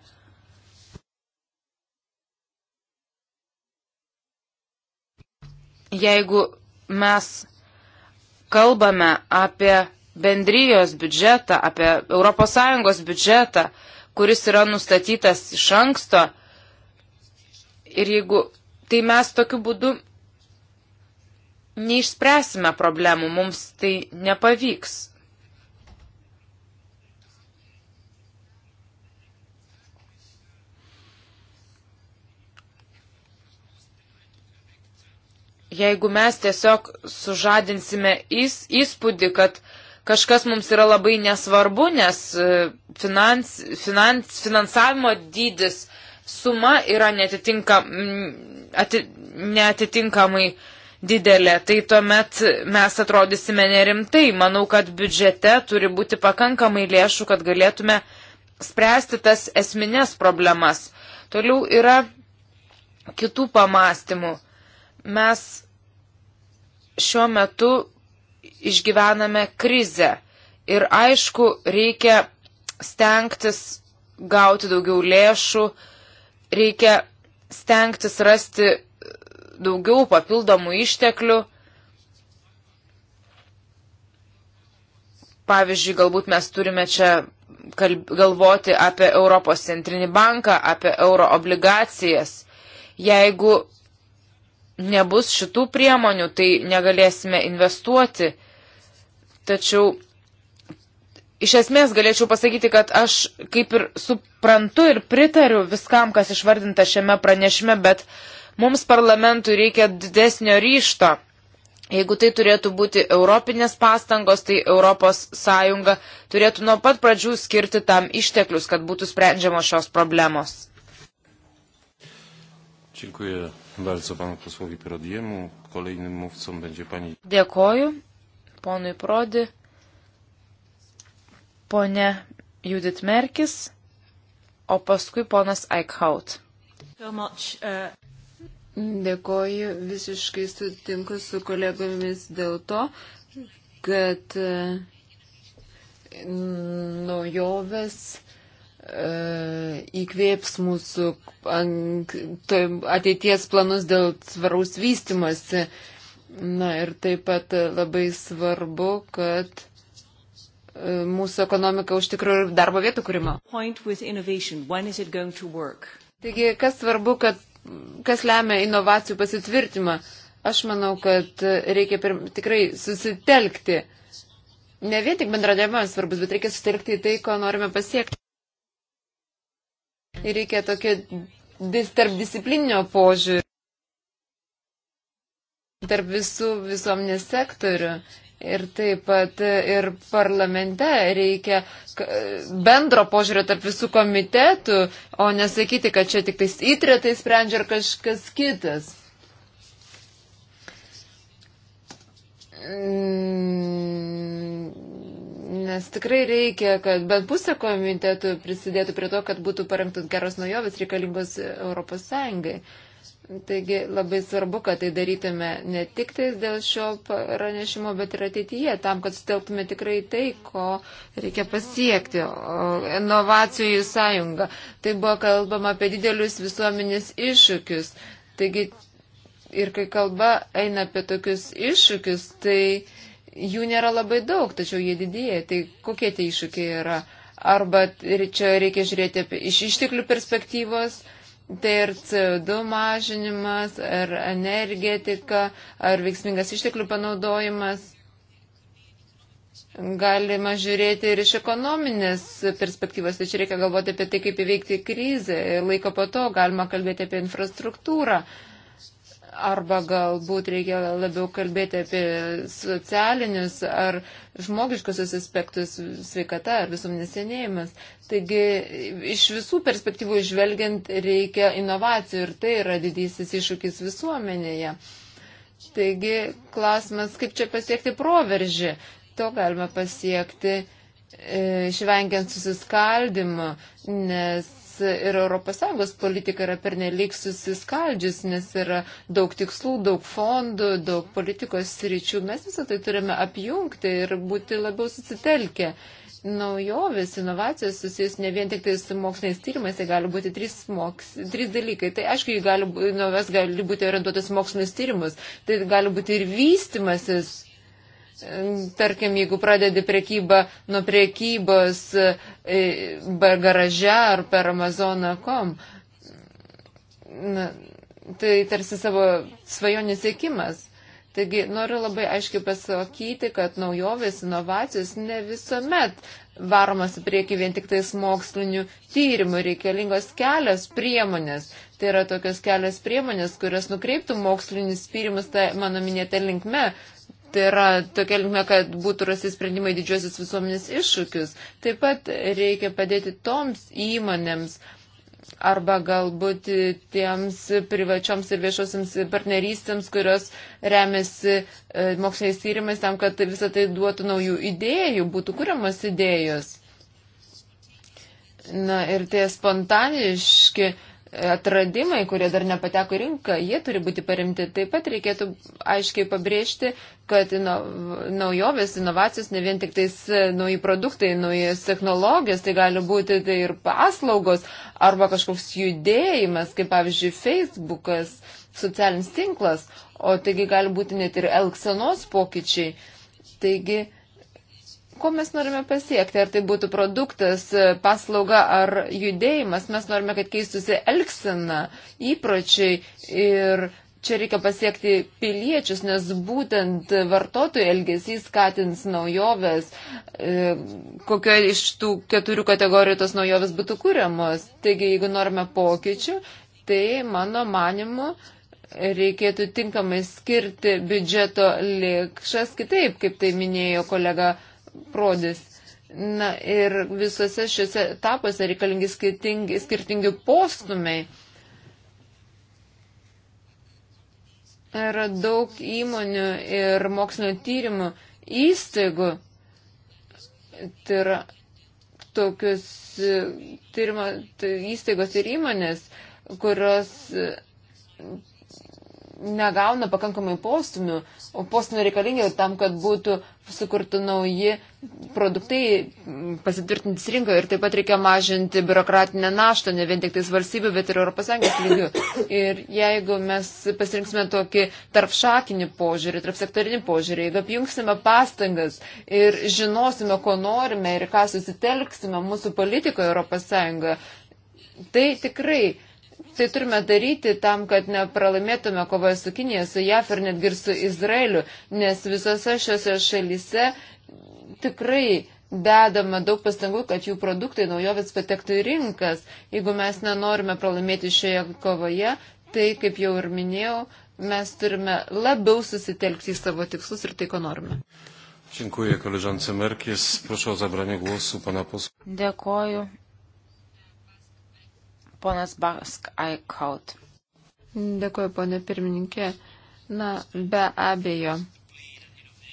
Jeigu mes kalbame apie bendrijos biudžetą, apie ES biudžetą, kuris yra nustatytas iš anksto, ir jeigu tai mes tokiu būdu neišspręsime problemų, mums tai nepavyks. jeigu mes tiesiog sužadinsime įs, įspūdį, kad kažkas mums yra labai nesvarbu, nes e, finans, finans, finansavimo dydis suma yra netitinka, ati, netitinkamai didelė, tai tuomet mes atrodysime nerimtai. Manau, kad biudžete turi būti pakankamai lėšų, kad galėtume spręsti tas esminės problemas. Toliau yra kitų pamastymų. Mes šiuo metu išgyvename krizę. Ir aišku, reikia stengtis gauti daugiau lėšų, reikia stengtis rasti daugiau papildomų išteklių. Pavyzdžiui, galbūt mes turime čia galvoti apie Europos centrinį banką, apie euro obligacijas. Jeigu nebus šitų priemonių, tai negalėsime investuoti. Tačiau iš esmės galėčiau pasakyti, kad aš kaip ir suprantu ir pritariu viskam, kas išvardinta šiame pranešime, bet mums parlamentui reikia didesnio ryšto. Jeigu tai turėtų būti europinės pastangos, tai Europos Sąjunga turėtų nuo pat pradžių skirti tam išteklius, kad būtų sprendžiamos šios problemos. Dziękuję bardzo panu posłowi Prodiemu. Kolejnym mówcą będzie pani. Dėkoju ponui Prodi. Pone Judith Merkis, o paskui ponas Eichhaut. So much, uh... Dėkoju, visiškai sutinku su kolegomis dėl to, kad uh, naujovės E, įkvėps mūsų tai ateities planus dėl svaraus vystimasi. Na ir taip pat labai svarbu, kad e, mūsų ekonomika užtikro ir darbo vietų kūrimą. Taigi, kas svarbu, kad, kas lemia inovacijų pasitvirtimą? Aš manau, kad reikia per, tikrai susitelkti. Ne vien tik bendradarbiavimas svarbus, bet reikia susitelkti į tai, ko norime pasiekti ir reikia tokio dis, tarpdisciplinio požiūrį tarp visų visuomenės sektorių. Ir taip pat e, ir parlamente reikia e, bendro požiūrio tarp visų komitetų, o nesakyti, kad čia tik tais įtrė tai sprendžia ar kažkas kitas. Mm, Nes tikrai reikia, kad bent pusė komitetų prisidėtų prie to, kad būtų parengtos geros naujovės reikalingos Europos Sąjungai. Taigi labai svarbu, kad tai darytume ne tik tai dėl šio pranešimo, bet ir ateityje, tam, kad sutelktume tikrai tai, ko reikia pasiekti. Inovacijų sąjunga. Tai buvo kalbama apie didelius visuomenės iššūkius. Taigi ir kai kalba eina apie tokius iššūkius, tai jų nėra labai daug, tačiau jie didėja. Tai kokie tie iššūkiai yra? Arba čia reikia žiūrėti apie, iš išteklių perspektyvos, tai ir CO2 mažinimas, ar energetika, ar veiksmingas išteklių panaudojimas. Galima žiūrėti ir iš ekonominės perspektyvos, tačiau reikia galvoti apie tai, kaip įveikti krizę. Laiko po to galima kalbėti apie infrastruktūrą. Uh, arba galbūt reikia labiau kalbėti apie socialinius ar žmogiškusius aspektus, sveikata ar visuomenės senėjimas. Taigi iš visų perspektyvų žvelgiant reikia inovacijų ir tai yra didysis iššūkis visuomenėje. Taigi klausimas, kaip čia pasiekti proveržį. To galima pasiekti e, išvengiant susiskaldimą, nes ir ES politika yra pernelyg susiskaldžius, nes yra daug tikslų, daug fondų, daug politikos sričių. Mes visą tai turime apjungti ir būti labiau susitelkę. Naujovės, inovacijos susijus ne vien tik tai su moksliniais tyrimais, tai gali būti trys, moks, trys dalykai. Tai aišku, gali, naujovės gali būti orientuotas mokslinius tyrimus, tai gali būti ir vystimasis Tarkim, jeigu pradedi prekybą nuo prekybos e, garaže ar per Amazoną.com, tai tarsi savo svajonės siekimas. Taigi noriu labai aiškiai pasakyti, kad naujovės, inovacijos ne visuomet varomas į priekį vien tik tais mokslinių tyrimų, reikalingos kelios priemonės. Tai yra tokios kelios priemonės, kurios nukreiptų mokslinis tyrimus, tai mano minėta linkme, Tai yra tokia linkme, kad būtų rasti sprendimai didžiosios visuomenės iššūkius. Taip pat reikia padėti toms įmonėms arba galbūt tiems privačioms ir viešosiams partnerystėms, kurios remiasi e, moksliniais tyrimais tam, kad visą tai duotų naujų idėjų, būtų kuriamas idėjos. Na ir tie spontaniški uh, atradimai, kurie dar nepateko į rinką, jie turi būti paremti. Taip pat reikėtų aiškiai pabrėžti, kad ino, naujovės, inovacijos, ne vien tik tais e, nauji produktai, naujas technologijos, tai gali būti tai ir paslaugos arba kažkoks judėjimas, kaip pavyzdžiui Facebookas, socialinis tinklas, o taigi gali būti net ir elksenos pokyčiai. Taigi ko mes norime pasiekti, ar tai būtų produktas, paslauga ar judėjimas, mes norime, kad keistusi elgsena, įpročiai ir čia reikia pasiekti piliečius, nes būtent vartotojų elgesys skatins naujoves, e, kokia iš tų keturių kategorijų tos naujoves būtų kūriamos. Taigi, jeigu norime pokyčių, tai mano manimu, reikėtų tinkamai skirti biudžeto lėkšas kitaip, kaip tai minėjo kolega Prodis. Na ir visose šiuose etapuose reikalingi skirtingi, skirtingi postumiai. Yra daug įmonių ir mokslinio tyrimų įstaigų. Tai yra tokius e, tyrimo, tai įstaigos ir įmonės, kurios negauna pakankamai postumių, o postumių reikalingi tam, kad būtų sukurti nauji produktai, pasitvirtintis rinkoje ir taip pat reikia mažinti biurokratinę naštą, ne vien tik tais valstybių, bet ir ES lygių. Ir jeigu mes pasirinksime tokį tarpšakinį požiūrį, tarpsektorinį požiūrį, jeigu apjungsime pastangas ir žinosime, ko norime ir ką susitelksime mūsų politikoje ES, tai tikrai tai turime daryti tam, kad nepralaimėtume kovoje su Kinėje, su JAF ir netgi ir su Izraeliu, nes visose šiose šalyse tikrai dedama daug pastangų, kad jų produktai naujovės patektų į rinkas. Jeigu mes nenorime pralaimėti šioje kovoje, tai, kaip jau ir minėjau, mes turime labiau susitelkti į savo tikslus ir tai, ko norime. Dziękuję koleżance Merkies. Proszę o zabranie głosu pana posła. Dziękuję ponas Bask Aikaut. Dėkuoju, ponė pirmininkė. Na, be abejo.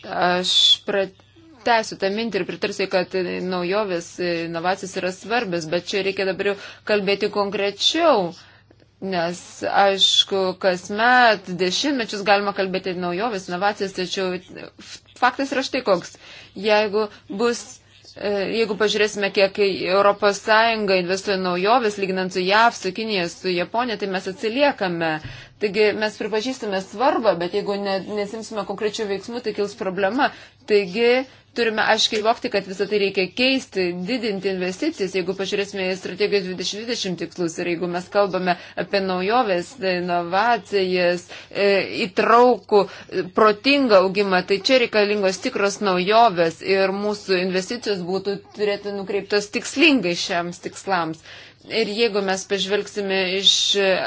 Aš pratęsiu tą mintį ir pritarsiu, kad naujovės, inovacijos yra svarbės, bet čia reikia dabar jau kalbėti konkrečiau. Nes, aišku, kasmet dešimtmečius galima kalbėti naujovės, inovacijas, tačiau faktas yra štai koks. Jeigu bus E, jeigu pažiūrėsime, kiek ES investuoja naujovis, lyginant su JAV, su Kinija, su Japonija, tai mes atsiliekame. Taigi mes pripažįstame svarbą, bet jeigu ne, nesimsime konkrečių veiksmų, tai kils problema. Taigi turime aiškiai vokti, kad visą tai reikia keisti, didinti investicijas, jeigu pažiūrėsime į strategijos 2020 tikslus ir jeigu mes kalbame apie naujoves, inovacijas, e, įtraukų, e, protingą augimą, tai čia reikalingos tikros naujoves ir mūsų investicijos būtų turėtų nukreiptos tikslingai šiems tikslams. Ir jeigu mes pažvelgsime iš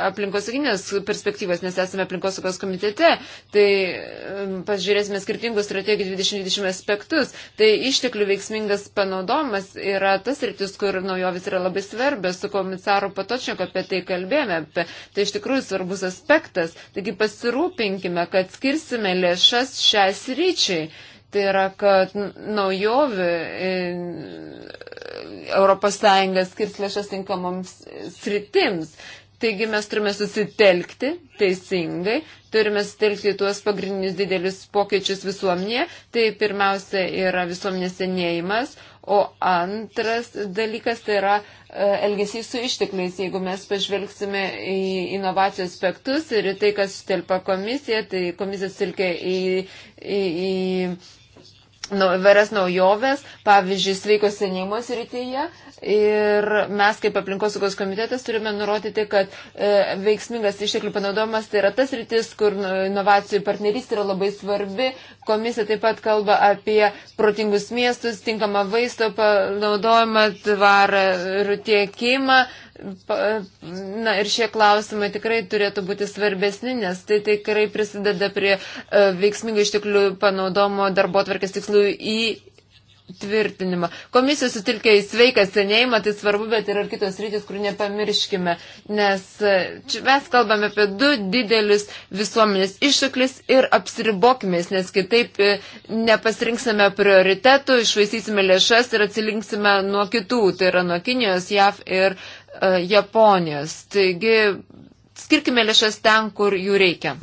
aplinkosauginės perspektyvos, nes esame aplinkosaugos komitete, tai um, pažiūrėsime skirtingus strategijų 2020 aspektus, tai išteklių veiksmingas panaudomas yra tas rytis, kur naujovis yra labai svarbios, su komisaru Patočniku apie tai kalbėjome, apie, tai iš tikrųjų svarbus aspektas. Taigi pasirūpinkime, kad skirsime lėšas šią sryčiai Tai yra, kad naujovių ES skirs lėšas tinkamoms sritims. Taigi mes turime susitelkti teisingai, turime sutelkti tuos pagrindinius didelius pokyčius visuomenėje. Tai pirmiausia yra visuomenės senėjimas, o antras dalykas tai yra e, elgesys su ištekliais. Jeigu mes pažvelgsime į inovacijų aspektus ir į tai, kas sutelpa komisija, tai komisija sutelkia į, į, į Nu, vairias naujoves, pavyzdžiui, sveiko senėjimo srityje. Ir mes kaip aplinkosaugos komitetas turime nurodyti, kad e, veiksmingas išteklių panaudojimas tai yra tas rytis, kur nu, inovacijų partnerystė yra labai svarbi. Komisija taip pat kalba apie protingus miestus, tinkamą vaisto panaudojimą, tvarą ir tiekimą. E, Na ir šie klausimai tikrai turėtų būti svarbesni, nes tai tikrai prisideda prie e, veiksmingų išteklių panaudomo darbo tvarkės tikslų į tvirtinimą. Komisija sutilkė į sveiką senėjimą, tai svarbu, bet yra ir kitos rytis, kur nepamirškime, nes e, čia mes kalbame apie du didelius visuomenės iššūklis ir apsiribokimės, nes kitaip e, nepasirinksime prioritetų, išvaisysime lėšas ir atsilinksime nuo kitų, tai yra nuo Kinijos, JAV ir E, Japonijos. Taigi skirkime lėšas ten, kur jų reikia.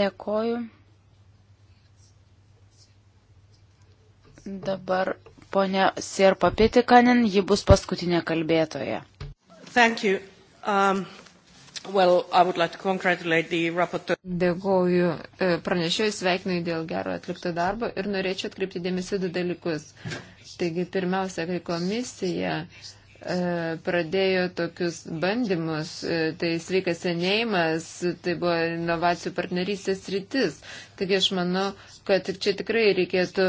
Dėkoju. Dabar ponia Sirpa Pitikanin, ji bus paskutinė kalbėtoja. Thank you. Um... Well, like Dėkoju e, pranešėjus, sveikinu dėl gero atlikto darbo ir norėčiau atkreipti dėmesį du dalykus. Taigi, pirmiausia, kai komisija uh, E, pradėjo tokius bandymus, e, tai sveikas senėjimas, tai buvo inovacijų partnerystės rytis. Taigi aš manau, kad čia tikrai reikėtų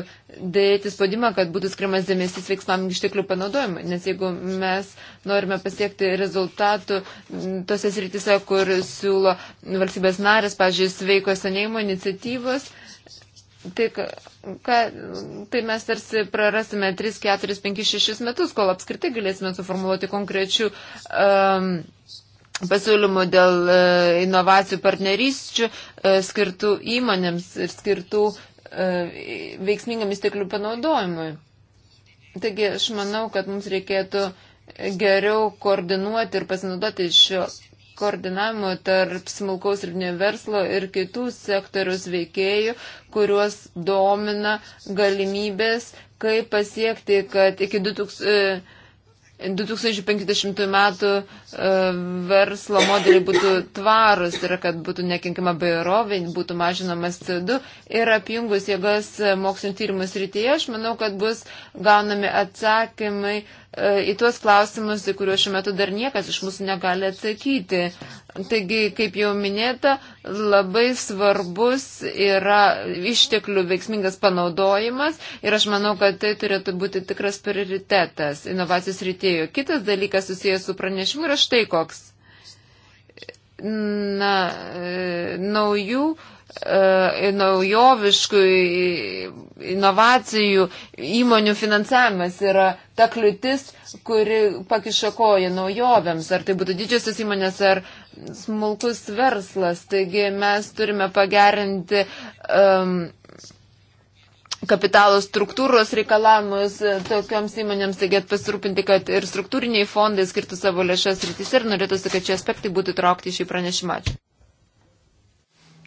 dėti spaudimą, kad būtų skirimas dėmesys veiksmam išteklių panaudojimui, nes jeigu mes norime pasiekti rezultatų tose srityse, kur siūlo valstybės narės, pažiūrėjus, sveiko senėjimo iniciatyvos, Tai, ka, tai mes tarsi prarasime 3, 4, 5, 6 metus, kol apskritai galėsime suformuoluoti konkrečių um, pasiūlymų dėl uh, inovacijų partnerysčių uh, skirtų įmonėms ir skirtų uh, veiksmingam įsteklių panaudojimui. Taigi aš manau, kad mums reikėtų geriau koordinuoti ir pasinaudoti šio koordinavimu tarp smulkaus ir vidinio verslo ir kitų sektorius veikėjų, kuriuos domina galimybės, kaip pasiekti, kad iki 2000, 2050 e, metų e, verslo modeliai būtų tvarus, tai yra, kad būtų nekinkima bairovė, būtų mažinamas CO2 ir apjungus jėgas mokslinio tyrimų srityje, aš manau, kad bus gaunami atsakymai E, į tuos klausimus, į kuriuos šiuo metu dar niekas iš mūsų negali atsakyti. Taigi, kaip jau minėta, labai svarbus yra išteklių veiksmingas panaudojimas ir aš manau, kad tai turėtų būti tikras prioritetas inovacijos rytėjo. Kitas dalykas susijęs su pranešimu yra štai koks. Na, e, naujų E, naujoviškų inovacijų įmonių finansavimas yra ta kliūtis, kuri pakišakoja naujovėms, ar tai būtų didžiosios įmonės ar smulkus verslas. Taigi mes turime pagerinti um, kapitalo struktūros reikalavimus tokioms įmonėms, taigi pasirūpinti, kad ir struktūriniai fondai skirtų savo lėšas rytis ir norėtųsi, kad šie aspektai būtų traukti šį pranešimą. Ačiū.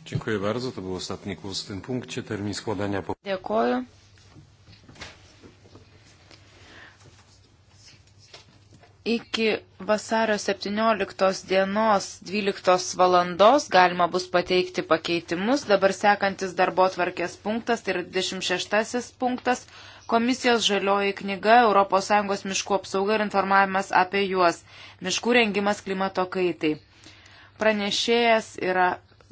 Dziękuję bardzo. To był ostatni głos w tym punkcie. Termin składania... Dėkoju. Iki vasario 17 dienos 12 valandos galima bus pateikti pakeitimus. Dabar sekantis darbo tvarkės punktas, tai yra 26 punktas, Komisijos žalioji knyga ES miškų apsauga ir informavimas apie juos, miškų rengimas klimato kaitai. Pranešėjas yra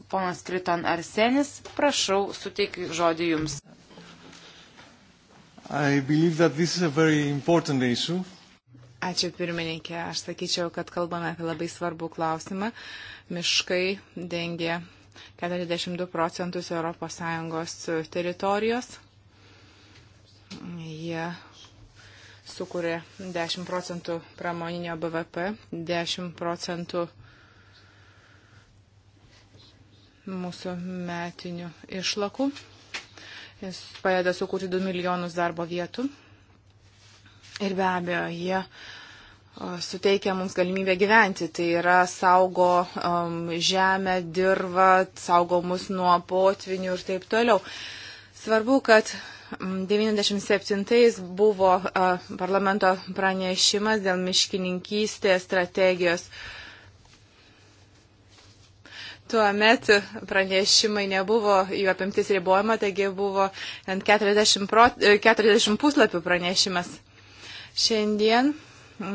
Ponas Kriton Arsenis, prašau, suteikiu žodį Jums. Ačiū pirmininkė. Aš sakyčiau, kad kalbame apie labai svarbų klausimą. Miškai dengia 42 procentus ES teritorijos. Jie sukuria 10 procentų pramoninio BVP, 10 procentų uh, mūsų metinių išlakų. Jis padeda sukurti 2 milijonus darbo vietų. Ir be abejo, jie suteikia mums galimybę gyventi. Tai yra saugo um, žemę, dirbą, saugo mus nuo potvinių ir taip toliau. Svarbu, kad 97 mm, buvo uh, parlamento pranešimas dėl miškininkystės strategijos. Uh, Tuomet pranešimai nebuvo, jų apimtis ribojama, taigi buvo ant 40, prot, 40 puslapių pranešimas. Šiandien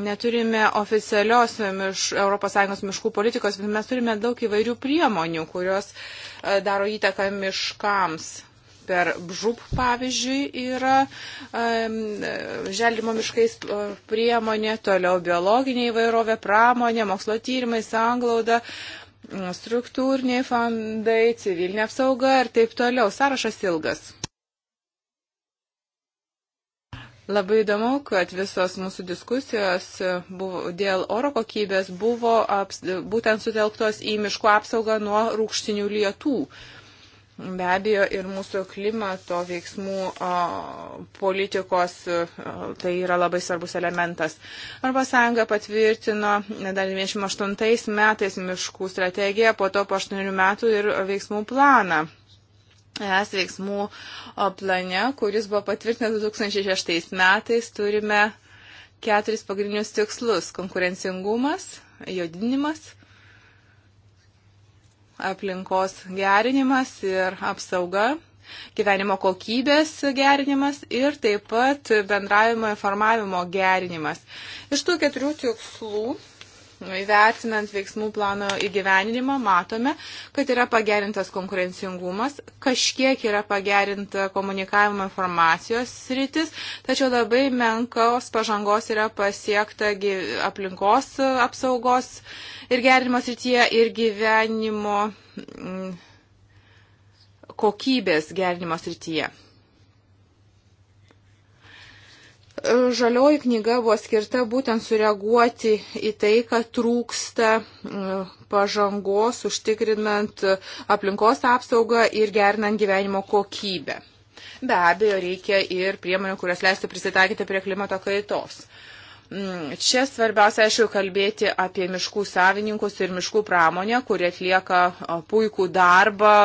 neturime oficialios miš, ES miškų politikos, bet mes turime daug įvairių priemonių, kurios e, daro įtaką miškams. Per BŽUP pavyzdžiui yra um, želdimo miškais e, priemonė, toliau biologinė įvairovė, pramonė, mokslo tyrimai, sanglauda, uh, struktūriniai fondai, civilinė apsauga ir taip toliau. Sąrašas ilgas. Labai įdomu, kad visos mūsų diskusijos buvo, dėl oro kokybės buvo aps, būtent sutelktos į miško apsaugą nuo rūkštinių lietų. Uh, Be abejo, ir mūsų klimato veiksmų o, politikos o, tai yra labai svarbus elementas. Arba sąjunga patvirtino dar 28 metais miškų strategiją, po to po 8 metų ir veiksmų planą. Es veiksmų plane, kuris buvo patvirtintas 2006 metais, turime keturis pagrindinius tikslus - konkurencingumas, jodinimas aplinkos gerinimas ir apsauga gyvenimo kokybės gerinimas ir taip pat bendravimo informavimo gerinimas. Iš tų keturių tikslų Įvertinant veiksmų plano įgyveninimą, matome, kad yra pagerintas konkurencingumas, kažkiek yra pagerinta komunikavimo informacijos sritis, tačiau labai menkos pažangos yra pasiekta aplinkos apsaugos ir gerinimo srityje ir gyvenimo mm, kokybės gerinimo srityje. Žalioji knyga buvo skirta būtent sureaguoti į tai, kad trūksta pažangos, užtikrinant aplinkos apsaugą ir gerinant gyvenimo kokybę. Be abejo, reikia ir priemonių, kurios leistų prisitaikyti prie klimato kaitos. Čia svarbiausia, aišku, kalbėti apie miškų savininkus ir miškų pramonę, kurie atlieka puikų darbą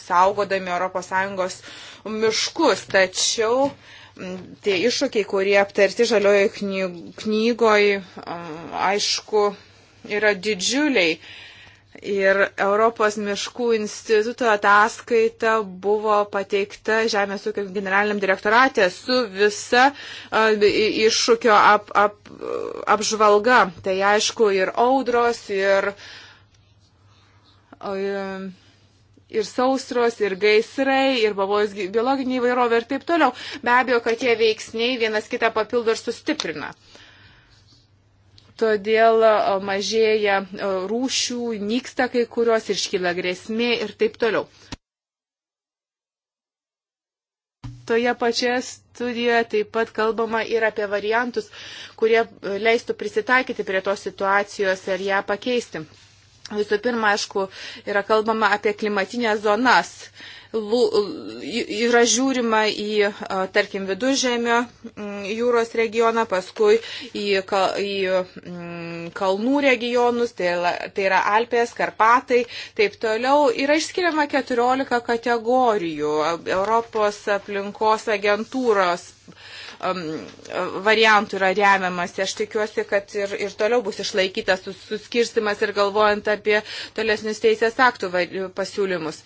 saugodami ES miškus. Tačiau uh, tie iššūkiai, kurie aptarti žaliojo knygoj, aišku, yra didžiuliai. Ir Europos miškų instituto ataskaita buvo pateikta Žemės ūkio generaliniam direktoratė su visa iššūkio ap, ap, apžvalga. Tai aišku ir audros, ir ir sausros, ir gaisrai, ir pavojus biologinė įvairovė ir taip toliau. Be abejo, kad tie veiksniai vienas kitą papildo ir sustiprina. Todėl e, mažėja e, rūšių, nyksta kai kurios ir iškyla grėsmė ir taip toliau. Toje pačioje studijoje taip pat kalbama ir apie variantus, kurie e, leistų prisitaikyti prie tos situacijos ir ją pakeisti. Visų pirma, aišku, yra kalbama apie klimatinės zonas. Yra žiūrima į, tarkim, viduržėmio jūros regioną, paskui į, kal, į kalnų regionus, tai, tai yra Alpės, Karpatai, taip toliau. Yra išskiriama 14 kategorijų Europos aplinkos agentūros Um, variantų yra remiamas. Aš tikiuosi, kad ir, ir toliau bus išlaikytas suskirstimas ir galvojant apie tolesnius teisės aktų pasiūlymus.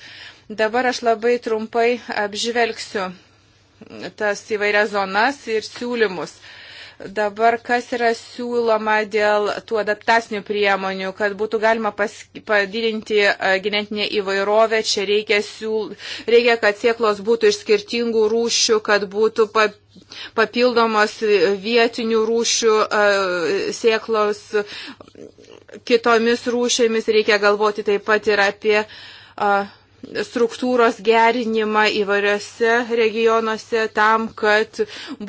Dabar aš labai trumpai apžvelgsiu tas įvairias zonas ir siūlymus. Uh, Dabar kas yra siūloma dėl tų adaptacinių priemonių, kad būtų galima pas, padidinti e, genetinę įvairovę, čia reikia, siūl, reikia, kad sieklos būtų iš skirtingų rūšių, kad būtų papildomų papildomos vietinių rūšių e, sieklos kitomis rūšėmis. Reikia galvoti taip pat ir apie e, struktūros gerinimą įvairiose regionuose tam, kad,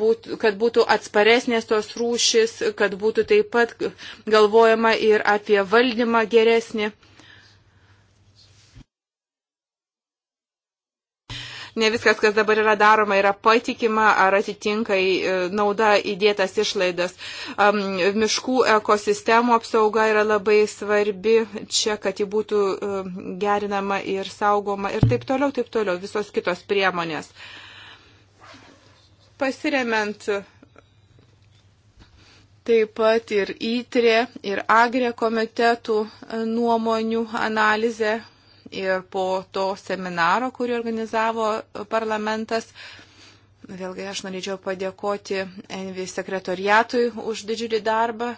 būt, kad būtų atsparesnės tos rūšis, kad būtų taip pat galvojama ir apie valdymą geresnį. ne viskas, kas dabar yra daroma, yra patikima ar atitinka e, nauda įdėtas išlaidas. Miškų ekosistemų apsauga yra labai svarbi čia, kad ji būtų e, gerinama ir saugoma ir taip toliau, taip toliau, visos kitos priemonės. Pasiremiant taip pat ir įtrė, e, ir agrė komitetų nuomonių analizė ir po to seminaro, kurį organizavo parlamentas. Vėlgi aš norėčiau padėkoti NV sekretoriatui už didžiulį darbą.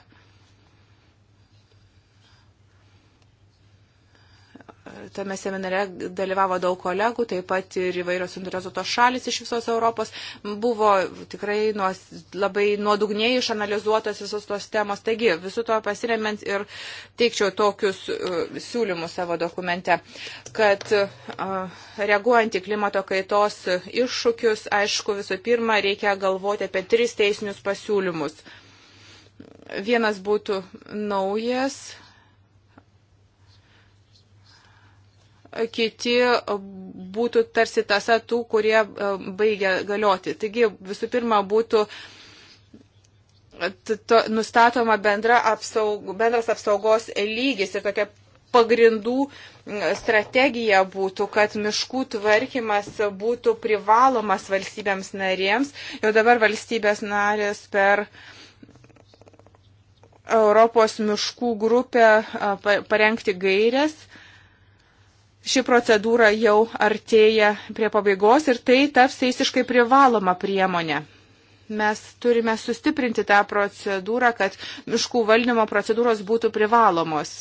Tame seminare dalyvavo daug kolegų, taip pat ir įvairios interesuotos šalis iš visos Europos. Buvo tikrai nuos, labai nuodugniai išanalizuotas visos tos temos. Taigi, visų to pasiremiant ir teikčiau tokius uh, siūlymus savo dokumente, kad uh, reaguojant į klimato kaitos iššūkius, aišku, visų pirma, reikia galvoti apie tris teisinius pasiūlymus. Vienas būtų naujas kiti būtų tarsi tasa tų, kurie e, baigia galioti. Taigi visų pirma būtų e, nustatoma bendra apsaug, bendras apsaugos lygis ir tokia pagrindų strategija būtų, kad miškų tvarkymas būtų privalomas valstybėms narėms. Jau dabar valstybės narės per Europos miškų grupę parengti gairias ši procedūra jau artėja prie pabaigos ir tai taps teisiškai privaloma priemonė. Mes turime sustiprinti tą procedūrą, kad miškų valdymo procedūros būtų privalomos.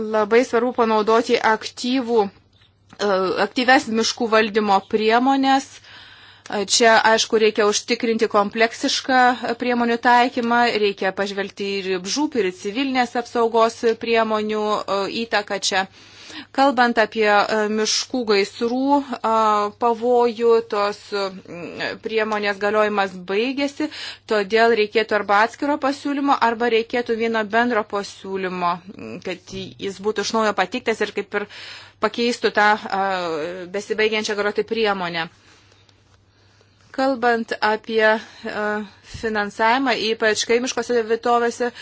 Labai svarbu panaudoti aktyvų, e, aktyves miškų valdymo priemonės. E, čia, aišku, reikia užtikrinti kompleksišką priemonių taikymą, reikia pažvelgti ir žūp, ir civilinės apsaugos priemonių e, įtaką čia. Kalbant apie e, miškų gaisrų e, pavojų, tos priemonės galiojimas baigėsi, todėl reikėtų arba atskiro pasiūlymo, arba reikėtų vieno bendro pasiūlymo, kad jis būtų iš naujo patiktas ir kaip ir pakeistų tą e, besibaigiančią garoti priemonę. Kalbant apie finansavimą, ypač kaimiškose vietovėse,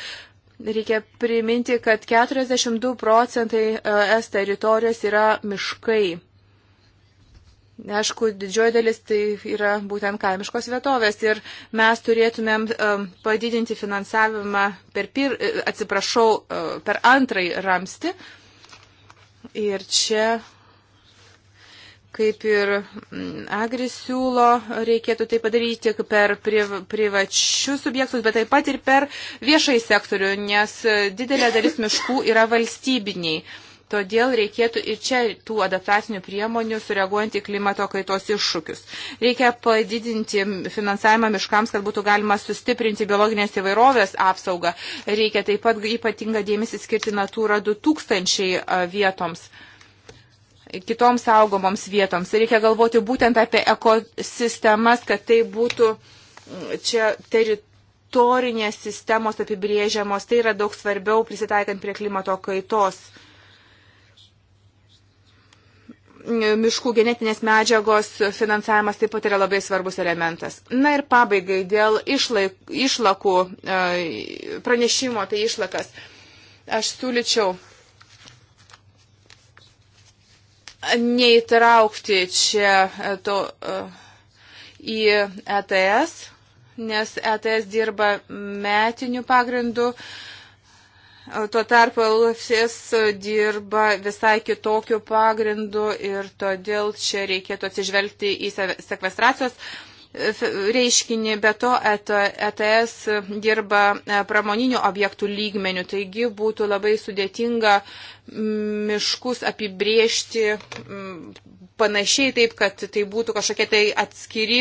Reikia priminti, kad 42 procentai e, es teritorijos yra miškai. Aišku, didžioji dalis tai yra būtent kaimiškos vietovės ir mes turėtumėm e, padidinti finansavimą per, pir, e, atsiprašau, per antrąjį ramsti. Ir čia kaip ir mm, Agri siūlo, reikėtų tai padaryti per privačius subjektus, bet taip pat ir per viešai sektorių, nes didelė dalis miškų yra valstybiniai. Todėl reikėtų ir čia tų adaptacinių priemonių sureaguojant į klimato kaitos iššūkius. Reikia padidinti finansavimą miškams, kad būtų galima sustiprinti biologinės įvairovės apsaugą. Reikia taip pat ypatingą dėmesį skirti Natūra 2000 vietoms kitoms saugomoms vietoms. Reikia galvoti būtent apie ekosistemas, kad tai būtų mm, čia teritorinės sistemos apibrėžiamos. Tai yra daug svarbiau prisitaikant prie klimato kaitos. Miškų genetinės medžiagos finansavimas taip pat yra labai svarbus elementas. Na ir pabaigai dėl išlaik, išlakų e, pranešimo, tai išlakas. Aš siūlyčiau neįtraukti čia e, to, e, į ETS, nes ETS dirba metiniu pagrindu. E, tuo tarpu LFS dirba visai kitokiu pagrindu ir todėl čia reikėtų atsižvelgti į sekvestracijos reiškinį, be to ETS e dirba e, pramoninių objektų lygmenių, taigi būtų labai sudėtinga miškus apibriežti panašiai taip, kad tai būtų kažkokie tai atskiri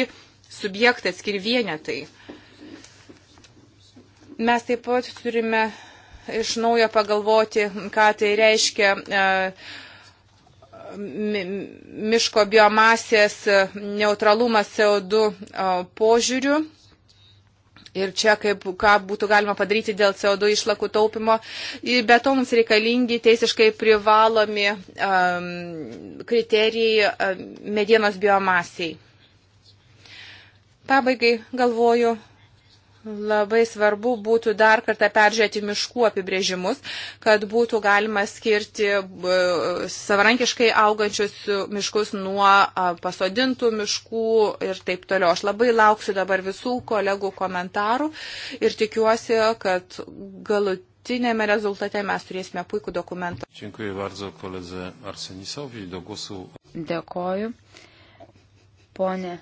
subjektai, atskiri vienetai. Mes taip pat turime iš naujo pagalvoti, ką tai reiškia. Uh, miško biomasės neutralumas CO2 požiūriu. Ir čia kaip, ką būtų galima padaryti dėl CO2 išlakų taupimo. Ir be to mums reikalingi teisiškai privalomi um, kriterijai um, medienos biomasiai. Pabaigai galvoju, Labai svarbu būtų dar kartą peržiūrėti miškų apibrėžimus, kad būtų galima skirti e, savarankiškai augančius miškus nuo pasodintų miškų ir taip toliau. Aš labai lauksiu dabar visų kolegų komentarų ir tikiuosi, kad galutinėme rezultate mes turėsime puikų dokumentą. Dėkoju. Pone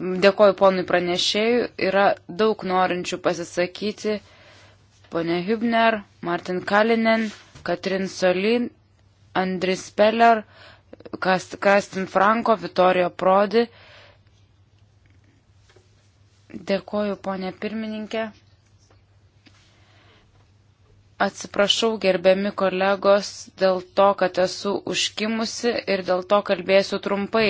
Dėkoju ponui pranešėjui, yra daug norinčių pasisakyti. Pone Hübner, Martin Kalinen, Katrin Solin, Andris Peller, Kastin Franko, Vitorijo Prodi. Dėkoju, ponė pirmininkė. Atsiprašau, gerbiami kolegos, dėl to, kad esu užkimusi ir dėl to kalbėsiu trumpai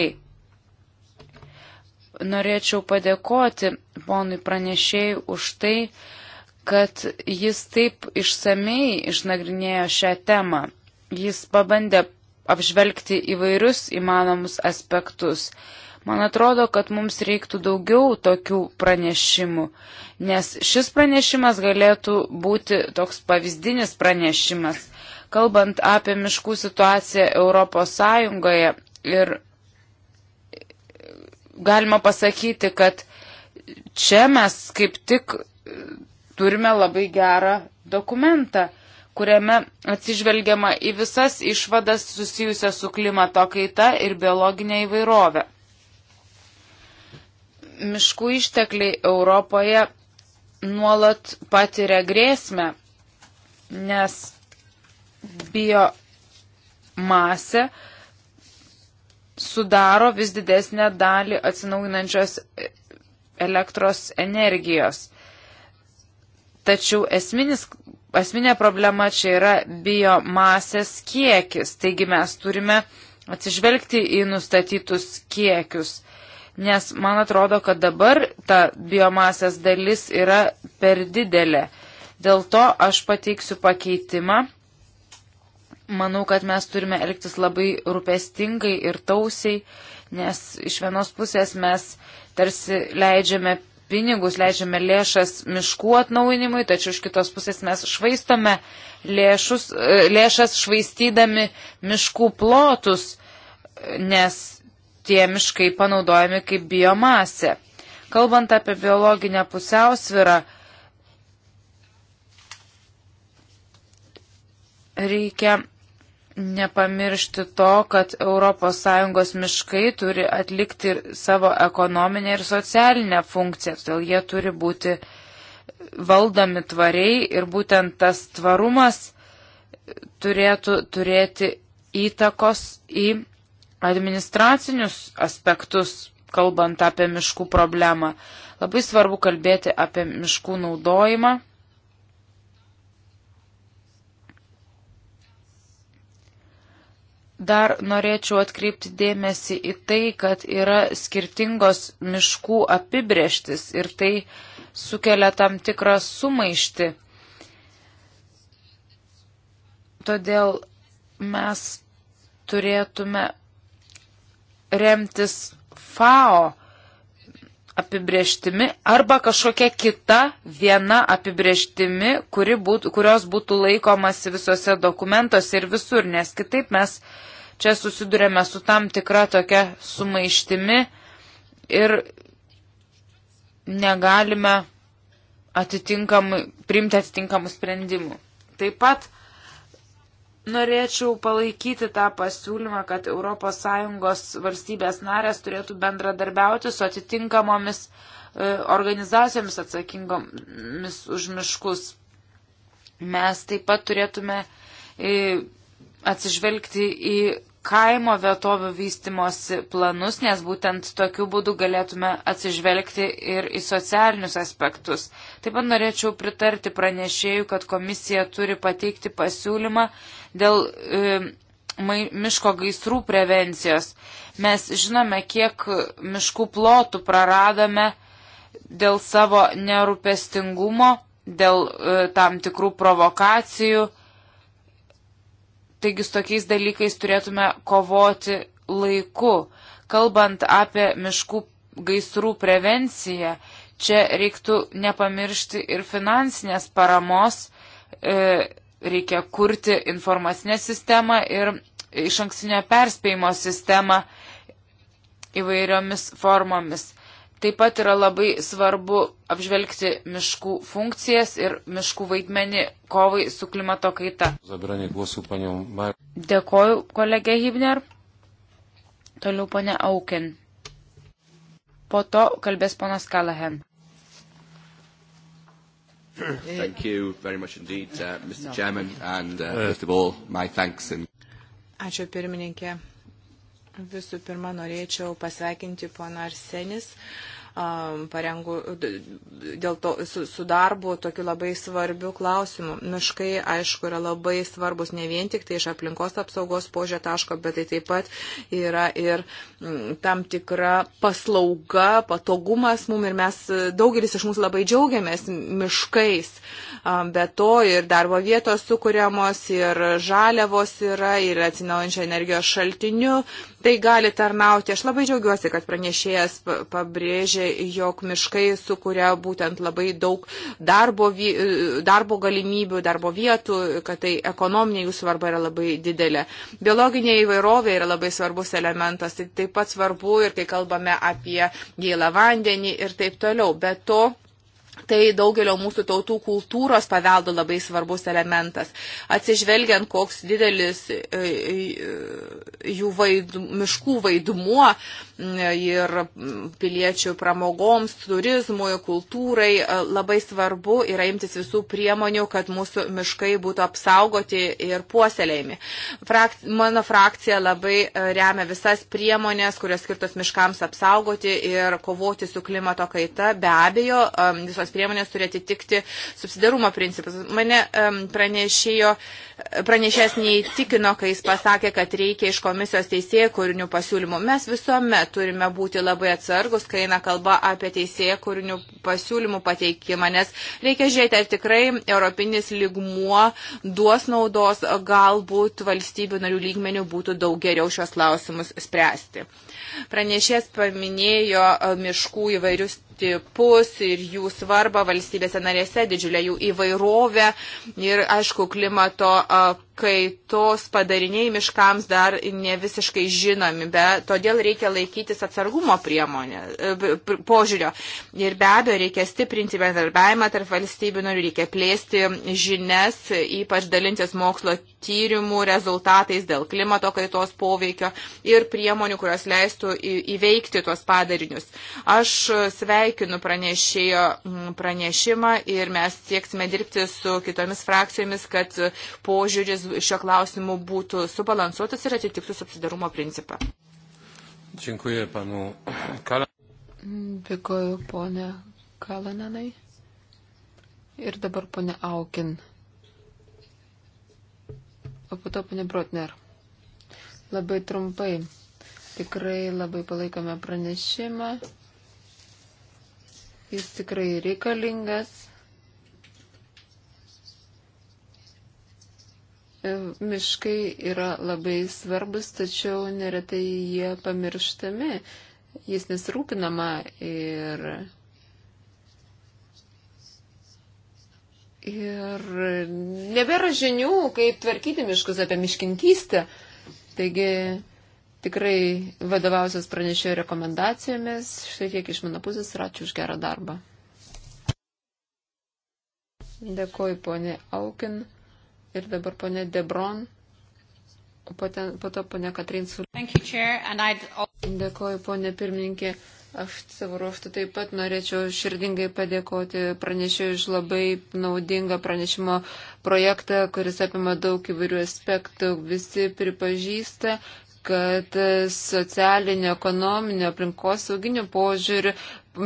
norėčiau padėkoti ponui pranešėjai už tai, kad jis taip išsamei išnagrinėjo šią temą. Jis pabandė apžvelgti įvairius įmanomus aspektus. Man atrodo, kad mums reiktų daugiau tokių pranešimų, nes šis pranešimas galėtų būti toks pavyzdinis pranešimas, kalbant apie miškų situaciją Europos Sąjungoje ir galima pasakyti, kad čia mes kaip tik e, turime labai gerą dokumentą, kuriame atsižvelgiama į visas išvadas susijusias su klimato kaita ir biologinė įvairovė. Miškų ištekliai Europoje nuolat patiria grėsmę, nes bio masė uh, sudaro vis didesnę dalį atsinaujinančios elektros energijos. Tačiau esminis, esminė problema čia yra biomasės kiekis, taigi mes turime atsižvelgti į nustatytus kiekius, nes man atrodo, kad dabar ta biomasės dalis yra per didelė. Dėl to aš pateiksiu pakeitimą manau, kad mes turime elgtis labai rūpestingai ir tausiai, nes iš vienos pusės mes tarsi leidžiame pinigus, leidžiame lėšas miškų atnauinimui, tačiau iš kitos pusės mes švaistome lėšus, e, lėšas švaistydami miškų plotus, nes tie miškai panaudojami kaip biomasė. Kalbant apie biologinę pusiausvyrą, reikia nepamiršti to, kad ES miškai turi atlikti savo ekonominę ir socialinę funkciją, todėl jie turi būti valdomi tvariai ir būtent tas tvarumas turėtų turėti įtakos į administracinius aspektus, kalbant apie miškų problemą. Labai svarbu kalbėti apie miškų naudojimą Dar norėčiau atkreipti dėmesį į tai, kad yra skirtingos miškų apibrieštis ir tai sukelia tam tikrą sumaištį. Todėl mes turėtume remtis FAO apibrieštimi arba kažkokia kita viena apibrieštimi, kuri būt, kurios būtų laikomasi visose dokumentuose ir visur, nes kitaip mes čia susidurėme su tam tikra tokia sumaištimi ir negalime atitinkamai, priimti atitinkamų sprendimų. Taip pat norėčiau palaikyti tą pasiūlymą, kad ES valstybės narės turėtų bendradarbiauti su atitinkamomis e, organizacijomis atsakingomis už miškus. Mes taip pat turėtume e, atsižvelgti į kaimo vietovių vystimosi planus, nes būtent tokiu būdu galėtume atsižvelgti ir į socialinius aspektus. Taip pat norėčiau pritarti pranešėjų, kad komisija turi pateikti pasiūlymą dėl e, miško gaisrų prevencijos. Mes žinome, kiek miškų plotų praradome dėl savo nerūpestingumo, dėl e, tam tikrų provokacijų. E, Taigi su tokiais dalykais turėtume kovoti laiku. Kalbant apie miškų gaisrų prevenciją, čia reiktų nepamiršti ir finansinės paramos, e, reikia kurti informacinę sistemą ir iš ankstinio perspėjimo sistemą įvairiomis formomis. Taip pat yra labai svarbu apžvelgti miškų funkcijas ir miškų vaidmenį kovai su klimato kaita. Dėkoju, kolegė Hibner. Toliau ponė Auken. Po to kalbės ponas Kalahen. Thank you very much indeed, uh, Mr. No. Chairman, and uh, uh, first of all, my thanks. And... Ačiū pirmininkė. Visų pirma, norėčiau pasveikinti poną Arsenis. Uh, parengu, dėl to su, su darbu tokiu labai svarbiu klausimu. Miškai, aišku, yra labai svarbus ne vien tik tai iš aplinkos apsaugos požio taško, bet tai taip pat yra ir tam tikra paslauga, patogumas mums ir mes, daugelis iš mūsų labai džiaugiamės miškais. Be to ir darbo vietos sukūriamos, ir žaliavos yra, ir atsinaujančio energijos šaltinių tai gali tarnauti. Aš labai džiaugiuosi, kad pranešėjas pabrėžė, jog miškai sukuria būtent labai daug darbo, darbo galimybių, darbo vietų, kad tai ekonominė jų svarba yra labai didelė. Biologinė įvairovė yra labai svarbus elementas, tai taip pat svarbu ir kai kalbame apie gėlą vandenį ir taip toliau. Bet to Tai daugelio mūsų tautų kultūros paveldo labai svarbus elementas. Atsižvelgiant, koks didelis e, e, jų vaidum, miškų vaidmuo ir piliečių pramogoms, turizmui, kultūrai. E, labai svarbu yra imtis visų priemonių, kad mūsų miškai būtų apsaugoti ir puoselėjami. Frak, mano frakcija labai e, remia visas priemonės, kurios skirtos miškams apsaugoti ir kovoti su klimato kaita. Be abejo, e, visos priemonės turi atitikti subsidarumo principus. Mane pranešėjo, pranešės neįtikino, kai jis pasakė, kad reikia iš komisijos teisėjų kūrinių pasiūlymų. Mes visuomet turime būti labai atsargus, kai eina kalba apie teisėjų kūrinių pasiūlymų pateikimą, nes reikia žiūrėti, ar tikrai europinis ligmuo duos naudos, galbūt valstybių narių lygmenių būtų daug geriau šios klausimus spręsti. Pranešės paminėjo miškų įvairius tipus ir jų svarbą valstybėse narėse, didžiulę jų įvairovę ir, aišku, klimato kaitos padariniai miškams dar ne visiškai žinomi, bet todėl reikia laikytis atsargumo priemonė, e, požiūrio. Ir be abejo, reikia stiprinti bendarbiavimą tarp valstybių, noriu, reikia plėsti žinias, ypač dalintis mokslo tyrimų rezultatais dėl klimato kaitos poveikio ir priemonių, kurios leistų įveikti tuos padarinius. Aš sveikinu sveikinu pranešėjo mm, pranešimą ir mes sieksime dirbti su kitomis frakcijomis, kad požiūris šio klausimu būtų subalansuotas ir atitiktų subsidarumo principą. Dziękuję panu Kalan. Dėkuoju ponė Kalananai. Ir dabar ponė Aukin. O po to ponė Brotner. Labai trumpai. Tikrai labai palaikome pranešimą jis tikrai reikalingas. E, miškai yra labai svarbus, tačiau neretai jie pamirštami, jis nesirūpinama ir Ir nebėra žinių, kaip tvarkyti miškus apie miškinkystę. Taigi tikrai vadovausios pranešėjo rekomendacijomis. Štai tiek iš mano pusės ir ačiū už gerą darbą. Dėkoju ponė Aukin ir dabar ponė Debron, o po, ten, po to ponė Katrin Sulė. Dėkoju ponė pirmininkė. Aš savo ruoštų taip pat norėčiau širdingai padėkoti pranešėjui už labai naudingą pranešimo projektą, kuris apima daug įvairių aspektų. Visi pripažįsta, kad socialinio, ekonominio, aplinkosauginio požiūrių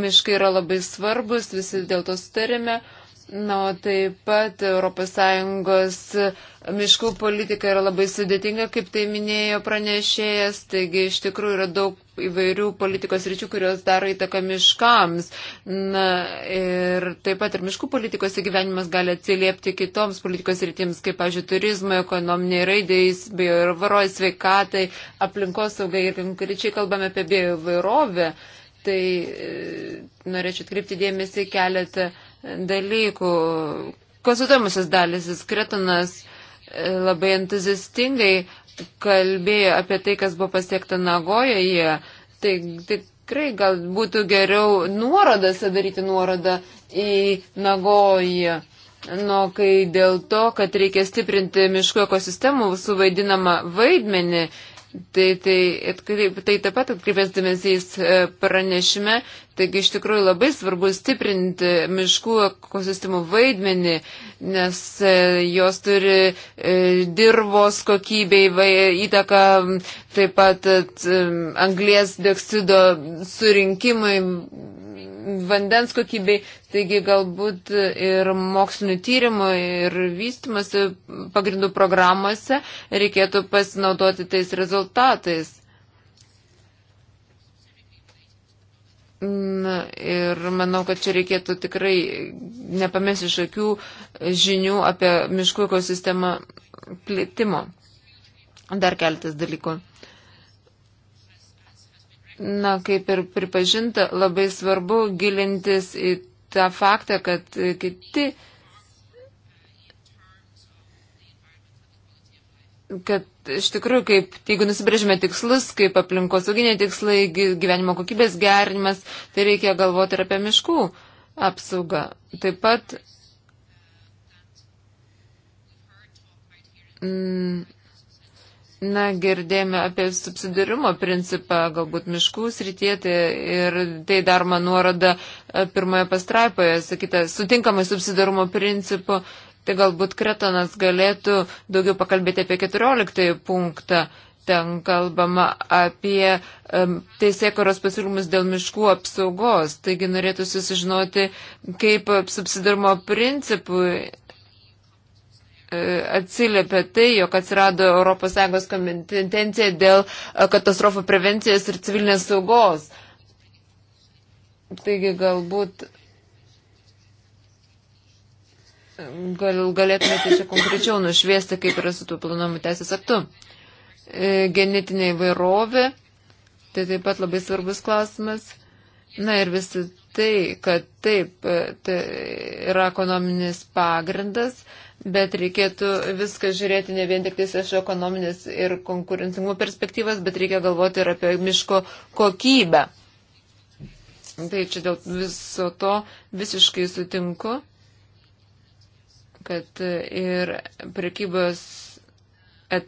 miškai yra labai svarbus, visi dėl to sutarėme, Na, o taip pat ES miškų politika yra labai sudėtinga, kaip tai minėjo pranešėjas, taigi iš tikrųjų yra daug įvairių politikos ryčių, kurios daro įtaką miškams. Na, ir taip pat ir miškų politikos įgyvenimas gali atsiliepti kitoms politikos rytims, kaip, pažiūrėjau, turizmo, ekonominiai raidėjais, bioįvairovės, sveikatai, aplinkosaugai ir konkrečiai kalbame apie bioįvairovę. Tai e, norėčiau atkreipti dėmesį keletą dalykų. Konsultuojamosios dalis, Kretonas e, labai entuziastingai kalbėjo apie tai, kas buvo pasiekta Nagojoje. Tai tikrai gal būtų geriau nuorodas, daryti nuorodą į Nagoją. Nu, kai dėl to, kad reikia stiprinti miškų ekosistemų suvaidinamą vaidmenį Tai, tai, atkreip, tai taip pat atkreipęs dėmesys e, pranešime, taigi iš tikrųjų labai svarbu stiprinti miškų ekosistemų vaidmenį, nes e, jos turi e, dirbos kokybei įtaką, taip pat e, anglės dioksido surinkimui vandens kokybei, taigi galbūt ir mokslinių tyrimų ir vystimas pagrindų programuose reikėtų pasinaudoti tais rezultatais. Na, ir manau, kad čia reikėtų tikrai nepamesti iš akių žinių apie miškų ekosistemą plėtimo. Dar keltas dalykų. Na, kaip ir pripažinta, labai svarbu gilintis į tą faktą, kad kiti, kad iš tikrųjų, kaip, jeigu nusibrėžime tikslus, kaip aplinkosauginiai tikslai, gyvenimo kokybės gerinimas, tai reikia galvoti ir apie miškų apsaugą. Taip pat. Mm, Na, girdėjome apie subsidirimo principą, galbūt miškų srityje, tai ir tai daroma nuoroda e, pirmoje pastraipoje, sakyta, sutinkamai subsidirimo principu, tai galbūt Kretonas galėtų daugiau pakalbėti apie 14 punktą. Ten kalbama apie um, teisėkoros pasiūlymus dėl miškų apsaugos, taigi norėtų susižinoti, kaip subsidirimo principui E, atsiliepia tai, jog atsirado ES kompetencija dėl e, katastrofų prevencijos ir civilinės saugos. Taigi galbūt gal, galėtumėte čia konkrečiau nušviesti, kaip yra su tų planuomu teisės aktu. E, genetinė įvairovė, tai taip pat labai svarbus klausimas. Na ir visi tai, kad taip, tai yra ekonominis pagrindas, bet reikėtų viską žiūrėti ne vien tik tais iš ekonominės ir konkurencingumo perspektyvas, bet reikia galvoti ir apie miško kokybę. Tai čia dėl viso to visiškai sutinku, kad ir prekybos e,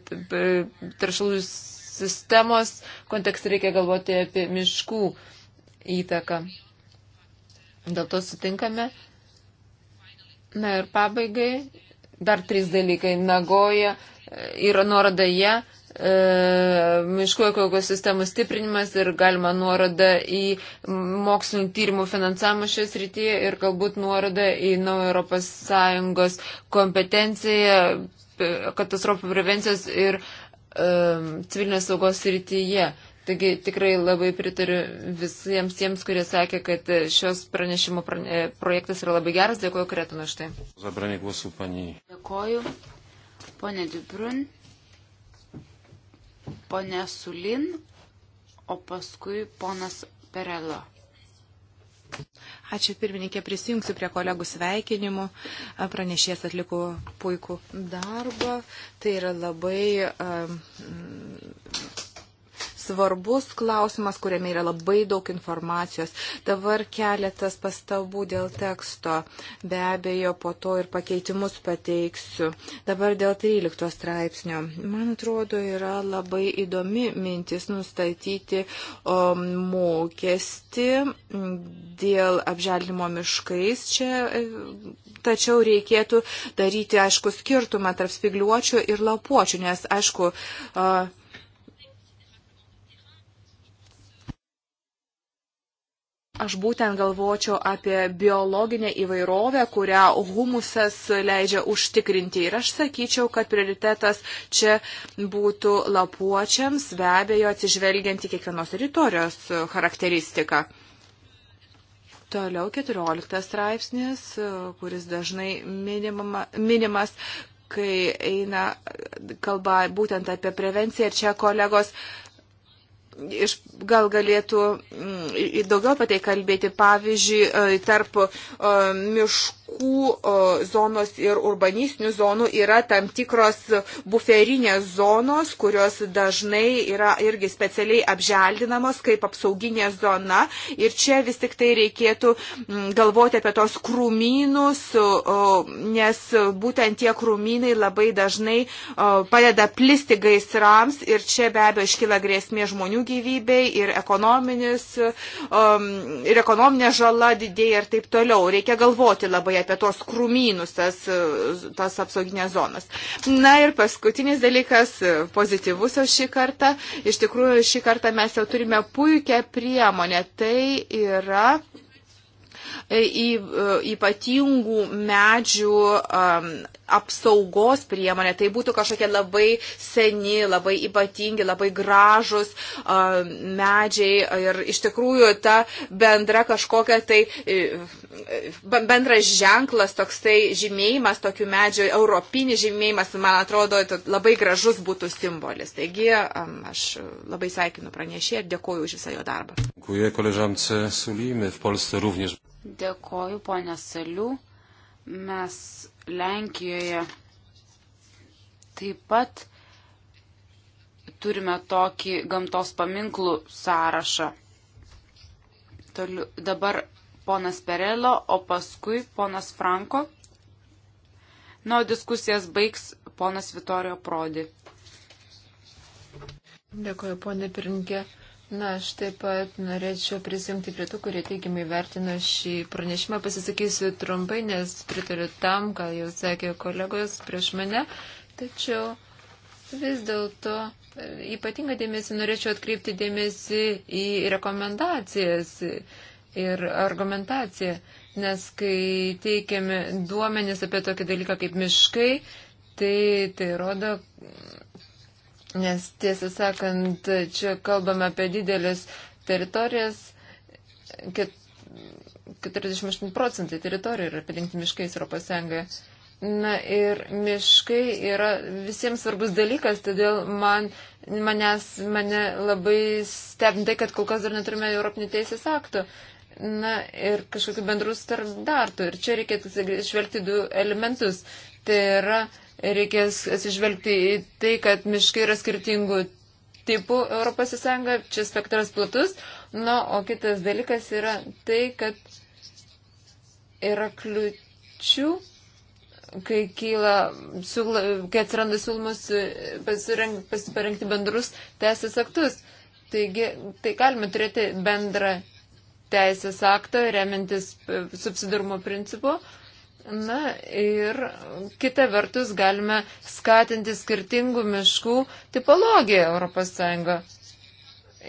taršalų sistemos kontekste reikia galvoti apie miškų įtaką. Dėl to sutinkame. Na ir pabaigai Dar trys dalykai. Nagoja yra nuorodoje, e, miškų ekosistemų stiprinimas ir galima nuoroda į mokslinį tyrimų finansavimą šios rytyje ir galbūt nuoroda į naują ES kompetenciją e, katastrofų prevencijos ir e, civilinės saugos rytyje. E, Taigi tikrai labai pritariu visiems tiems, kurie sakė, kad šios pranešimo prane, e, projektas yra labai geras. Dėkuoju Kretinui už tai. Zabranė głosų, paniai. Dėkuoju. Pone Dubrun, pone Sulin, o paskui ponas Perelo. Ačiū pirmininkė, prisijungsiu prie kolegų sveikinimų. Pranešės atliko puikų darbą. Tai yra labai um, svarbus klausimas, kuriame yra labai daug informacijos. Dabar keletas pastabų dėl teksto. Be abejo, po to ir pakeitimus pateiksiu. Dabar dėl 13 straipsnio. Man atrodo, yra labai įdomi mintis nustatyti o, um, mokestį dėl apželdimo miškais. Čia, tačiau reikėtų daryti, aišku, skirtumą tarp spigliuočių ir lapuočių, nes, aišku, o, uh, Aš būtent galvočiau apie biologinę įvairovę, kurią humusas leidžia užtikrinti. Ir aš sakyčiau, kad prioritetas čia būtų lapuočiams, be abejo, atsižvelgiant į kiekvienos teritorijos charakteristiką. Toliau 14 straipsnis, kuris dažnai minimama, minimas, kai eina kalba būtent apie prevenciją. Ir čia kolegos iš, gal galėtų mm, daugiau apie tai kalbėti, pavyzdžiui, e, tarp e, miškų e, zonos ir urbanistinių zonų yra tam tikros buferinės zonos, kurios dažnai yra irgi specialiai apželdinamos kaip apsauginė zona. Ir čia vis tik tai reikėtų mm, galvoti apie tos krūmynus, nes būtent tie krūmynai labai dažnai padeda plisti gaisrams ir čia be abejo iškyla grėsmė žmonių gyvenimui gyvybei, ir, um, ir ekonominė žala didėja ir taip toliau. Reikia galvoti labai apie tos krūmynus, tas, tas apsauginės zonas. Na ir paskutinis dalykas, pozityvus jau šį kartą. Iš tikrųjų, šį kartą mes jau turime puikią priemonę. Tai yra į ypatingų medžių um, apsaugos priemonę. Tai būtų kažkokie labai seni, labai ypatingi, labai gražus um, medžiai ir iš tikrųjų ta bendra kažkokia tai bendras ženklas, toksai žymėjimas tokių medžių, europinis žymėjimas, man atrodo, tai labai gražus būtų simbolis. Taigi um, aš labai sveikinu pranešėją ir dėkoju už visą jo darbą. Dziękuję koleżance Sulimy w Polsce również. Dėkoju, ponė Saliu. Mes Lenkijoje taip pat turime tokį gamtos paminklų sąrašą. Toliu, dabar ponas Perelo, o paskui ponas Franko. Nuo diskusijas baigs ponas Vitorijo Prodi. Dėkuoju, ponė Pirinkė. Na, aš taip pat norėčiau prisijungti prie tų, kurie teigiamai vertino šį pranešimą. Pasisakysiu trumpai, nes pritariu tam, ką jau sakė kolegos prieš mane. Tačiau vis dėlto e, ypatingą dėmesį norėčiau atkreipti dėmesį į rekomendacijas ir argumentaciją, nes kai teikiami duomenys apie tokį dalyką kaip miškai, tai tai rodo Nes tiesą sakant, čia kalbame apie didelis teritorijas, 48 procentai teritorijų yra padengti miškais Europos Sąjungoje. Na ir miškai yra visiems svarbus dalykas, todėl man, manęs, mane labai stebina tai, kad kol kas dar neturime Europinių teisės aktų. Na ir kažkokių bendrų standartų. Ir čia reikėtų žvelgti du elementus. Tai yra uh, Reikės atsižvelgti į tai, kad miškai yra skirtingų tipų Europos Sąjunga, čia spektras platus. Na, o kitas dalykas yra tai, kad yra kliučių, kai kyla, siūla, kai atsiranda siūlymus e, pasirengti bendrus teisės aktus. Taigi, tai galime turėti bendrą teisės aktą, remintis e, subsidarumo principu, Na ir kita vertus galime skatinti skirtingų miškų tipologiją Europos Sąjungo.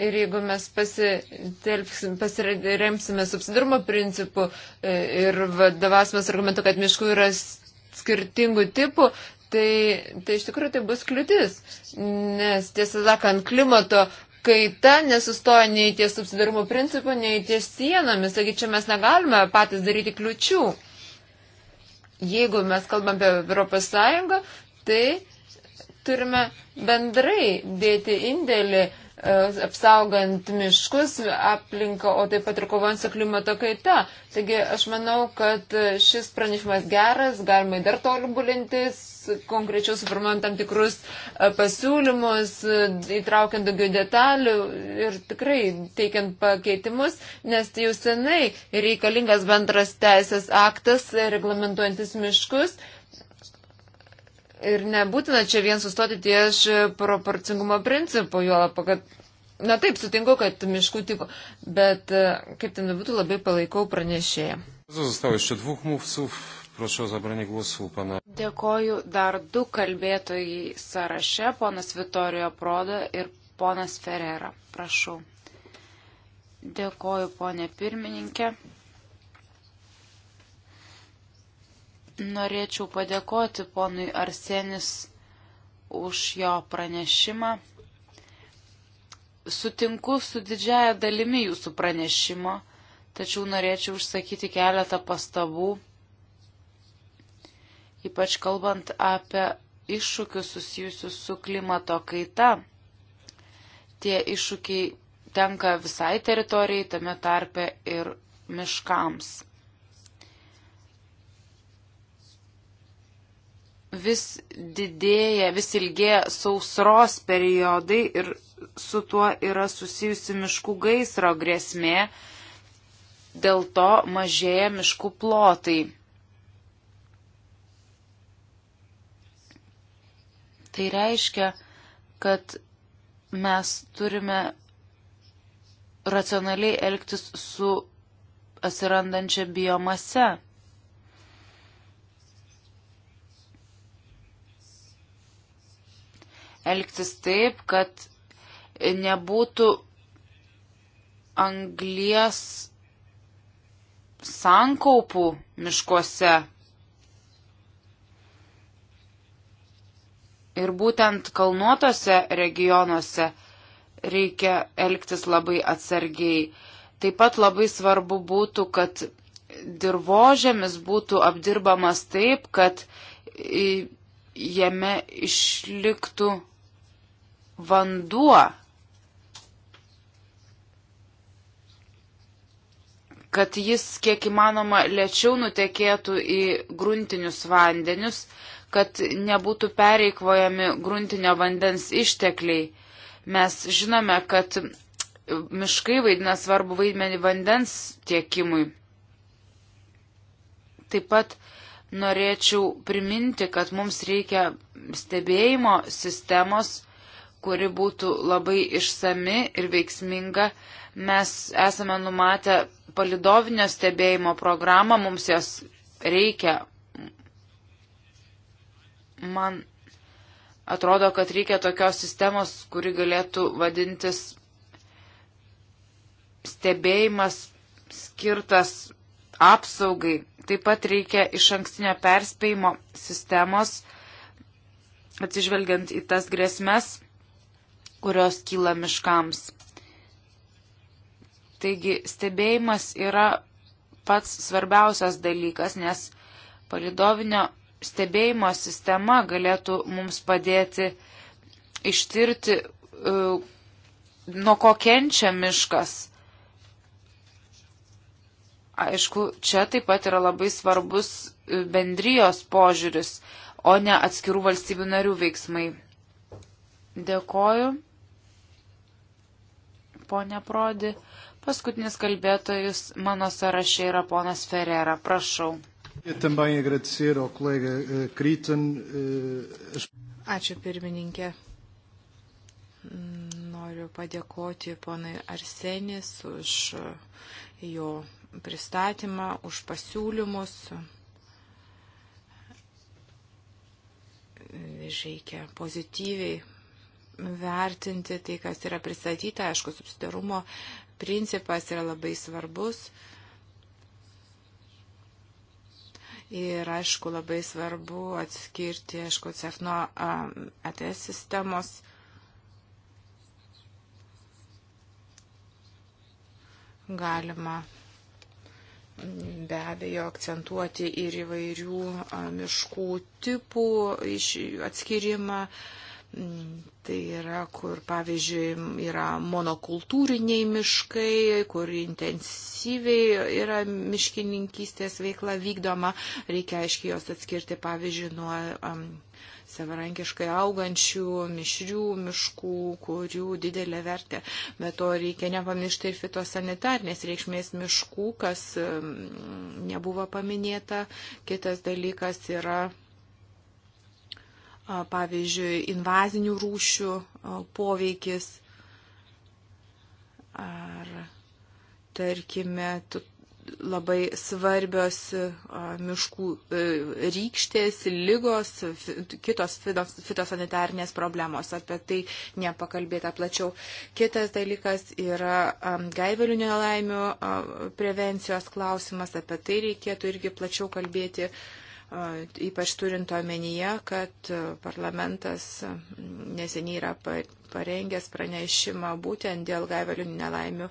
Ir jeigu mes pasiremsime subsidirmo principu e, ir vadovasimės argumentu, kad miškų yra skirtingų tipų, tai, tai iš tikrųjų tai bus kliūtis. Nes tiesą sakant, klimato kaita nesustoja nei ties subsidirmo principu, nei ties sienomis. Taigi čia mes negalime patys daryti kliučių jeigu mes kalbam apie Europos Sąjungą, tai turime bendrai dėti indėlį e, apsaugant miškus, aplinką, o taip pat ir kovant su klimato kaita. Taigi aš manau, kad šis pranešimas geras, galima dar tobulintis, konkrečius suformuojant tam tikrus e, pasiūlymus, e, įtraukiant daugiau detalių ir tikrai teikiant pakeitimus, nes tai jau senai reikalingas bendras teisės aktas reglamentuojantis miškus. Ir nebūtina čia vien sustoti ties proporcingumo principu, jo lapa, kad, na taip, sutinku, kad miškų tipo, bet e, kaip ten būtų, labai palaikau pranešėją. Zostało jeszcze dwóch mówców. Prašau zabranį głosų, pana. Dėkoju dar du kalbėtojai sąraše, ponas Vitorijo Prodo ir ponas Ferrera. Prašau. Dėkoju, ponė pirmininkė. Norėčiau padėkoti ponui Arsenis už jo pranešimą. Sutinku su didžiaja dalimi jūsų pranešimo, tačiau norėčiau užsakyti keletą pastabų ypač kalbant apie iššūkius susijusius su klimato kaita. Tie iššūkiai tenka visai teritorijai, tame tarpe ir miškams. Vis didėja, vis ilgėja sausros periodai ir su tuo yra susijusi miškų gaisro grėsmė, dėl to mažėja miškų plotai. Tai reiškia, kad mes turime racionaliai elgtis su atsirandančia biomase. Elgtis taip, kad nebūtų anglies sankaupų miškuose Ir būtent kalnuotose regionuose reikia elgtis labai atsargiai. Taip pat labai svarbu būtų, kad dirbožėmis būtų apdirbamas taip, kad jame išliktų vanduo, kad jis kiek įmanoma lėčiau nutekėtų į gruntinius vandenius, kad nebūtų pereikvojami gruntinio vandens ištekliai. Mes žinome, kad miškai vaidina svarbu vaidmenį vandens tiekimui. Taip pat norėčiau priminti, kad mums reikia stebėjimo sistemos, kuri būtų labai išsami ir veiksminga. Mes esame numatę palidovinio stebėjimo programą, mums jos reikia Man atrodo, kad reikia tokios sistemos, kuri galėtų vadintis stebėjimas skirtas apsaugai. Taip pat reikia iš ankstinio perspėjimo sistemos, atsižvelgiant į tas grėsmes, kurios kyla miškams. Taigi stebėjimas yra pats svarbiausias dalykas, nes palidovinio stebėjimo sistema galėtų mums padėti ištirti, e, nuo ko kenčia miškas. Aišku, čia taip pat yra labai svarbus e, bendrijos požiūris, o ne atskirų valstybių narių veiksmai. Dėkoju, ponia Prodi. Paskutinis kalbėtojus mano sąraše yra ponas Ferrera. Prašau. Eh, eh, Ačiū pirmininkė. Noriu padėkoti ponai Arsenis už eh, jo pristatymą, už pasiūlymus. Reikia pozityviai vertinti tai, kas yra pristatyta. Aišku, subsidarumo principas yra labai svarbus. Ir aišku, labai svarbu atskirti, aišku, CEF nuo ATS sistemos. Galima be abejo akcentuoti ir įvairių miškų tipų atskirimą. Mm, tai yra, kur pavyzdžiui yra monokultūriniai miškai, kur intensyviai yra miškininkystės veikla vykdoma, reikia aiškiai jos atskirti pavyzdžiui nuo um, savarankiškai augančių mišrių miškų, kurių didelė vertė. Bet to reikia nepamiršti ir fitosanitarnės reikšmės miškų, kas um, nebuvo paminėta. Kitas dalykas yra pavyzdžiui, invazinių rūšių poveikis ar, tarkime, labai svarbios miškų e, rykštės, lygos, kitos fitosanitarnės problemos. Apie tai nepakalbėta plačiau. Kitas dalykas yra gaivelių nelaimių prevencijos klausimas. Apie tai reikėtų irgi plačiau kalbėti. Uh, ypač turint omenyje, kad parlamentas neseniai yra parengęs pranešimą būtent dėl gaivalių nelaimių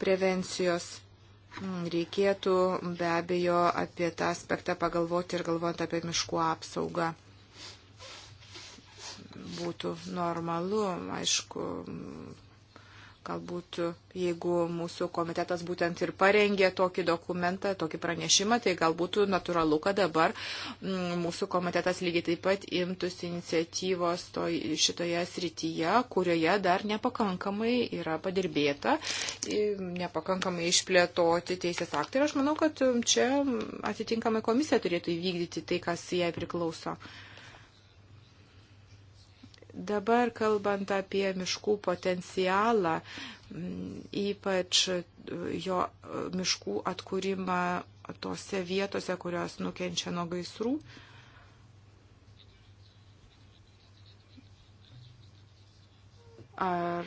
prevencijos. Reikėtų be abejo apie tą aspektą pagalvoti ir galvojant apie miškų apsaugą būtų normalu, aišku, Galbūt jeigu mūsų komitetas būtent ir parengė tokį dokumentą, tokį pranešimą, tai galbūt natūralu, kad dabar mm, mūsų komitetas lygiai taip pat imtųsi iniciatyvos to, šitoje srityje, kurioje dar nepakankamai yra padirbėta, nepakankamai išplėtoti teisės aktai. Ir aš manau, kad čia atitinkamai komisija turėtų įvykdyti tai, kas jai priklauso. Uh, Dabar kalbant apie miškų potencialą, mm, ypač jo miškų atkūrimą tose vietose, kurios nukenčia nuo gaisrų, ar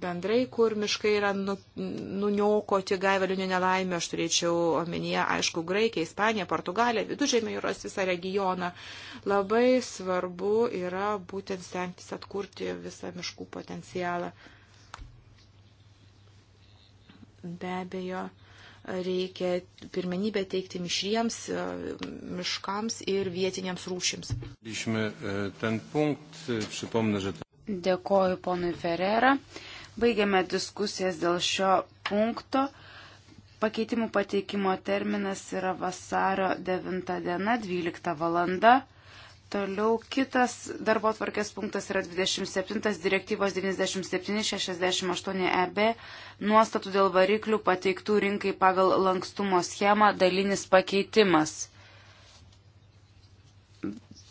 bendrai, kur miškai yra nu, nuniokoti gaivalių nelaimė, aš turėčiau omenyje, aišku, Graikiją, Ispaniją, Portugaliją, Vidužėmio jūros visą regioną. Labai svarbu yra būtent stengtis atkurti visą miškų potencialą. Be abejo, reikia pirmenybę teikti mišriems miškams ir vietiniams rūšims. E, ten punkt, e, pripomnė, že... Dėkoju ponui Ferrera. Baigiame diskusijas dėl šio punkto. Pakeitimų pateikimo terminas yra vasario 9 diena, 12 valanda. Toliau kitas darbo tvarkės punktas yra 27 direktyvos 9768 EB nuostatų dėl variklių pateiktų rinkai pagal lankstumo schemą dalinis pakeitimas.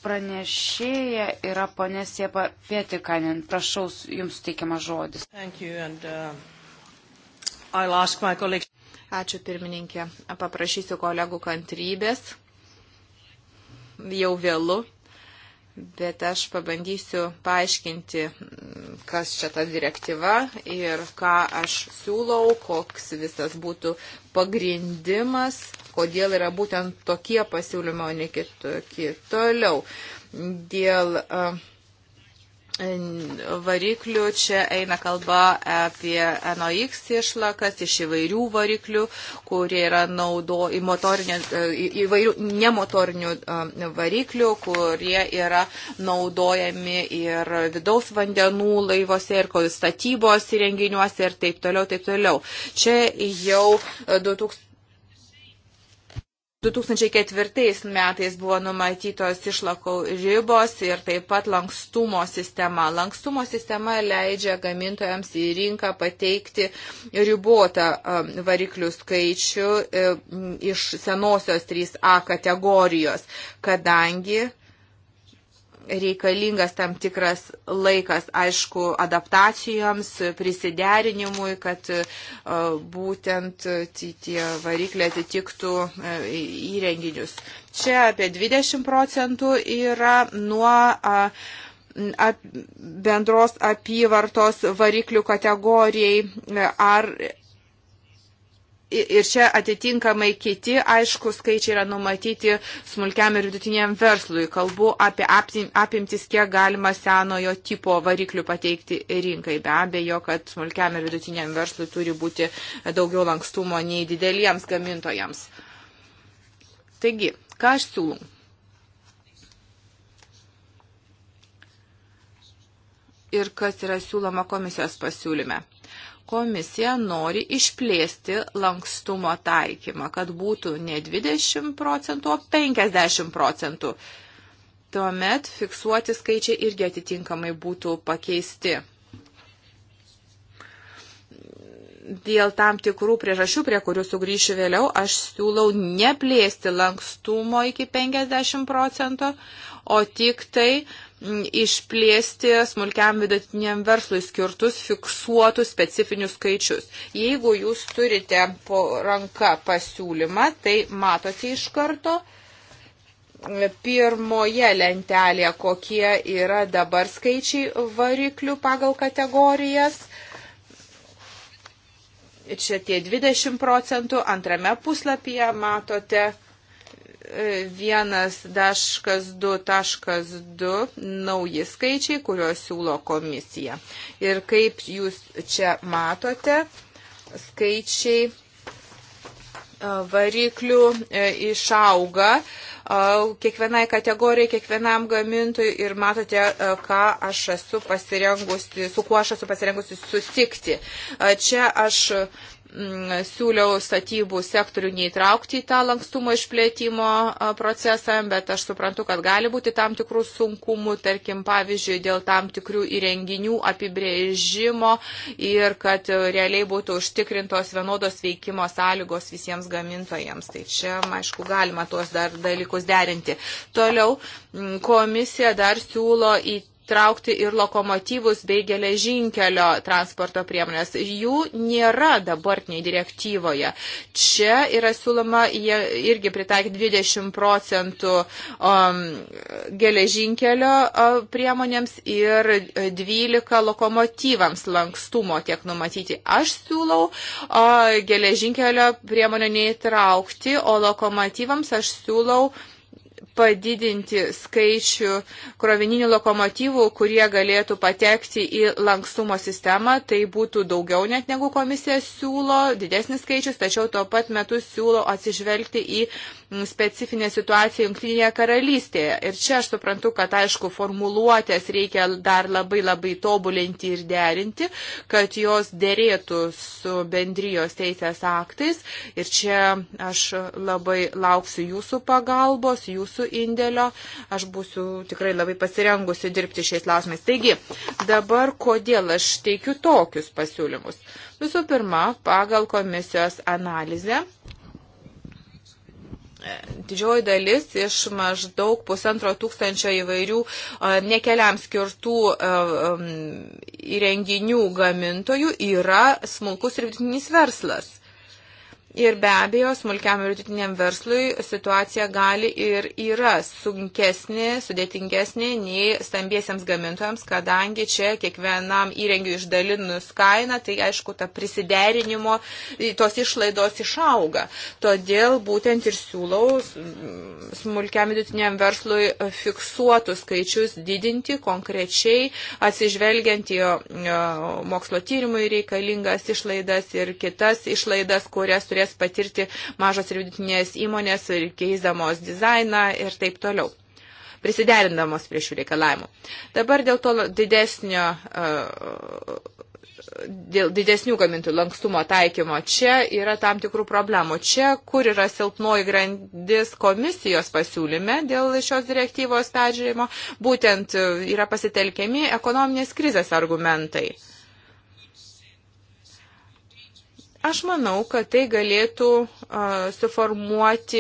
Pranešėja yra ponė Siepa Pietikanin. Prašau, jums teikiamas žodis. And, uh, Ačiū pirmininkė. Paprašysiu kolegų kantrybės. Jau vėlu, bet aš pabandysiu paaiškinti, kas čia ta direktyva ir ką aš siūlau, koks visas būtų pagrindimas kodėl yra būtent tokie pasiūlymai, o ne kitokie. Toliau, dėl e, variklių čia eina kalba apie NOX išlakas iš įvairių variklių, kurie yra naudo į motorinio, e, įvairių nemotorinių e, variklių, kurie yra naudojami ir vidaus vandenų laivose, ir statybos įrenginiuose ir taip toliau, taip toliau. Čia jau 2000 2004 metais buvo numatytos išlakų ribos ir taip pat lankstumo sistema. Lankstumo sistema leidžia gamintojams į rinką pateikti ribotą um, variklių skaičių um, iš senosios 3A kategorijos, kadangi reikalingas tam tikras laikas, aišku, adaptacijoms, prisiderinimui, kad e, būtent e, tie varikliai atitiktų e, įrenginius. Čia apie 20 procentų yra nuo bendros apyvartos variklių kategorijai ar Ir čia atitinkamai kiti, aišku, skaičiai yra numatyti smulkiam ir vidutiniam verslui. Kalbu apie apimtis, kiek galima senojo tipo variklių pateikti rinkai. Be abejo, kad smulkiam ir vidutiniam verslui turi būti daugiau lankstumo nei dideliems gamintojams. Taigi, ką aš siūlau? Ir kas yra siūloma komisijos pasiūlyme? komisija nori išplėsti lankstumo taikymą, kad būtų ne 20 procentų, o 50 procentų. Tuomet fiksuoti skaičiai irgi atitinkamai būtų pakeisti. Dėl tam tikrų priežasčių, prie kurių sugrįšiu vėliau, aš siūlau neplėsti lankstumo iki 50 procentų, o tik tai uh, išplėsti smulkiam vidutiniam verslui skirtus fiksuotus specifinius skaičius. Jeigu jūs turite po ranka pasiūlymą, tai matote iš karto pirmoje lentelėje, kokie yra dabar skaičiai variklių pagal kategorijas. Čia tie 20 procentų, antrame puslapyje matote 1.2.2 nauji skaičiai, kuriuos siūlo komisija. Ir kaip jūs čia matote, skaičiai variklių e, išauga kiekvienai kategorijai, kiekvienam gamintojui ir matote, ką aš esu pasirengusi, su kuo aš esu pasirengusi sutikti. Čia aš Mm, siūliau statybų sektorių neįtraukti į tą lankstumo išplėtimo procesą, bet aš suprantu, kad gali būti tam tikrų sunkumų, tarkim, pavyzdžiui, dėl tam tikrų įrenginių apibrėžimo ir kad e, realiai būtų užtikrintos vienodos veikimo sąlygos visiems gamintojams. Tai čia, aišku, galima tuos dar dalykus derinti. Toliau mm, komisija dar siūlo į įtraukti ir lokomotyvus bei geležinkelio transporto priemonės. Jų nėra dabartiniai direktyvoje. Čia yra siūloma irgi pritaikyti 20 procentų um, geležinkelio uh, priemonėms ir 12 lokomotyvams lankstumo tiek numatyti. Aš siūlau uh, geležinkelio priemonę neįtraukti, o lokomotyvams aš siūlau uh, padidinti skaičių krovininių lokomotyvų, kurie galėtų patekti į lankstumo sistemą. Tai būtų daugiau net negu komisija siūlo, didesnis skaičius, tačiau tuo pat metu siūlo atsižvelgti į specifinė situacija Junktinėje karalystėje. Ir čia aš suprantu, kad aišku, formuluotės reikia dar labai labai tobulinti ir derinti, kad jos dėrėtų su bendrijos teisės aktais. Ir čia aš labai lauksiu jūsų pagalbos, jūsų indėlio. Aš būsiu tikrai labai pasirengusi dirbti šiais klausimais. Taigi, dabar kodėl aš teikiu tokius pasiūlymus? Visų pirma, pagal komisijos analizę Didžioji dalis iš maždaug pusantro tūkstančio įvairių nekeliam skirtų įrenginių gamintojų yra smulkus ir vidutinis verslas. Ir be abejo, smulkiam ir vidutiniam verslui situacija gali ir yra sunkesnė, sudėtingesnė nei stambiesiems gamintojams, kadangi čia kiekvienam įrengiu išdalinus kainą, tai aišku, ta prisiderinimo tos išlaidos išauga. Todėl būtent ir siūlau smulkiam vidutiniam verslui fiksuotus skaičius didinti konkrečiai, atsižvelgiant į mokslo tyrimui reikalingas išlaidas ir kitas išlaidas, kurias turėtų galės patirti mažos ir vidutinės įmonės, keisdamos dizainą ir taip toliau prisiderindamos prie šių reikalavimų. Dabar dėl to didesnio uh, dėl didesnių gamintojų lankstumo taikymo. Čia yra tam tikrų problemų. Čia, kur yra silpnoji grandis komisijos pasiūlyme dėl šios direktyvos peržiūrėjimo, būtent yra pasitelkiami ekonominės krizės argumentai. Aš manau, kad tai galėtų uh, suformuoti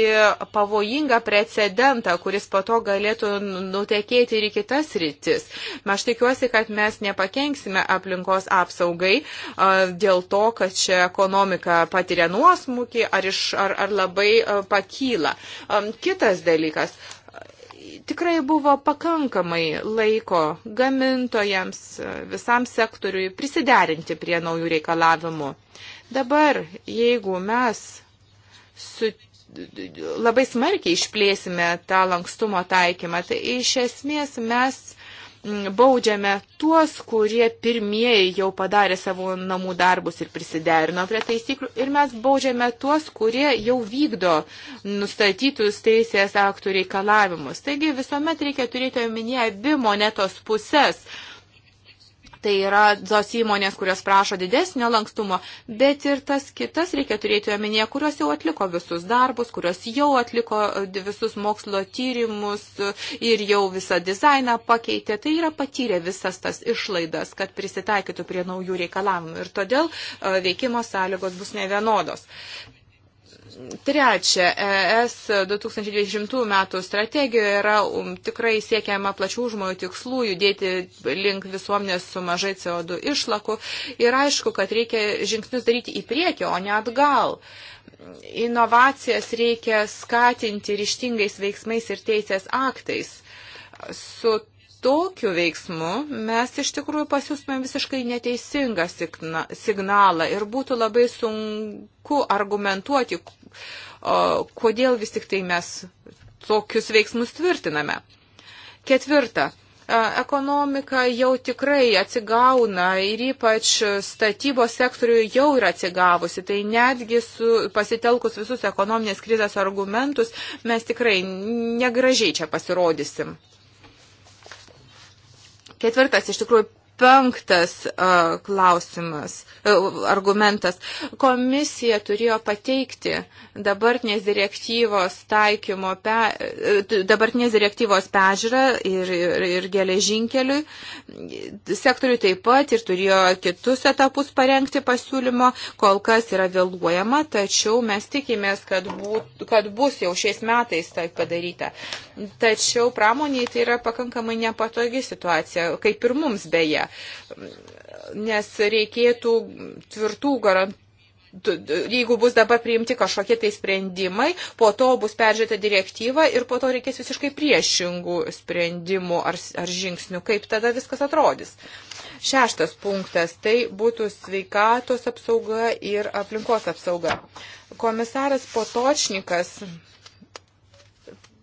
pavojingą precedentą, kuris po to galėtų nutekėti ir į kitas rytis. Aš tikiuosi, kad mes nepakenksime aplinkos apsaugai uh, dėl to, kad čia ekonomika patiria nuosmukį ar, iš, ar, ar labai uh, pakyla. Um, kitas dalykas. Tikrai buvo pakankamai laiko gamintojams, visam sektoriui prisiderinti prie naujų reikalavimų. Uh, Dabar, jeigu mes su, labai smarkiai išplėsime tą lankstumo taikymą, tai iš esmės mes mm, baudžiame tuos, kurie pirmieji jau padarė savo namų darbus ir prisiderino prie taisyklių, ir mes baudžiame tuos, kurie jau vykdo nustatytus teisės aktų reikalavimus. Taigi visuomet reikia turėti omenyje abi monetos pusės. Uh, Tai yra tos įmonės, kurios prašo didesnio lankstumo, bet ir tas kitas reikia turėti omenyje, kurios jau atliko visus darbus, kurios jau atliko e, visus mokslo tyrimus e, ir jau visą dizainą pakeitė. Tai yra patyrę visas tas išlaidas, kad prisitaikytų prie naujų reikalavimų. Ir todėl e, veikimo sąlygos bus nevienodos. Trečia, ES 2020 metų strategijoje yra um, tikrai siekiama plačių žmonių tikslų judėti link visuomenės su mažai CO2 išlaku ir aišku, kad reikia žingsnius daryti į priekį, o ne atgal. Inovacijas reikia skatinti ryštingais veiksmais ir teisės aktais su tokiu veiksmu mes iš tikrųjų pasiūstumėm visiškai neteisingą signalą ir būtų labai sunku argumentuoti, kodėl vis tik tai mes tokius veiksmus tvirtiname. Ketvirta. Ekonomika jau tikrai atsigauna ir ypač statybos sektoriuje jau yra atsigavusi. Tai netgi su, pasitelkus visus ekonominės krizės argumentus mes tikrai negražiai čia pasirodysim. Ketvirtas, iš tikrųjų, penktas uh, klausimas, uh, argumentas. Komisija turėjo pateikti dabartinės direktyvos taikymo, pe, uh, dabartinės direktyvos pežiūrą ir, ir, ir geležinkeliui sektoriui taip pat ir turėjo kitus etapus parengti pasiūlymo. Kol kas yra vėluojama, tačiau mes tikimės, kad, būt, kad bus jau šiais metais tai padaryta tačiau pramoniai tai yra pakankamai nepatogi situacija, kaip ir mums beje, nes reikėtų tvirtų garantų jeigu bus dabar priimti kažkokie tai sprendimai, po to bus peržiūrėta direktyva ir po to reikės visiškai priešingų sprendimų ar, ar žingsnių, kaip tada viskas atrodys. Šeštas punktas - tai būtų sveikatos apsauga ir aplinkos apsauga. Komisaras Potočnikas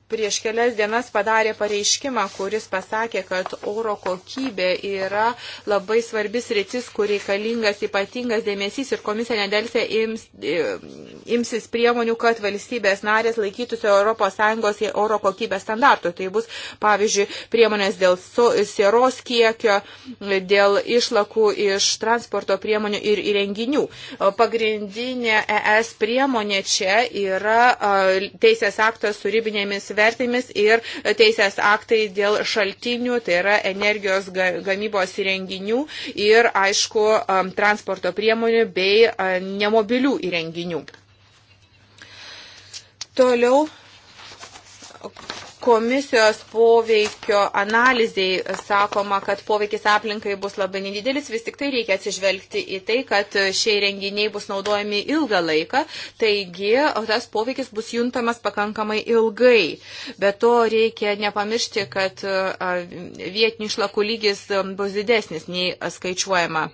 prieš kelias dienas padarė pareiškimą, kuris pasakė, kad oro kokybė yra labai svarbis rytis, kur reikalingas ypatingas dėmesys ir komisija nedelsė ims, e, imsis priemonių, kad valstybės narės laikytųsi ES oro kokybės standartų. Tai bus, pavyzdžiui, priemonės dėl sieros kiekio, dėl išlakų iš transporto priemonių ir įrenginių. Pagrindinė ES priemonė čia yra teisės aktas su ribinėmis vertinimis ir teisės aktai dėl šaltinių, tai yra energijos gamybos įrenginių ir, aišku, transporto priemonių bei nemobilių įrenginių. Toliau komisijos poveikio analizai sakoma, kad poveikis aplinkai bus labai nedidelis, vis tik tai reikia atsižvelgti į tai, kad šie renginiai bus naudojami ilgą laiką, taigi tas poveikis bus juntamas pakankamai ilgai. Be to reikia nepamiršti, kad vietinių išlakų lygis bus didesnis nei skaičiuojama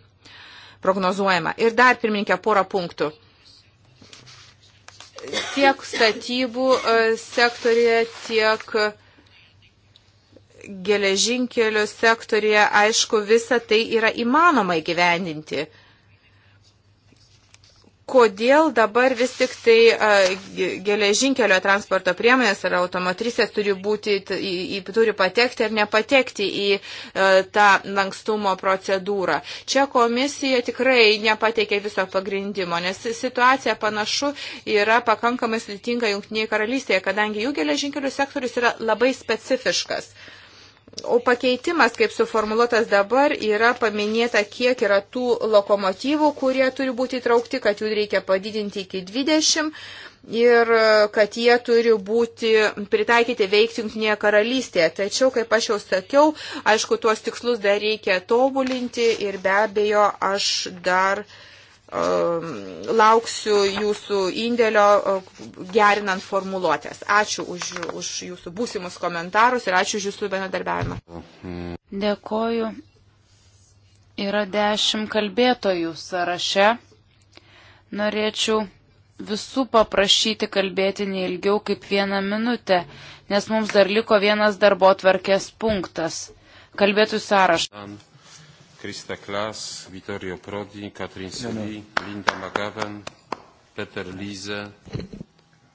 prognozuojama. Ir dar, pirmininkė, porą punktų tiek statybų e, sektorėje, tiek geležinkelių sektorėje, aišku, visa tai yra įmanoma įgyvendinti kodėl dabar vis tik tai geležinkelio transporto priemonės ar automatrysės turi, būti, į, į, turi patekti ar nepatekti į e, tą lankstumo procedūrą. Čia komisija tikrai nepateikė viso pagrindimo, nes situacija panašu yra pakankamai slitinga Junktinėje karalystėje, kadangi jų geležinkelių sektorius yra labai specifiškas. O pakeitimas, kaip suformuluotas dabar, yra paminėta, kiek yra tų lokomotyvų, kurie turi būti įtraukti, kad jų reikia padidinti iki 20 ir e, kad jie turi būti pritaikyti veikti Junktinėje karalystėje. Tačiau, kaip aš jau sakiau, aišku, tuos tikslus dar reikia tobulinti ir be abejo aš dar uh, Ehm, lauksiu jūsų indėlio ehm, gerinant formuluotės. Ačiū už, už jūsų būsimus komentarus ir ačiū už jūsų bendradarbiavimą. Dėkoju. Yra dešimt kalbėtojų sąraše. Norėčiau visų paprašyti kalbėti neilgiau kaip vieną minutę, nes mums dar liko vienas darbo tvarkės punktas. Kalbėtų sąrašas. Um, Krista Klaas, Vittorio Prodi, Katrin Sully, no, no. Linda McGavin, Peter Liese,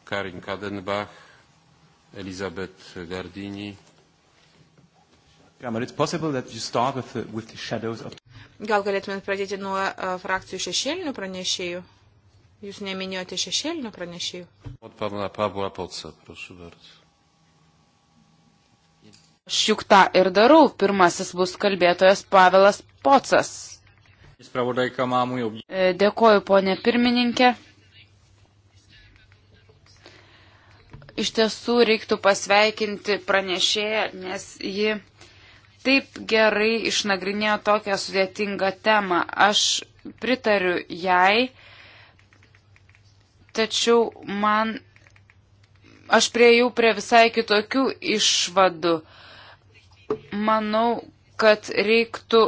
Karin Kadenbach, Elizabeth Gardini. Gal galėtumėt pradėti nuo uh, frakcijų šešėlinių pranešėjų? Jūs neminėjote šešėlinių pranešėjų? Od pana Pablo Poca, prašau bardzo. Aš juk tą ir darau. Pirmasis bus kalbėtojas Pavelas Pocas. E, dėkoju, ponė pirmininkė. Iš tiesų reiktų pasveikinti pranešėją, nes ji taip gerai išnagrinėjo tokią sudėtingą temą. Aš pritariu jai, tačiau man aš prieėjau prie visai kitokių išvadų. Manau, kad reiktų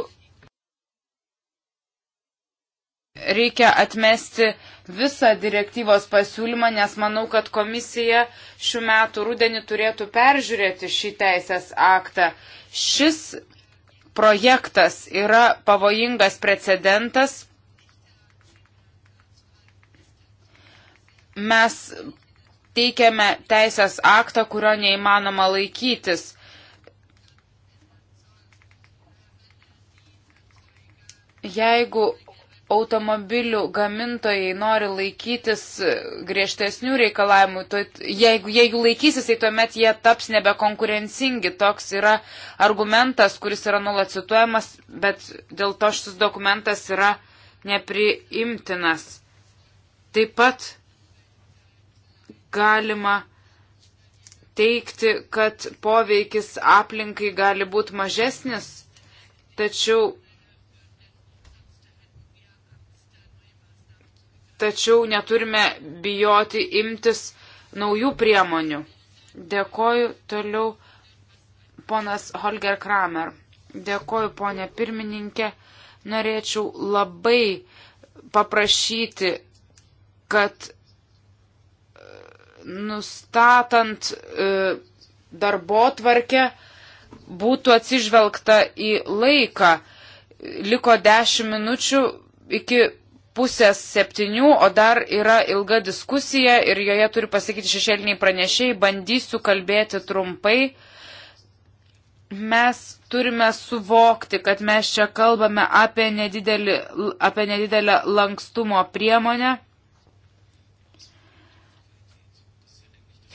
reikia atmesti visą direktyvos pasiūlymą, nes manau, kad komisija šių metų rudenį turėtų peržiūrėti šį teisės aktą. Šis projektas yra pavojingas precedentas. Mes teikiame teisės aktą, kurio neįmanoma laikytis. Jeigu automobilių gamintojai nori laikytis griežtesnių reikalavimų, to, jeigu jie jų laikysis, tai tuomet jie taps nebekonkurencingi. Toks yra argumentas, kuris yra nulat cituojamas, bet dėl to šis dokumentas yra nepriimtinas. Taip pat galima teikti, kad poveikis aplinkai gali būti mažesnis, tačiau tačiau neturime bijoti imtis naujų priemonių. Dėkoju toliau ponas Holger Kramer. Dėkoju ponė pirmininkė. Norėčiau labai paprašyti, kad e, nustatant e, darbo tvarkę būtų atsižvelgta į laiką. Liko 10 minučių iki pusės septynių, o dar yra ilga diskusija ir joje turi pasakyti šešėliniai pranešėjai, bandysiu kalbėti trumpai. Mes turime suvokti, kad mes čia kalbame apie, nedidelį, apie nedidelę lankstumo priemonę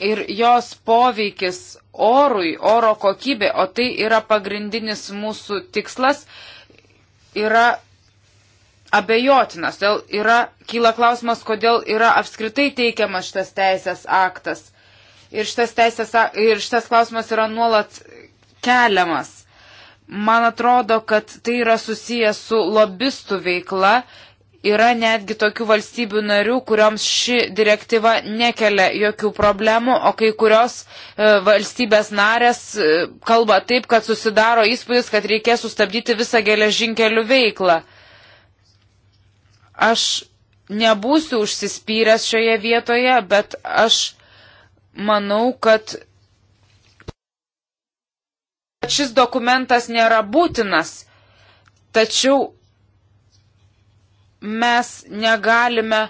ir jos poveikis orui, oro kokybė, o tai yra pagrindinis mūsų tikslas, yra abejotinas. Todėl yra, kyla klausimas, kodėl yra apskritai teikiamas šitas teisės aktas. Ir šitas, teisės, ir šitas klausimas yra nuolat keliamas. Man atrodo, kad tai yra susijęs su lobistų veikla. Yra netgi tokių valstybių narių, kurioms ši direktyva nekelia jokių problemų, o kai kurios e, valstybės narės e, kalba taip, kad susidaro įspūdis, kad reikės sustabdyti visą geležinkelių veiklą. E, Aš nebūsiu užsispyręs šioje vietoje, bet aš manau, kad šis dokumentas nėra būtinas. Tačiau mes negalime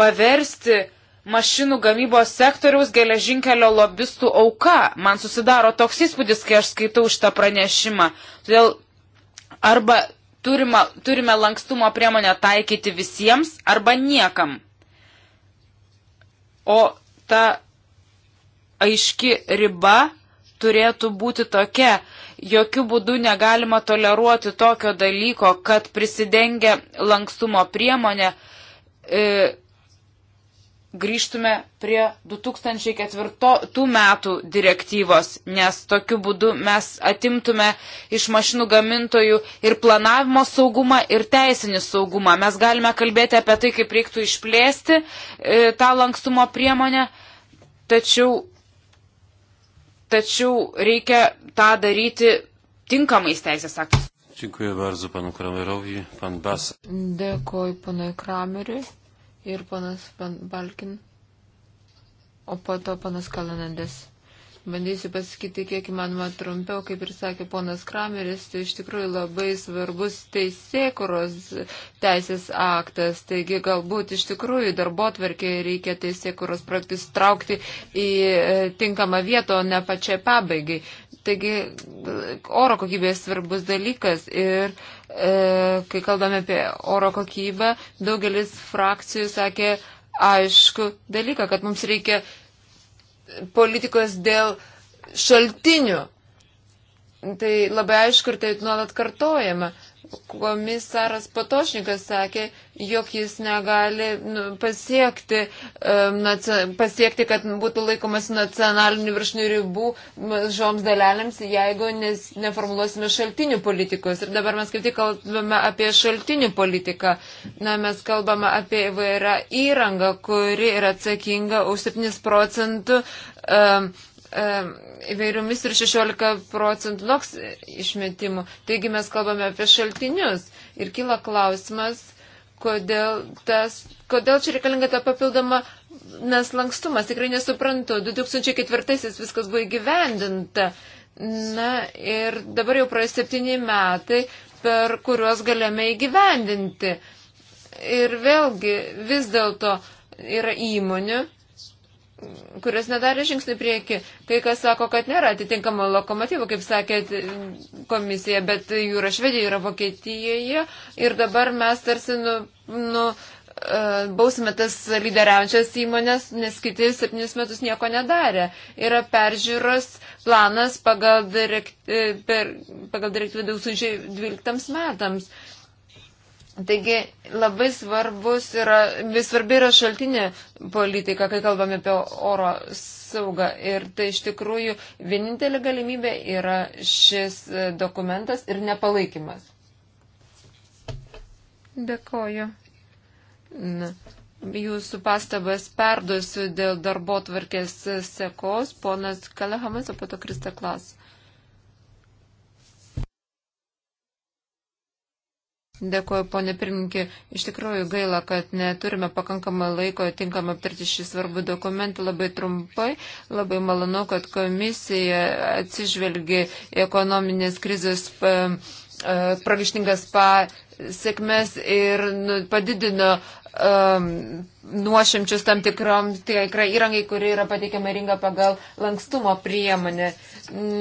paversti mašinų gamybos sektoriaus geležinkelio lobistų auka. Man susidaro toks įspūdis, kai aš skaitau šitą pranešimą. Todėl arba turima, turime lankstumo priemonę taikyti visiems arba niekam. O ta aiški riba turėtų būti tokia. Jokių būdų negalima toleruoti tokio dalyko, kad prisidengia lankstumo priemonė. E, grįžtume prie 2004 metų direktyvos, nes tokiu būdu mes atimtume iš mašinų gamintojų ir planavimo saugumą, ir teisinį saugumą. Mes galime kalbėti apie tai, kaip reiktų išplėsti e, tą lankstumo priemonę, tačiau, tačiau reikia tą daryti tinkamais teisės aktais. Dziękuję bardzo panu Kramerowi, pan Bas. Dėkoju panui Krameriui ir panas Balkin, o po to panas Kalanandas. Bandysiu pasakyti, kiek įmanoma trumpiau, kaip ir sakė ponas Krameris, tai iš tikrųjų labai svarbus teisėkuros teisės aktas. Taigi galbūt iš tikrųjų darbo tvarkėje reikia teisėkuros projektus traukti į e, tinkamą vietą, o ne pačiai pabaigai. Taigi oro kokybė svarbus dalykas ir e, kai kalbame apie oro kokybę, daugelis frakcijų sakė aišku dalyką, kad mums reikia politikos dėl šaltinių. Tai labai aišku ir tai nuolat kartojama komisaras Patošnikas sakė, jog jis negali nu, pasiekti, pasiekti kad būtų laikomas nacionalinių viršnių ribų mažoms dalelėms, jeigu nes, neformuluosime šaltinių politikos. Ir dabar mes kaip tik kalbame apie šaltinių politiką. Na, mes kalbame apie įvairią įrangą, kuri yra atsakinga už 7 procentų. Um, įvairiomis ir 16 procentų NOX išmetimų. Taigi mes kalbame apie šaltinius ir kyla klausimas, kodėl, tas, kodėl čia reikalinga ta papildoma neslankstumas. Tikrai nesuprantu. 2004 viskas buvo įgyvendinta. Na ir dabar jau praėjo septyni metai, per kuriuos galime įgyvendinti. Ir vėlgi vis dėlto yra įmonių, kurios nedarė žingsnių prieki. Kai kas sako, kad nėra atitinkamo lokomotyvo, kaip sakė komisija, bet jų yra Švedijoje, yra Vokietijoje ir dabar mes tarsi nu, nu, e, bausime tas lyderiaujančias įmonės, nes kiti septynis metus nieko nedarė. Yra peržiūros planas pagal e, direktyvą 2012 metams. Taigi labai svarbus yra, vis svarbi yra šaltinė politika, kai kalbame apie oro saugą. Ir tai iš tikrųjų vienintelė galimybė yra šis dokumentas ir nepalaikymas. Dėkoju. Na, jūsų pastabas perduosiu dėl darbo tvarkės sekos, ponas Kalahamas, o po to Krista Klas. Dėkuoju, ponė pirmininkė. Iš tikrųjų gaila, kad neturime pakankamą laiko tinkamą aptarti šį svarbų dokumentą labai trumpai. Labai malonu, kad komisija atsižvelgi ekonominės krizės e, pragaištingas pa sėkmės ir nu, padidino um, nuošimčius tam tikram tikrai įrangai, kuri yra pateikiama ringa pagal lankstumo priemonę.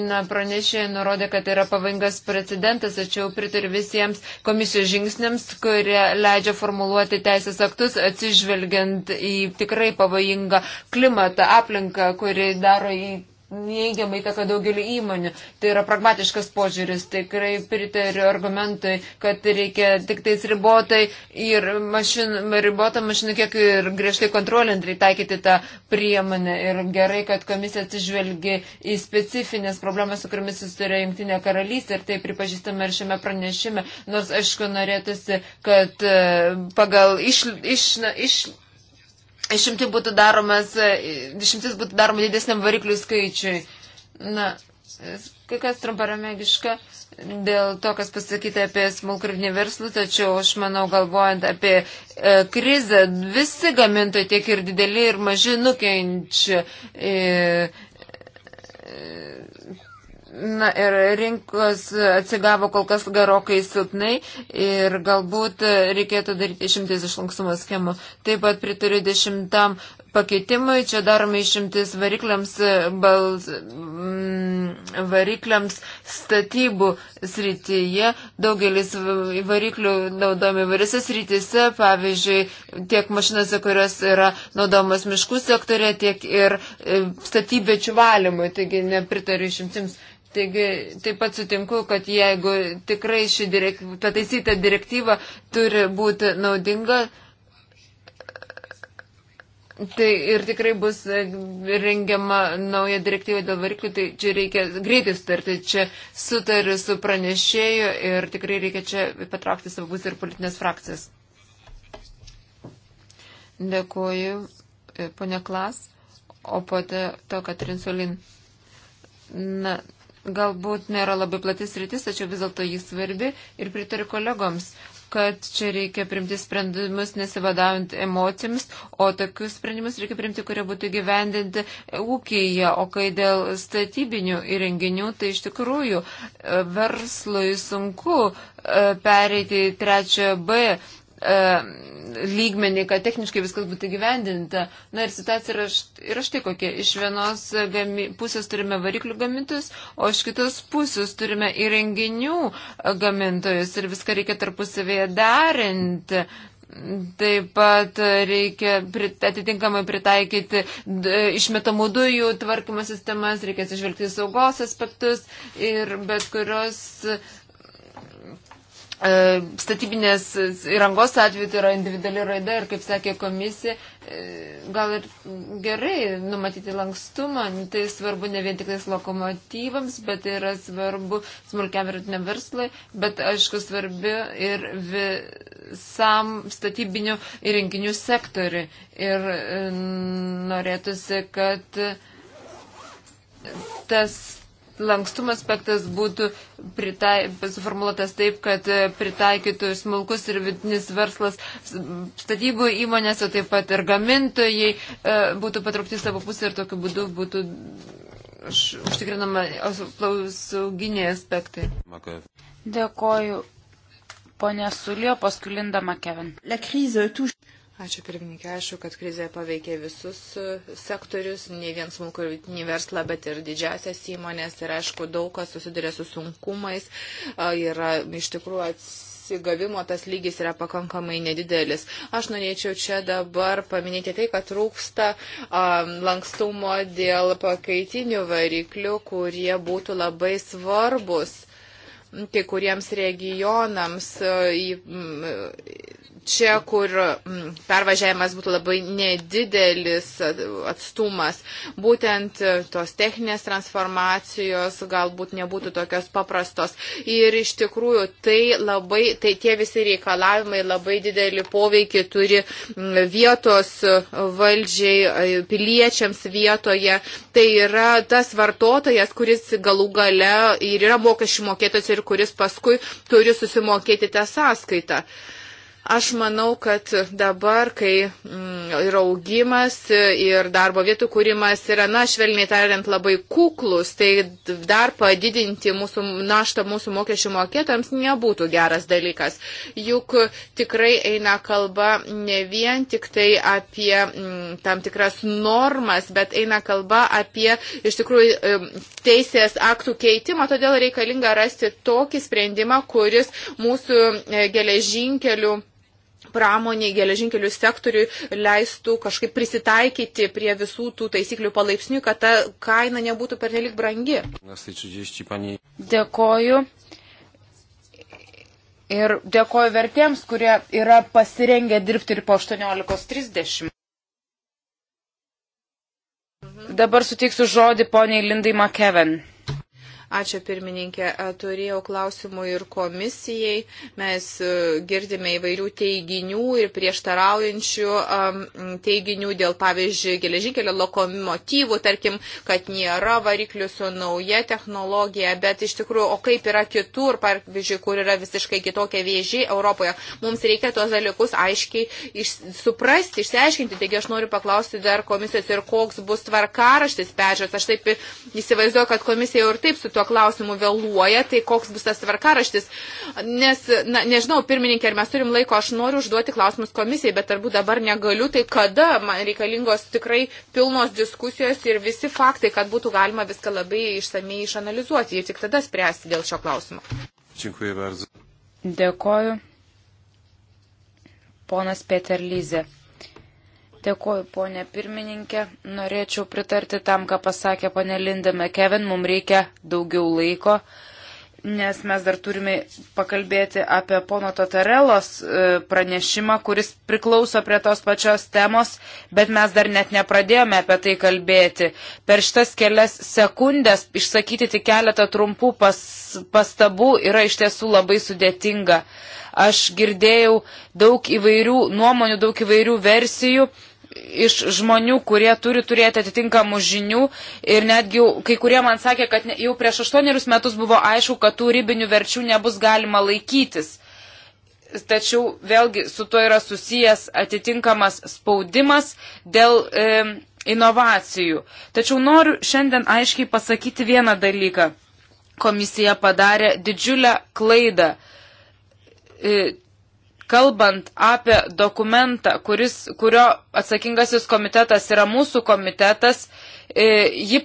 Na, pranešė, nurodė, kad yra pavingas precedentas, tačiau pritariu visiems komisijos žingsniams, kurie leidžia formuluoti teisės aktus, atsižvelgiant į tikrai pavojingą klimatą, aplinką, kuri daro į neigiamai įtaką daugelį įmonių. Tai yra pragmatiškas požiūris, tikrai pritariu argumentui, kad reikia tik tais ribotai ir mašin, ribotą mašinų kiek ir griežtai kontrolinti taikyti tą priemonę. Ir gerai, kad komisija atsižvelgi į specifinės problemas, su kuriamis susiturė Junktinė karalystė ir tai pripažįstame ir šiame pranešime. Nors, aišku, norėtųsi, kad e, pagal iš, iš, iš, išimtis būtų daromas, išimtis būtų daroma didesniam variklių skaičiui. Na, kai kas trumparemegiška dėl to, kas pasakyta apie smulkrivinį verslą, tačiau aš manau, galvojant apie e, krizę, visi gamintojai tiek ir dideli, ir maži nukenčia. E, e, Na ir rinkos atsigavo kol kas gerokai silpnai ir galbūt reikėtų daryti išimtis iš lankstumo schemų. Taip pat pritariu dešimtam pakeitimui, čia darome išimtis varikliams, bals, mm, varikliams statybų srityje. Daugelis variklių naudojami variose srityse, pavyzdžiui, tiek mašinose, kurios yra naudomas miškų sektorė, tiek ir e, statybėčių valymui. Taigi nepritariu išimtims. Taigi taip pat sutinku, kad jeigu tikrai ši direk... pataisyta direktyva turi būti naudinga, tai ir tikrai bus rengiama nauja direktyva dėl variklių, tai čia reikia greitai sutarti, čia sutariu su pranešėju ir tikrai reikia čia patraukti savus ir politinės frakcijas. Dėkuoju, e, ponia Klas, o po to Katrin Solin. Na, galbūt nėra labai platis rytis, tačiau vis dėlto jis svarbi ir pritariu kolegoms, kad čia reikia primti sprendimus nesivadaujant emocijoms, o tokius sprendimus reikia primti, kurie būtų gyvendinti ūkyje, o kai dėl statybinių įrenginių, tai iš tikrųjų e, verslui sunku e, pereiti trečią B E, lygmenį, kad techniškai viskas būtų gyvendinta. Na ir situacija yra, yra štai kokia. Iš vienos gami, pusės turime variklių gamintojus, o iš kitos pusės turime įrenginių gamintojus ir viską reikia tarpusavėje darinti. Taip pat reikia atitinkamai pritaikyti išmetamų dujų tvarkymo sistemas, reikia atsižvelgti saugos aspektus ir bet kurios uh, E, statybinės įrangos atveju tai yra individuali raida ir, kaip sakė komisija, e, gal ir gerai numatyti lankstumą, nu, tai svarbu ne vien tik tais lokomotyvams, bet yra svarbu smulkiam ir atiniam verslai, bet aišku svarbi ir visam statybinių įrenginių sektoriui. Ir e, norėtųsi, kad tas lankstumo aspektas būtų pritai, suformuoluotas taip, kad e, pritaikytų smulkus ir vidinis verslas statybų įmonės, o taip pat ir gamintojai e, būtų patraukti savo pusę ir tokiu būdu būtų užtikrinama sauginiai aspektai. Dėkoju, ponė Sulio, paskui Linda Makevin. Ačiū pirmininkė, aišku, kad krizė paveikė visus e, sektorius, ne vien smulkų ir vidutinį verslą, bet ir didžiasias įmonės ir aišku, daug kas susiduria su sunkumais, e, yra iš tikrųjų atsitikti atsigavimo tas lygis yra pakankamai nedidelis. Aš norėčiau čia dabar paminėti tai, kad trūksta um, lankstumo dėl pakaitinių variklių, kurie būtų labai svarbus kai kuriems regionams. Um, čia, kur mm, pervažiavimas būtų labai nedidelis atstumas, būtent e, tos techninės transformacijos galbūt nebūtų tokios paprastos. Ir iš tikrųjų tai labai, tai tie visi reikalavimai labai didelį poveikį turi mm, vietos e, valdžiai, e, piliečiams vietoje. Tai yra tas vartotojas, kuris galų gale ir yra mokesčių mokėtas ir kuris paskui turi susimokėti tą sąskaitą. Aš manau, kad dabar, kai mm, ir augimas, ir darbo vietų kūrimas yra, na, švelniai tariant, labai kuklus, tai dar padidinti mūsų naštą mūsų mokesčių mokėtams nebūtų geras dalykas. Juk tikrai eina kalba ne vien tik tai apie m, mm, tam tikras normas, bet eina kalba apie iš tikrųjų teisės aktų keitimą, todėl reikalinga rasti tokį sprendimą, kuris mūsų e, geležinkelių pramoniai, geležinkelių sektoriui leistų kažkaip prisitaikyti prie visų tų taisyklių palaipsniui, kad ta kaina nebūtų pernelik brangi. Dėkoju. Ir dėkoju vertėms, kurie yra pasirengę dirbti ir po 18.30. Dabar suteiksiu žodį poniai Lindai McKeven. Ačiū pirmininkė. Turėjau klausimų ir komisijai. Mes e, girdime įvairių teiginių ir prieštaraujančių teiginių dėl, pavyzdžiui, geležinkelio lokomotyvų, tarkim, kad nėra variklių su nauja technologija, bet iš tikrųjų, o kaip yra kitur, pavyzdžiui, kur yra visiškai kitokie vėžiai Europoje. Mums reikia tuos dalykus aiškiai iš, suprasti, išsiaiškinti. Taigi aš noriu paklausti dar komisijos ir koks bus tvarkaraštis peržiūros. Aš taip įsivaizduoju, kad komisija jau ir taip su tuo šiuo klausimu vėluoja, tai koks bus tas tvarkaraštis. Nes, na, nežinau, pirmininkė, ar mes turim laiko, aš noriu užduoti klausimus komisijai, bet turbūt dabar negaliu, tai kada man reikalingos tikrai pilnos diskusijos ir visi faktai, kad būtų galima viską labai išsamei išanalizuoti ir tik tada spręsti dėl šio klausimo. Dziękuję bardzo. Dėkoju. Ponas Peter Lyze. Dėkuoju, ponė pirmininkė. Norėčiau pritarti tam, ką pasakė ponė Linda McKevin. Mums reikia daugiau laiko, nes mes dar turime pakalbėti apie pono Totarelos e, pranešimą, kuris priklauso prie tos pačios temos, bet mes dar net nepradėjome apie tai kalbėti. Per šitas kelias sekundės išsakyti tik keletą trumpų pas, pastabų yra iš tiesų labai sudėtinga aš girdėjau daug įvairių nuomonių, daug įvairių versijų iš žmonių, kurie turi turėti atitinkamų žinių ir netgi kai kurie man sakė, kad jau prieš aštuonerius metus buvo aišku, kad tų ribinių verčių nebus galima laikytis. Tačiau vėlgi su to yra susijęs atitinkamas spaudimas dėl e, inovacijų. Tačiau noriu šiandien aiškiai pasakyti vieną dalyką. Komisija padarė didžiulę klaidą. E, kalbant apie dokumentą, kuris, kurio atsakingasis komitetas yra mūsų komitetas, e,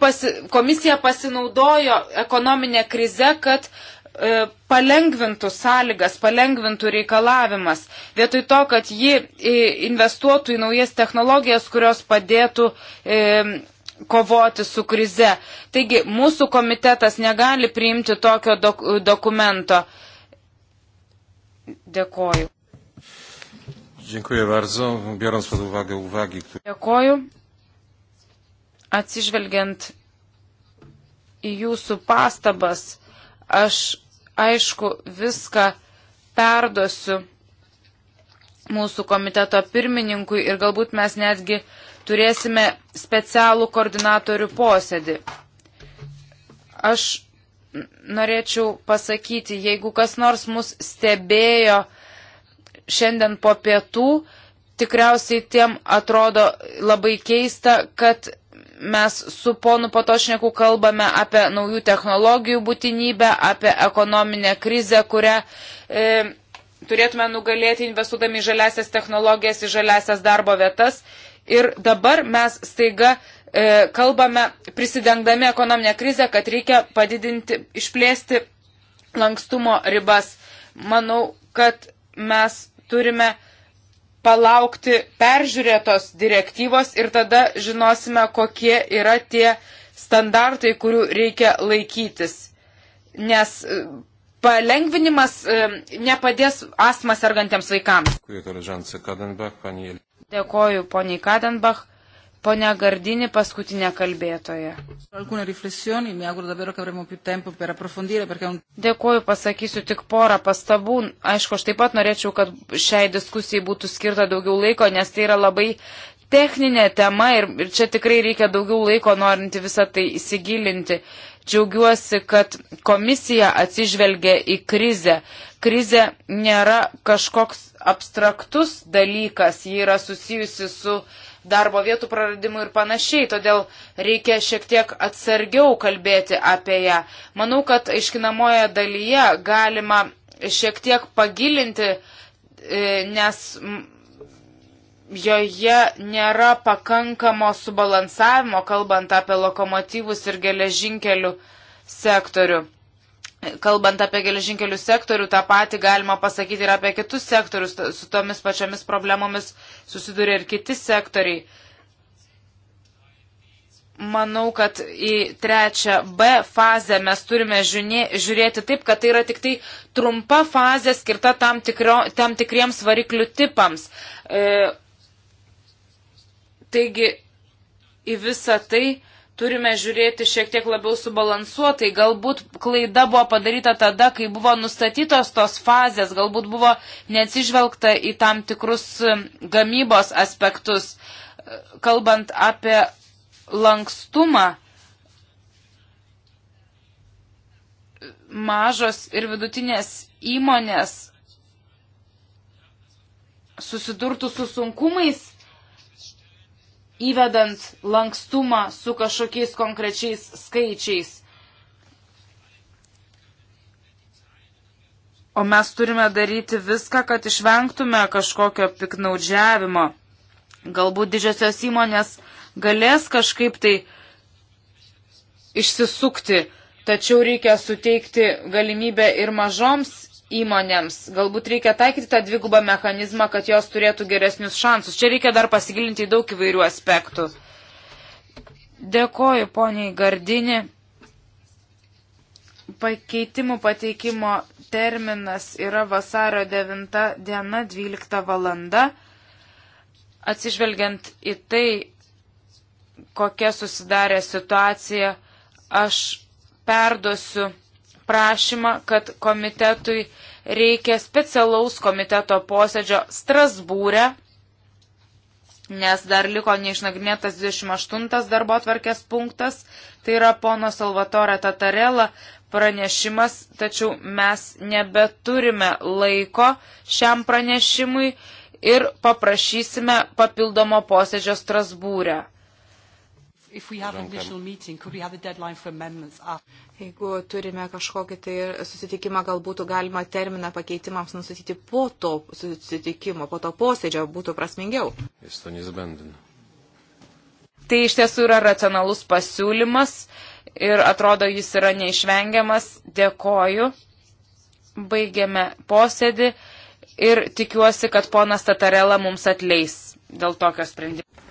pasi, komisija pasinaudojo ekonominę krizę, kad e, palengvintų sąlygas, palengvintų reikalavimas. Vietoj to, kad ji e, investuotų į naujas technologijas, kurios padėtų kovoti su krize. Taigi mūsų komitetas negali priimti tokio dok dokumento. Dėkoju. Dziękuję bardzo. Biorąc pod uwagę uwagi, które... Dėkoju. Atsižvelgiant į jūsų pastabas, aš aišku viską perduosiu mūsų komiteto pirmininkui ir galbūt mes netgi turėsime specialų koordinatorių posėdį. Aš norėčiau pasakyti, jeigu kas nors mus stebėjo, šiandien po pietų tikriausiai tiem atrodo labai keista, kad mes su ponu Patošneku kalbame apie naujų technologijų būtinybę, apie ekonominę krizę, kurią e, turėtume nugalėti investuodami į žaliasias technologijas, į žaliasias darbo vietas. Ir dabar mes staiga e, kalbame, prisidengdami ekonominę krizę, kad reikia padidinti, išplėsti lankstumo ribas. Manau, kad mes turime palaukti peržiūrėtos direktyvos ir tada žinosime, kokie yra tie standartai, kurių reikia laikytis. Nes e, palengvinimas e, nepadės astmą sergantiems vaikams. Dėkoju poniai Kadenbach. Pone Gardini, paskutinė kalbėtoja. Dėkuoju, pasakysiu tik porą pastabų. Aišku, aš taip pat norėčiau, kad šiai diskusijai būtų skirta daugiau laiko, nes tai yra labai techninė tema ir, ir čia tikrai reikia daugiau laiko norinti visą tai įsigilinti. Džiaugiuosi, kad komisija atsižvelgia į krizę. Krizė nėra kažkoks abstraktus dalykas, ji yra susijusi su darbo vietų praradimų ir panašiai, todėl reikia šiek tiek atsargiau kalbėti apie ją. Manau, kad aiškinamoje dalyje galima šiek tiek pagilinti, e, nes joje nėra pakankamo subalansavimo, kalbant apie lokomotyvus ir geležinkelių sektorių. Kalbant apie geležinkelių sektorių, tą patį galima pasakyti ir apie kitus sektorius, su tomis pačiomis problemomis susiduria ir kiti sektoriai. Manau, kad į trečią B fazę mes turime žiūrėti taip, kad tai yra tik tai trumpa fazė skirta tam, tikrio, tam tikriems variklių tipams. E, taigi, į visą tai turime žiūrėti šiek tiek labiau subalansuotai. Galbūt klaida buvo padaryta tada, kai buvo nustatytos tos fazės, galbūt buvo neatsižvelgta į tam tikrus um, gamybos aspektus. Kalbant apie lankstumą, mažos ir vidutinės įmonės susidurtų su sunkumais įvedant lankstumą su kažkokiais konkrečiais skaičiais. O mes turime daryti viską, kad išvengtume kažkokio piknaudžiavimo. Galbūt didžiosios įmonės galės kažkaip tai išsisukti, tačiau reikia suteikti galimybę ir mažoms įmonėms. Galbūt reikia taikyti tą dvigubą mechanizmą, kad jos turėtų geresnius šansus. Čia reikia dar pasigilinti į daug įvairių aspektų. Dėkoju poniai Gardini. Pakeitimų pateikimo terminas yra vasario 9 diena 12 valanda. Atsižvelgiant į tai, kokia susidarė situacija, aš perduosiu prašymą, kad komitetui reikia specialaus komiteto posėdžio Strasbūrė, nes dar liko neišnagrinėtas 28 darbo atvarkės punktas, tai yra pono Salvatore Tatarela pranešimas, tačiau mes nebeturime laiko šiam pranešimui ir paprašysime papildomo posėdžio Strasbūrę. Meeting, Jeigu turime kažkokį tai susitikimą, gal būtų galima terminą pakeitimams nusatyti po to susitikimo, po to posėdžio, būtų prasmingiau. Jis to nesbendina. Tai iš tiesų yra racionalus pasiūlymas ir atrodo jis yra neišvengiamas. Dėkoju. Baigėme posėdį ir tikiuosi, kad ponas Tatarela mums atleis dėl tokio sprendimo.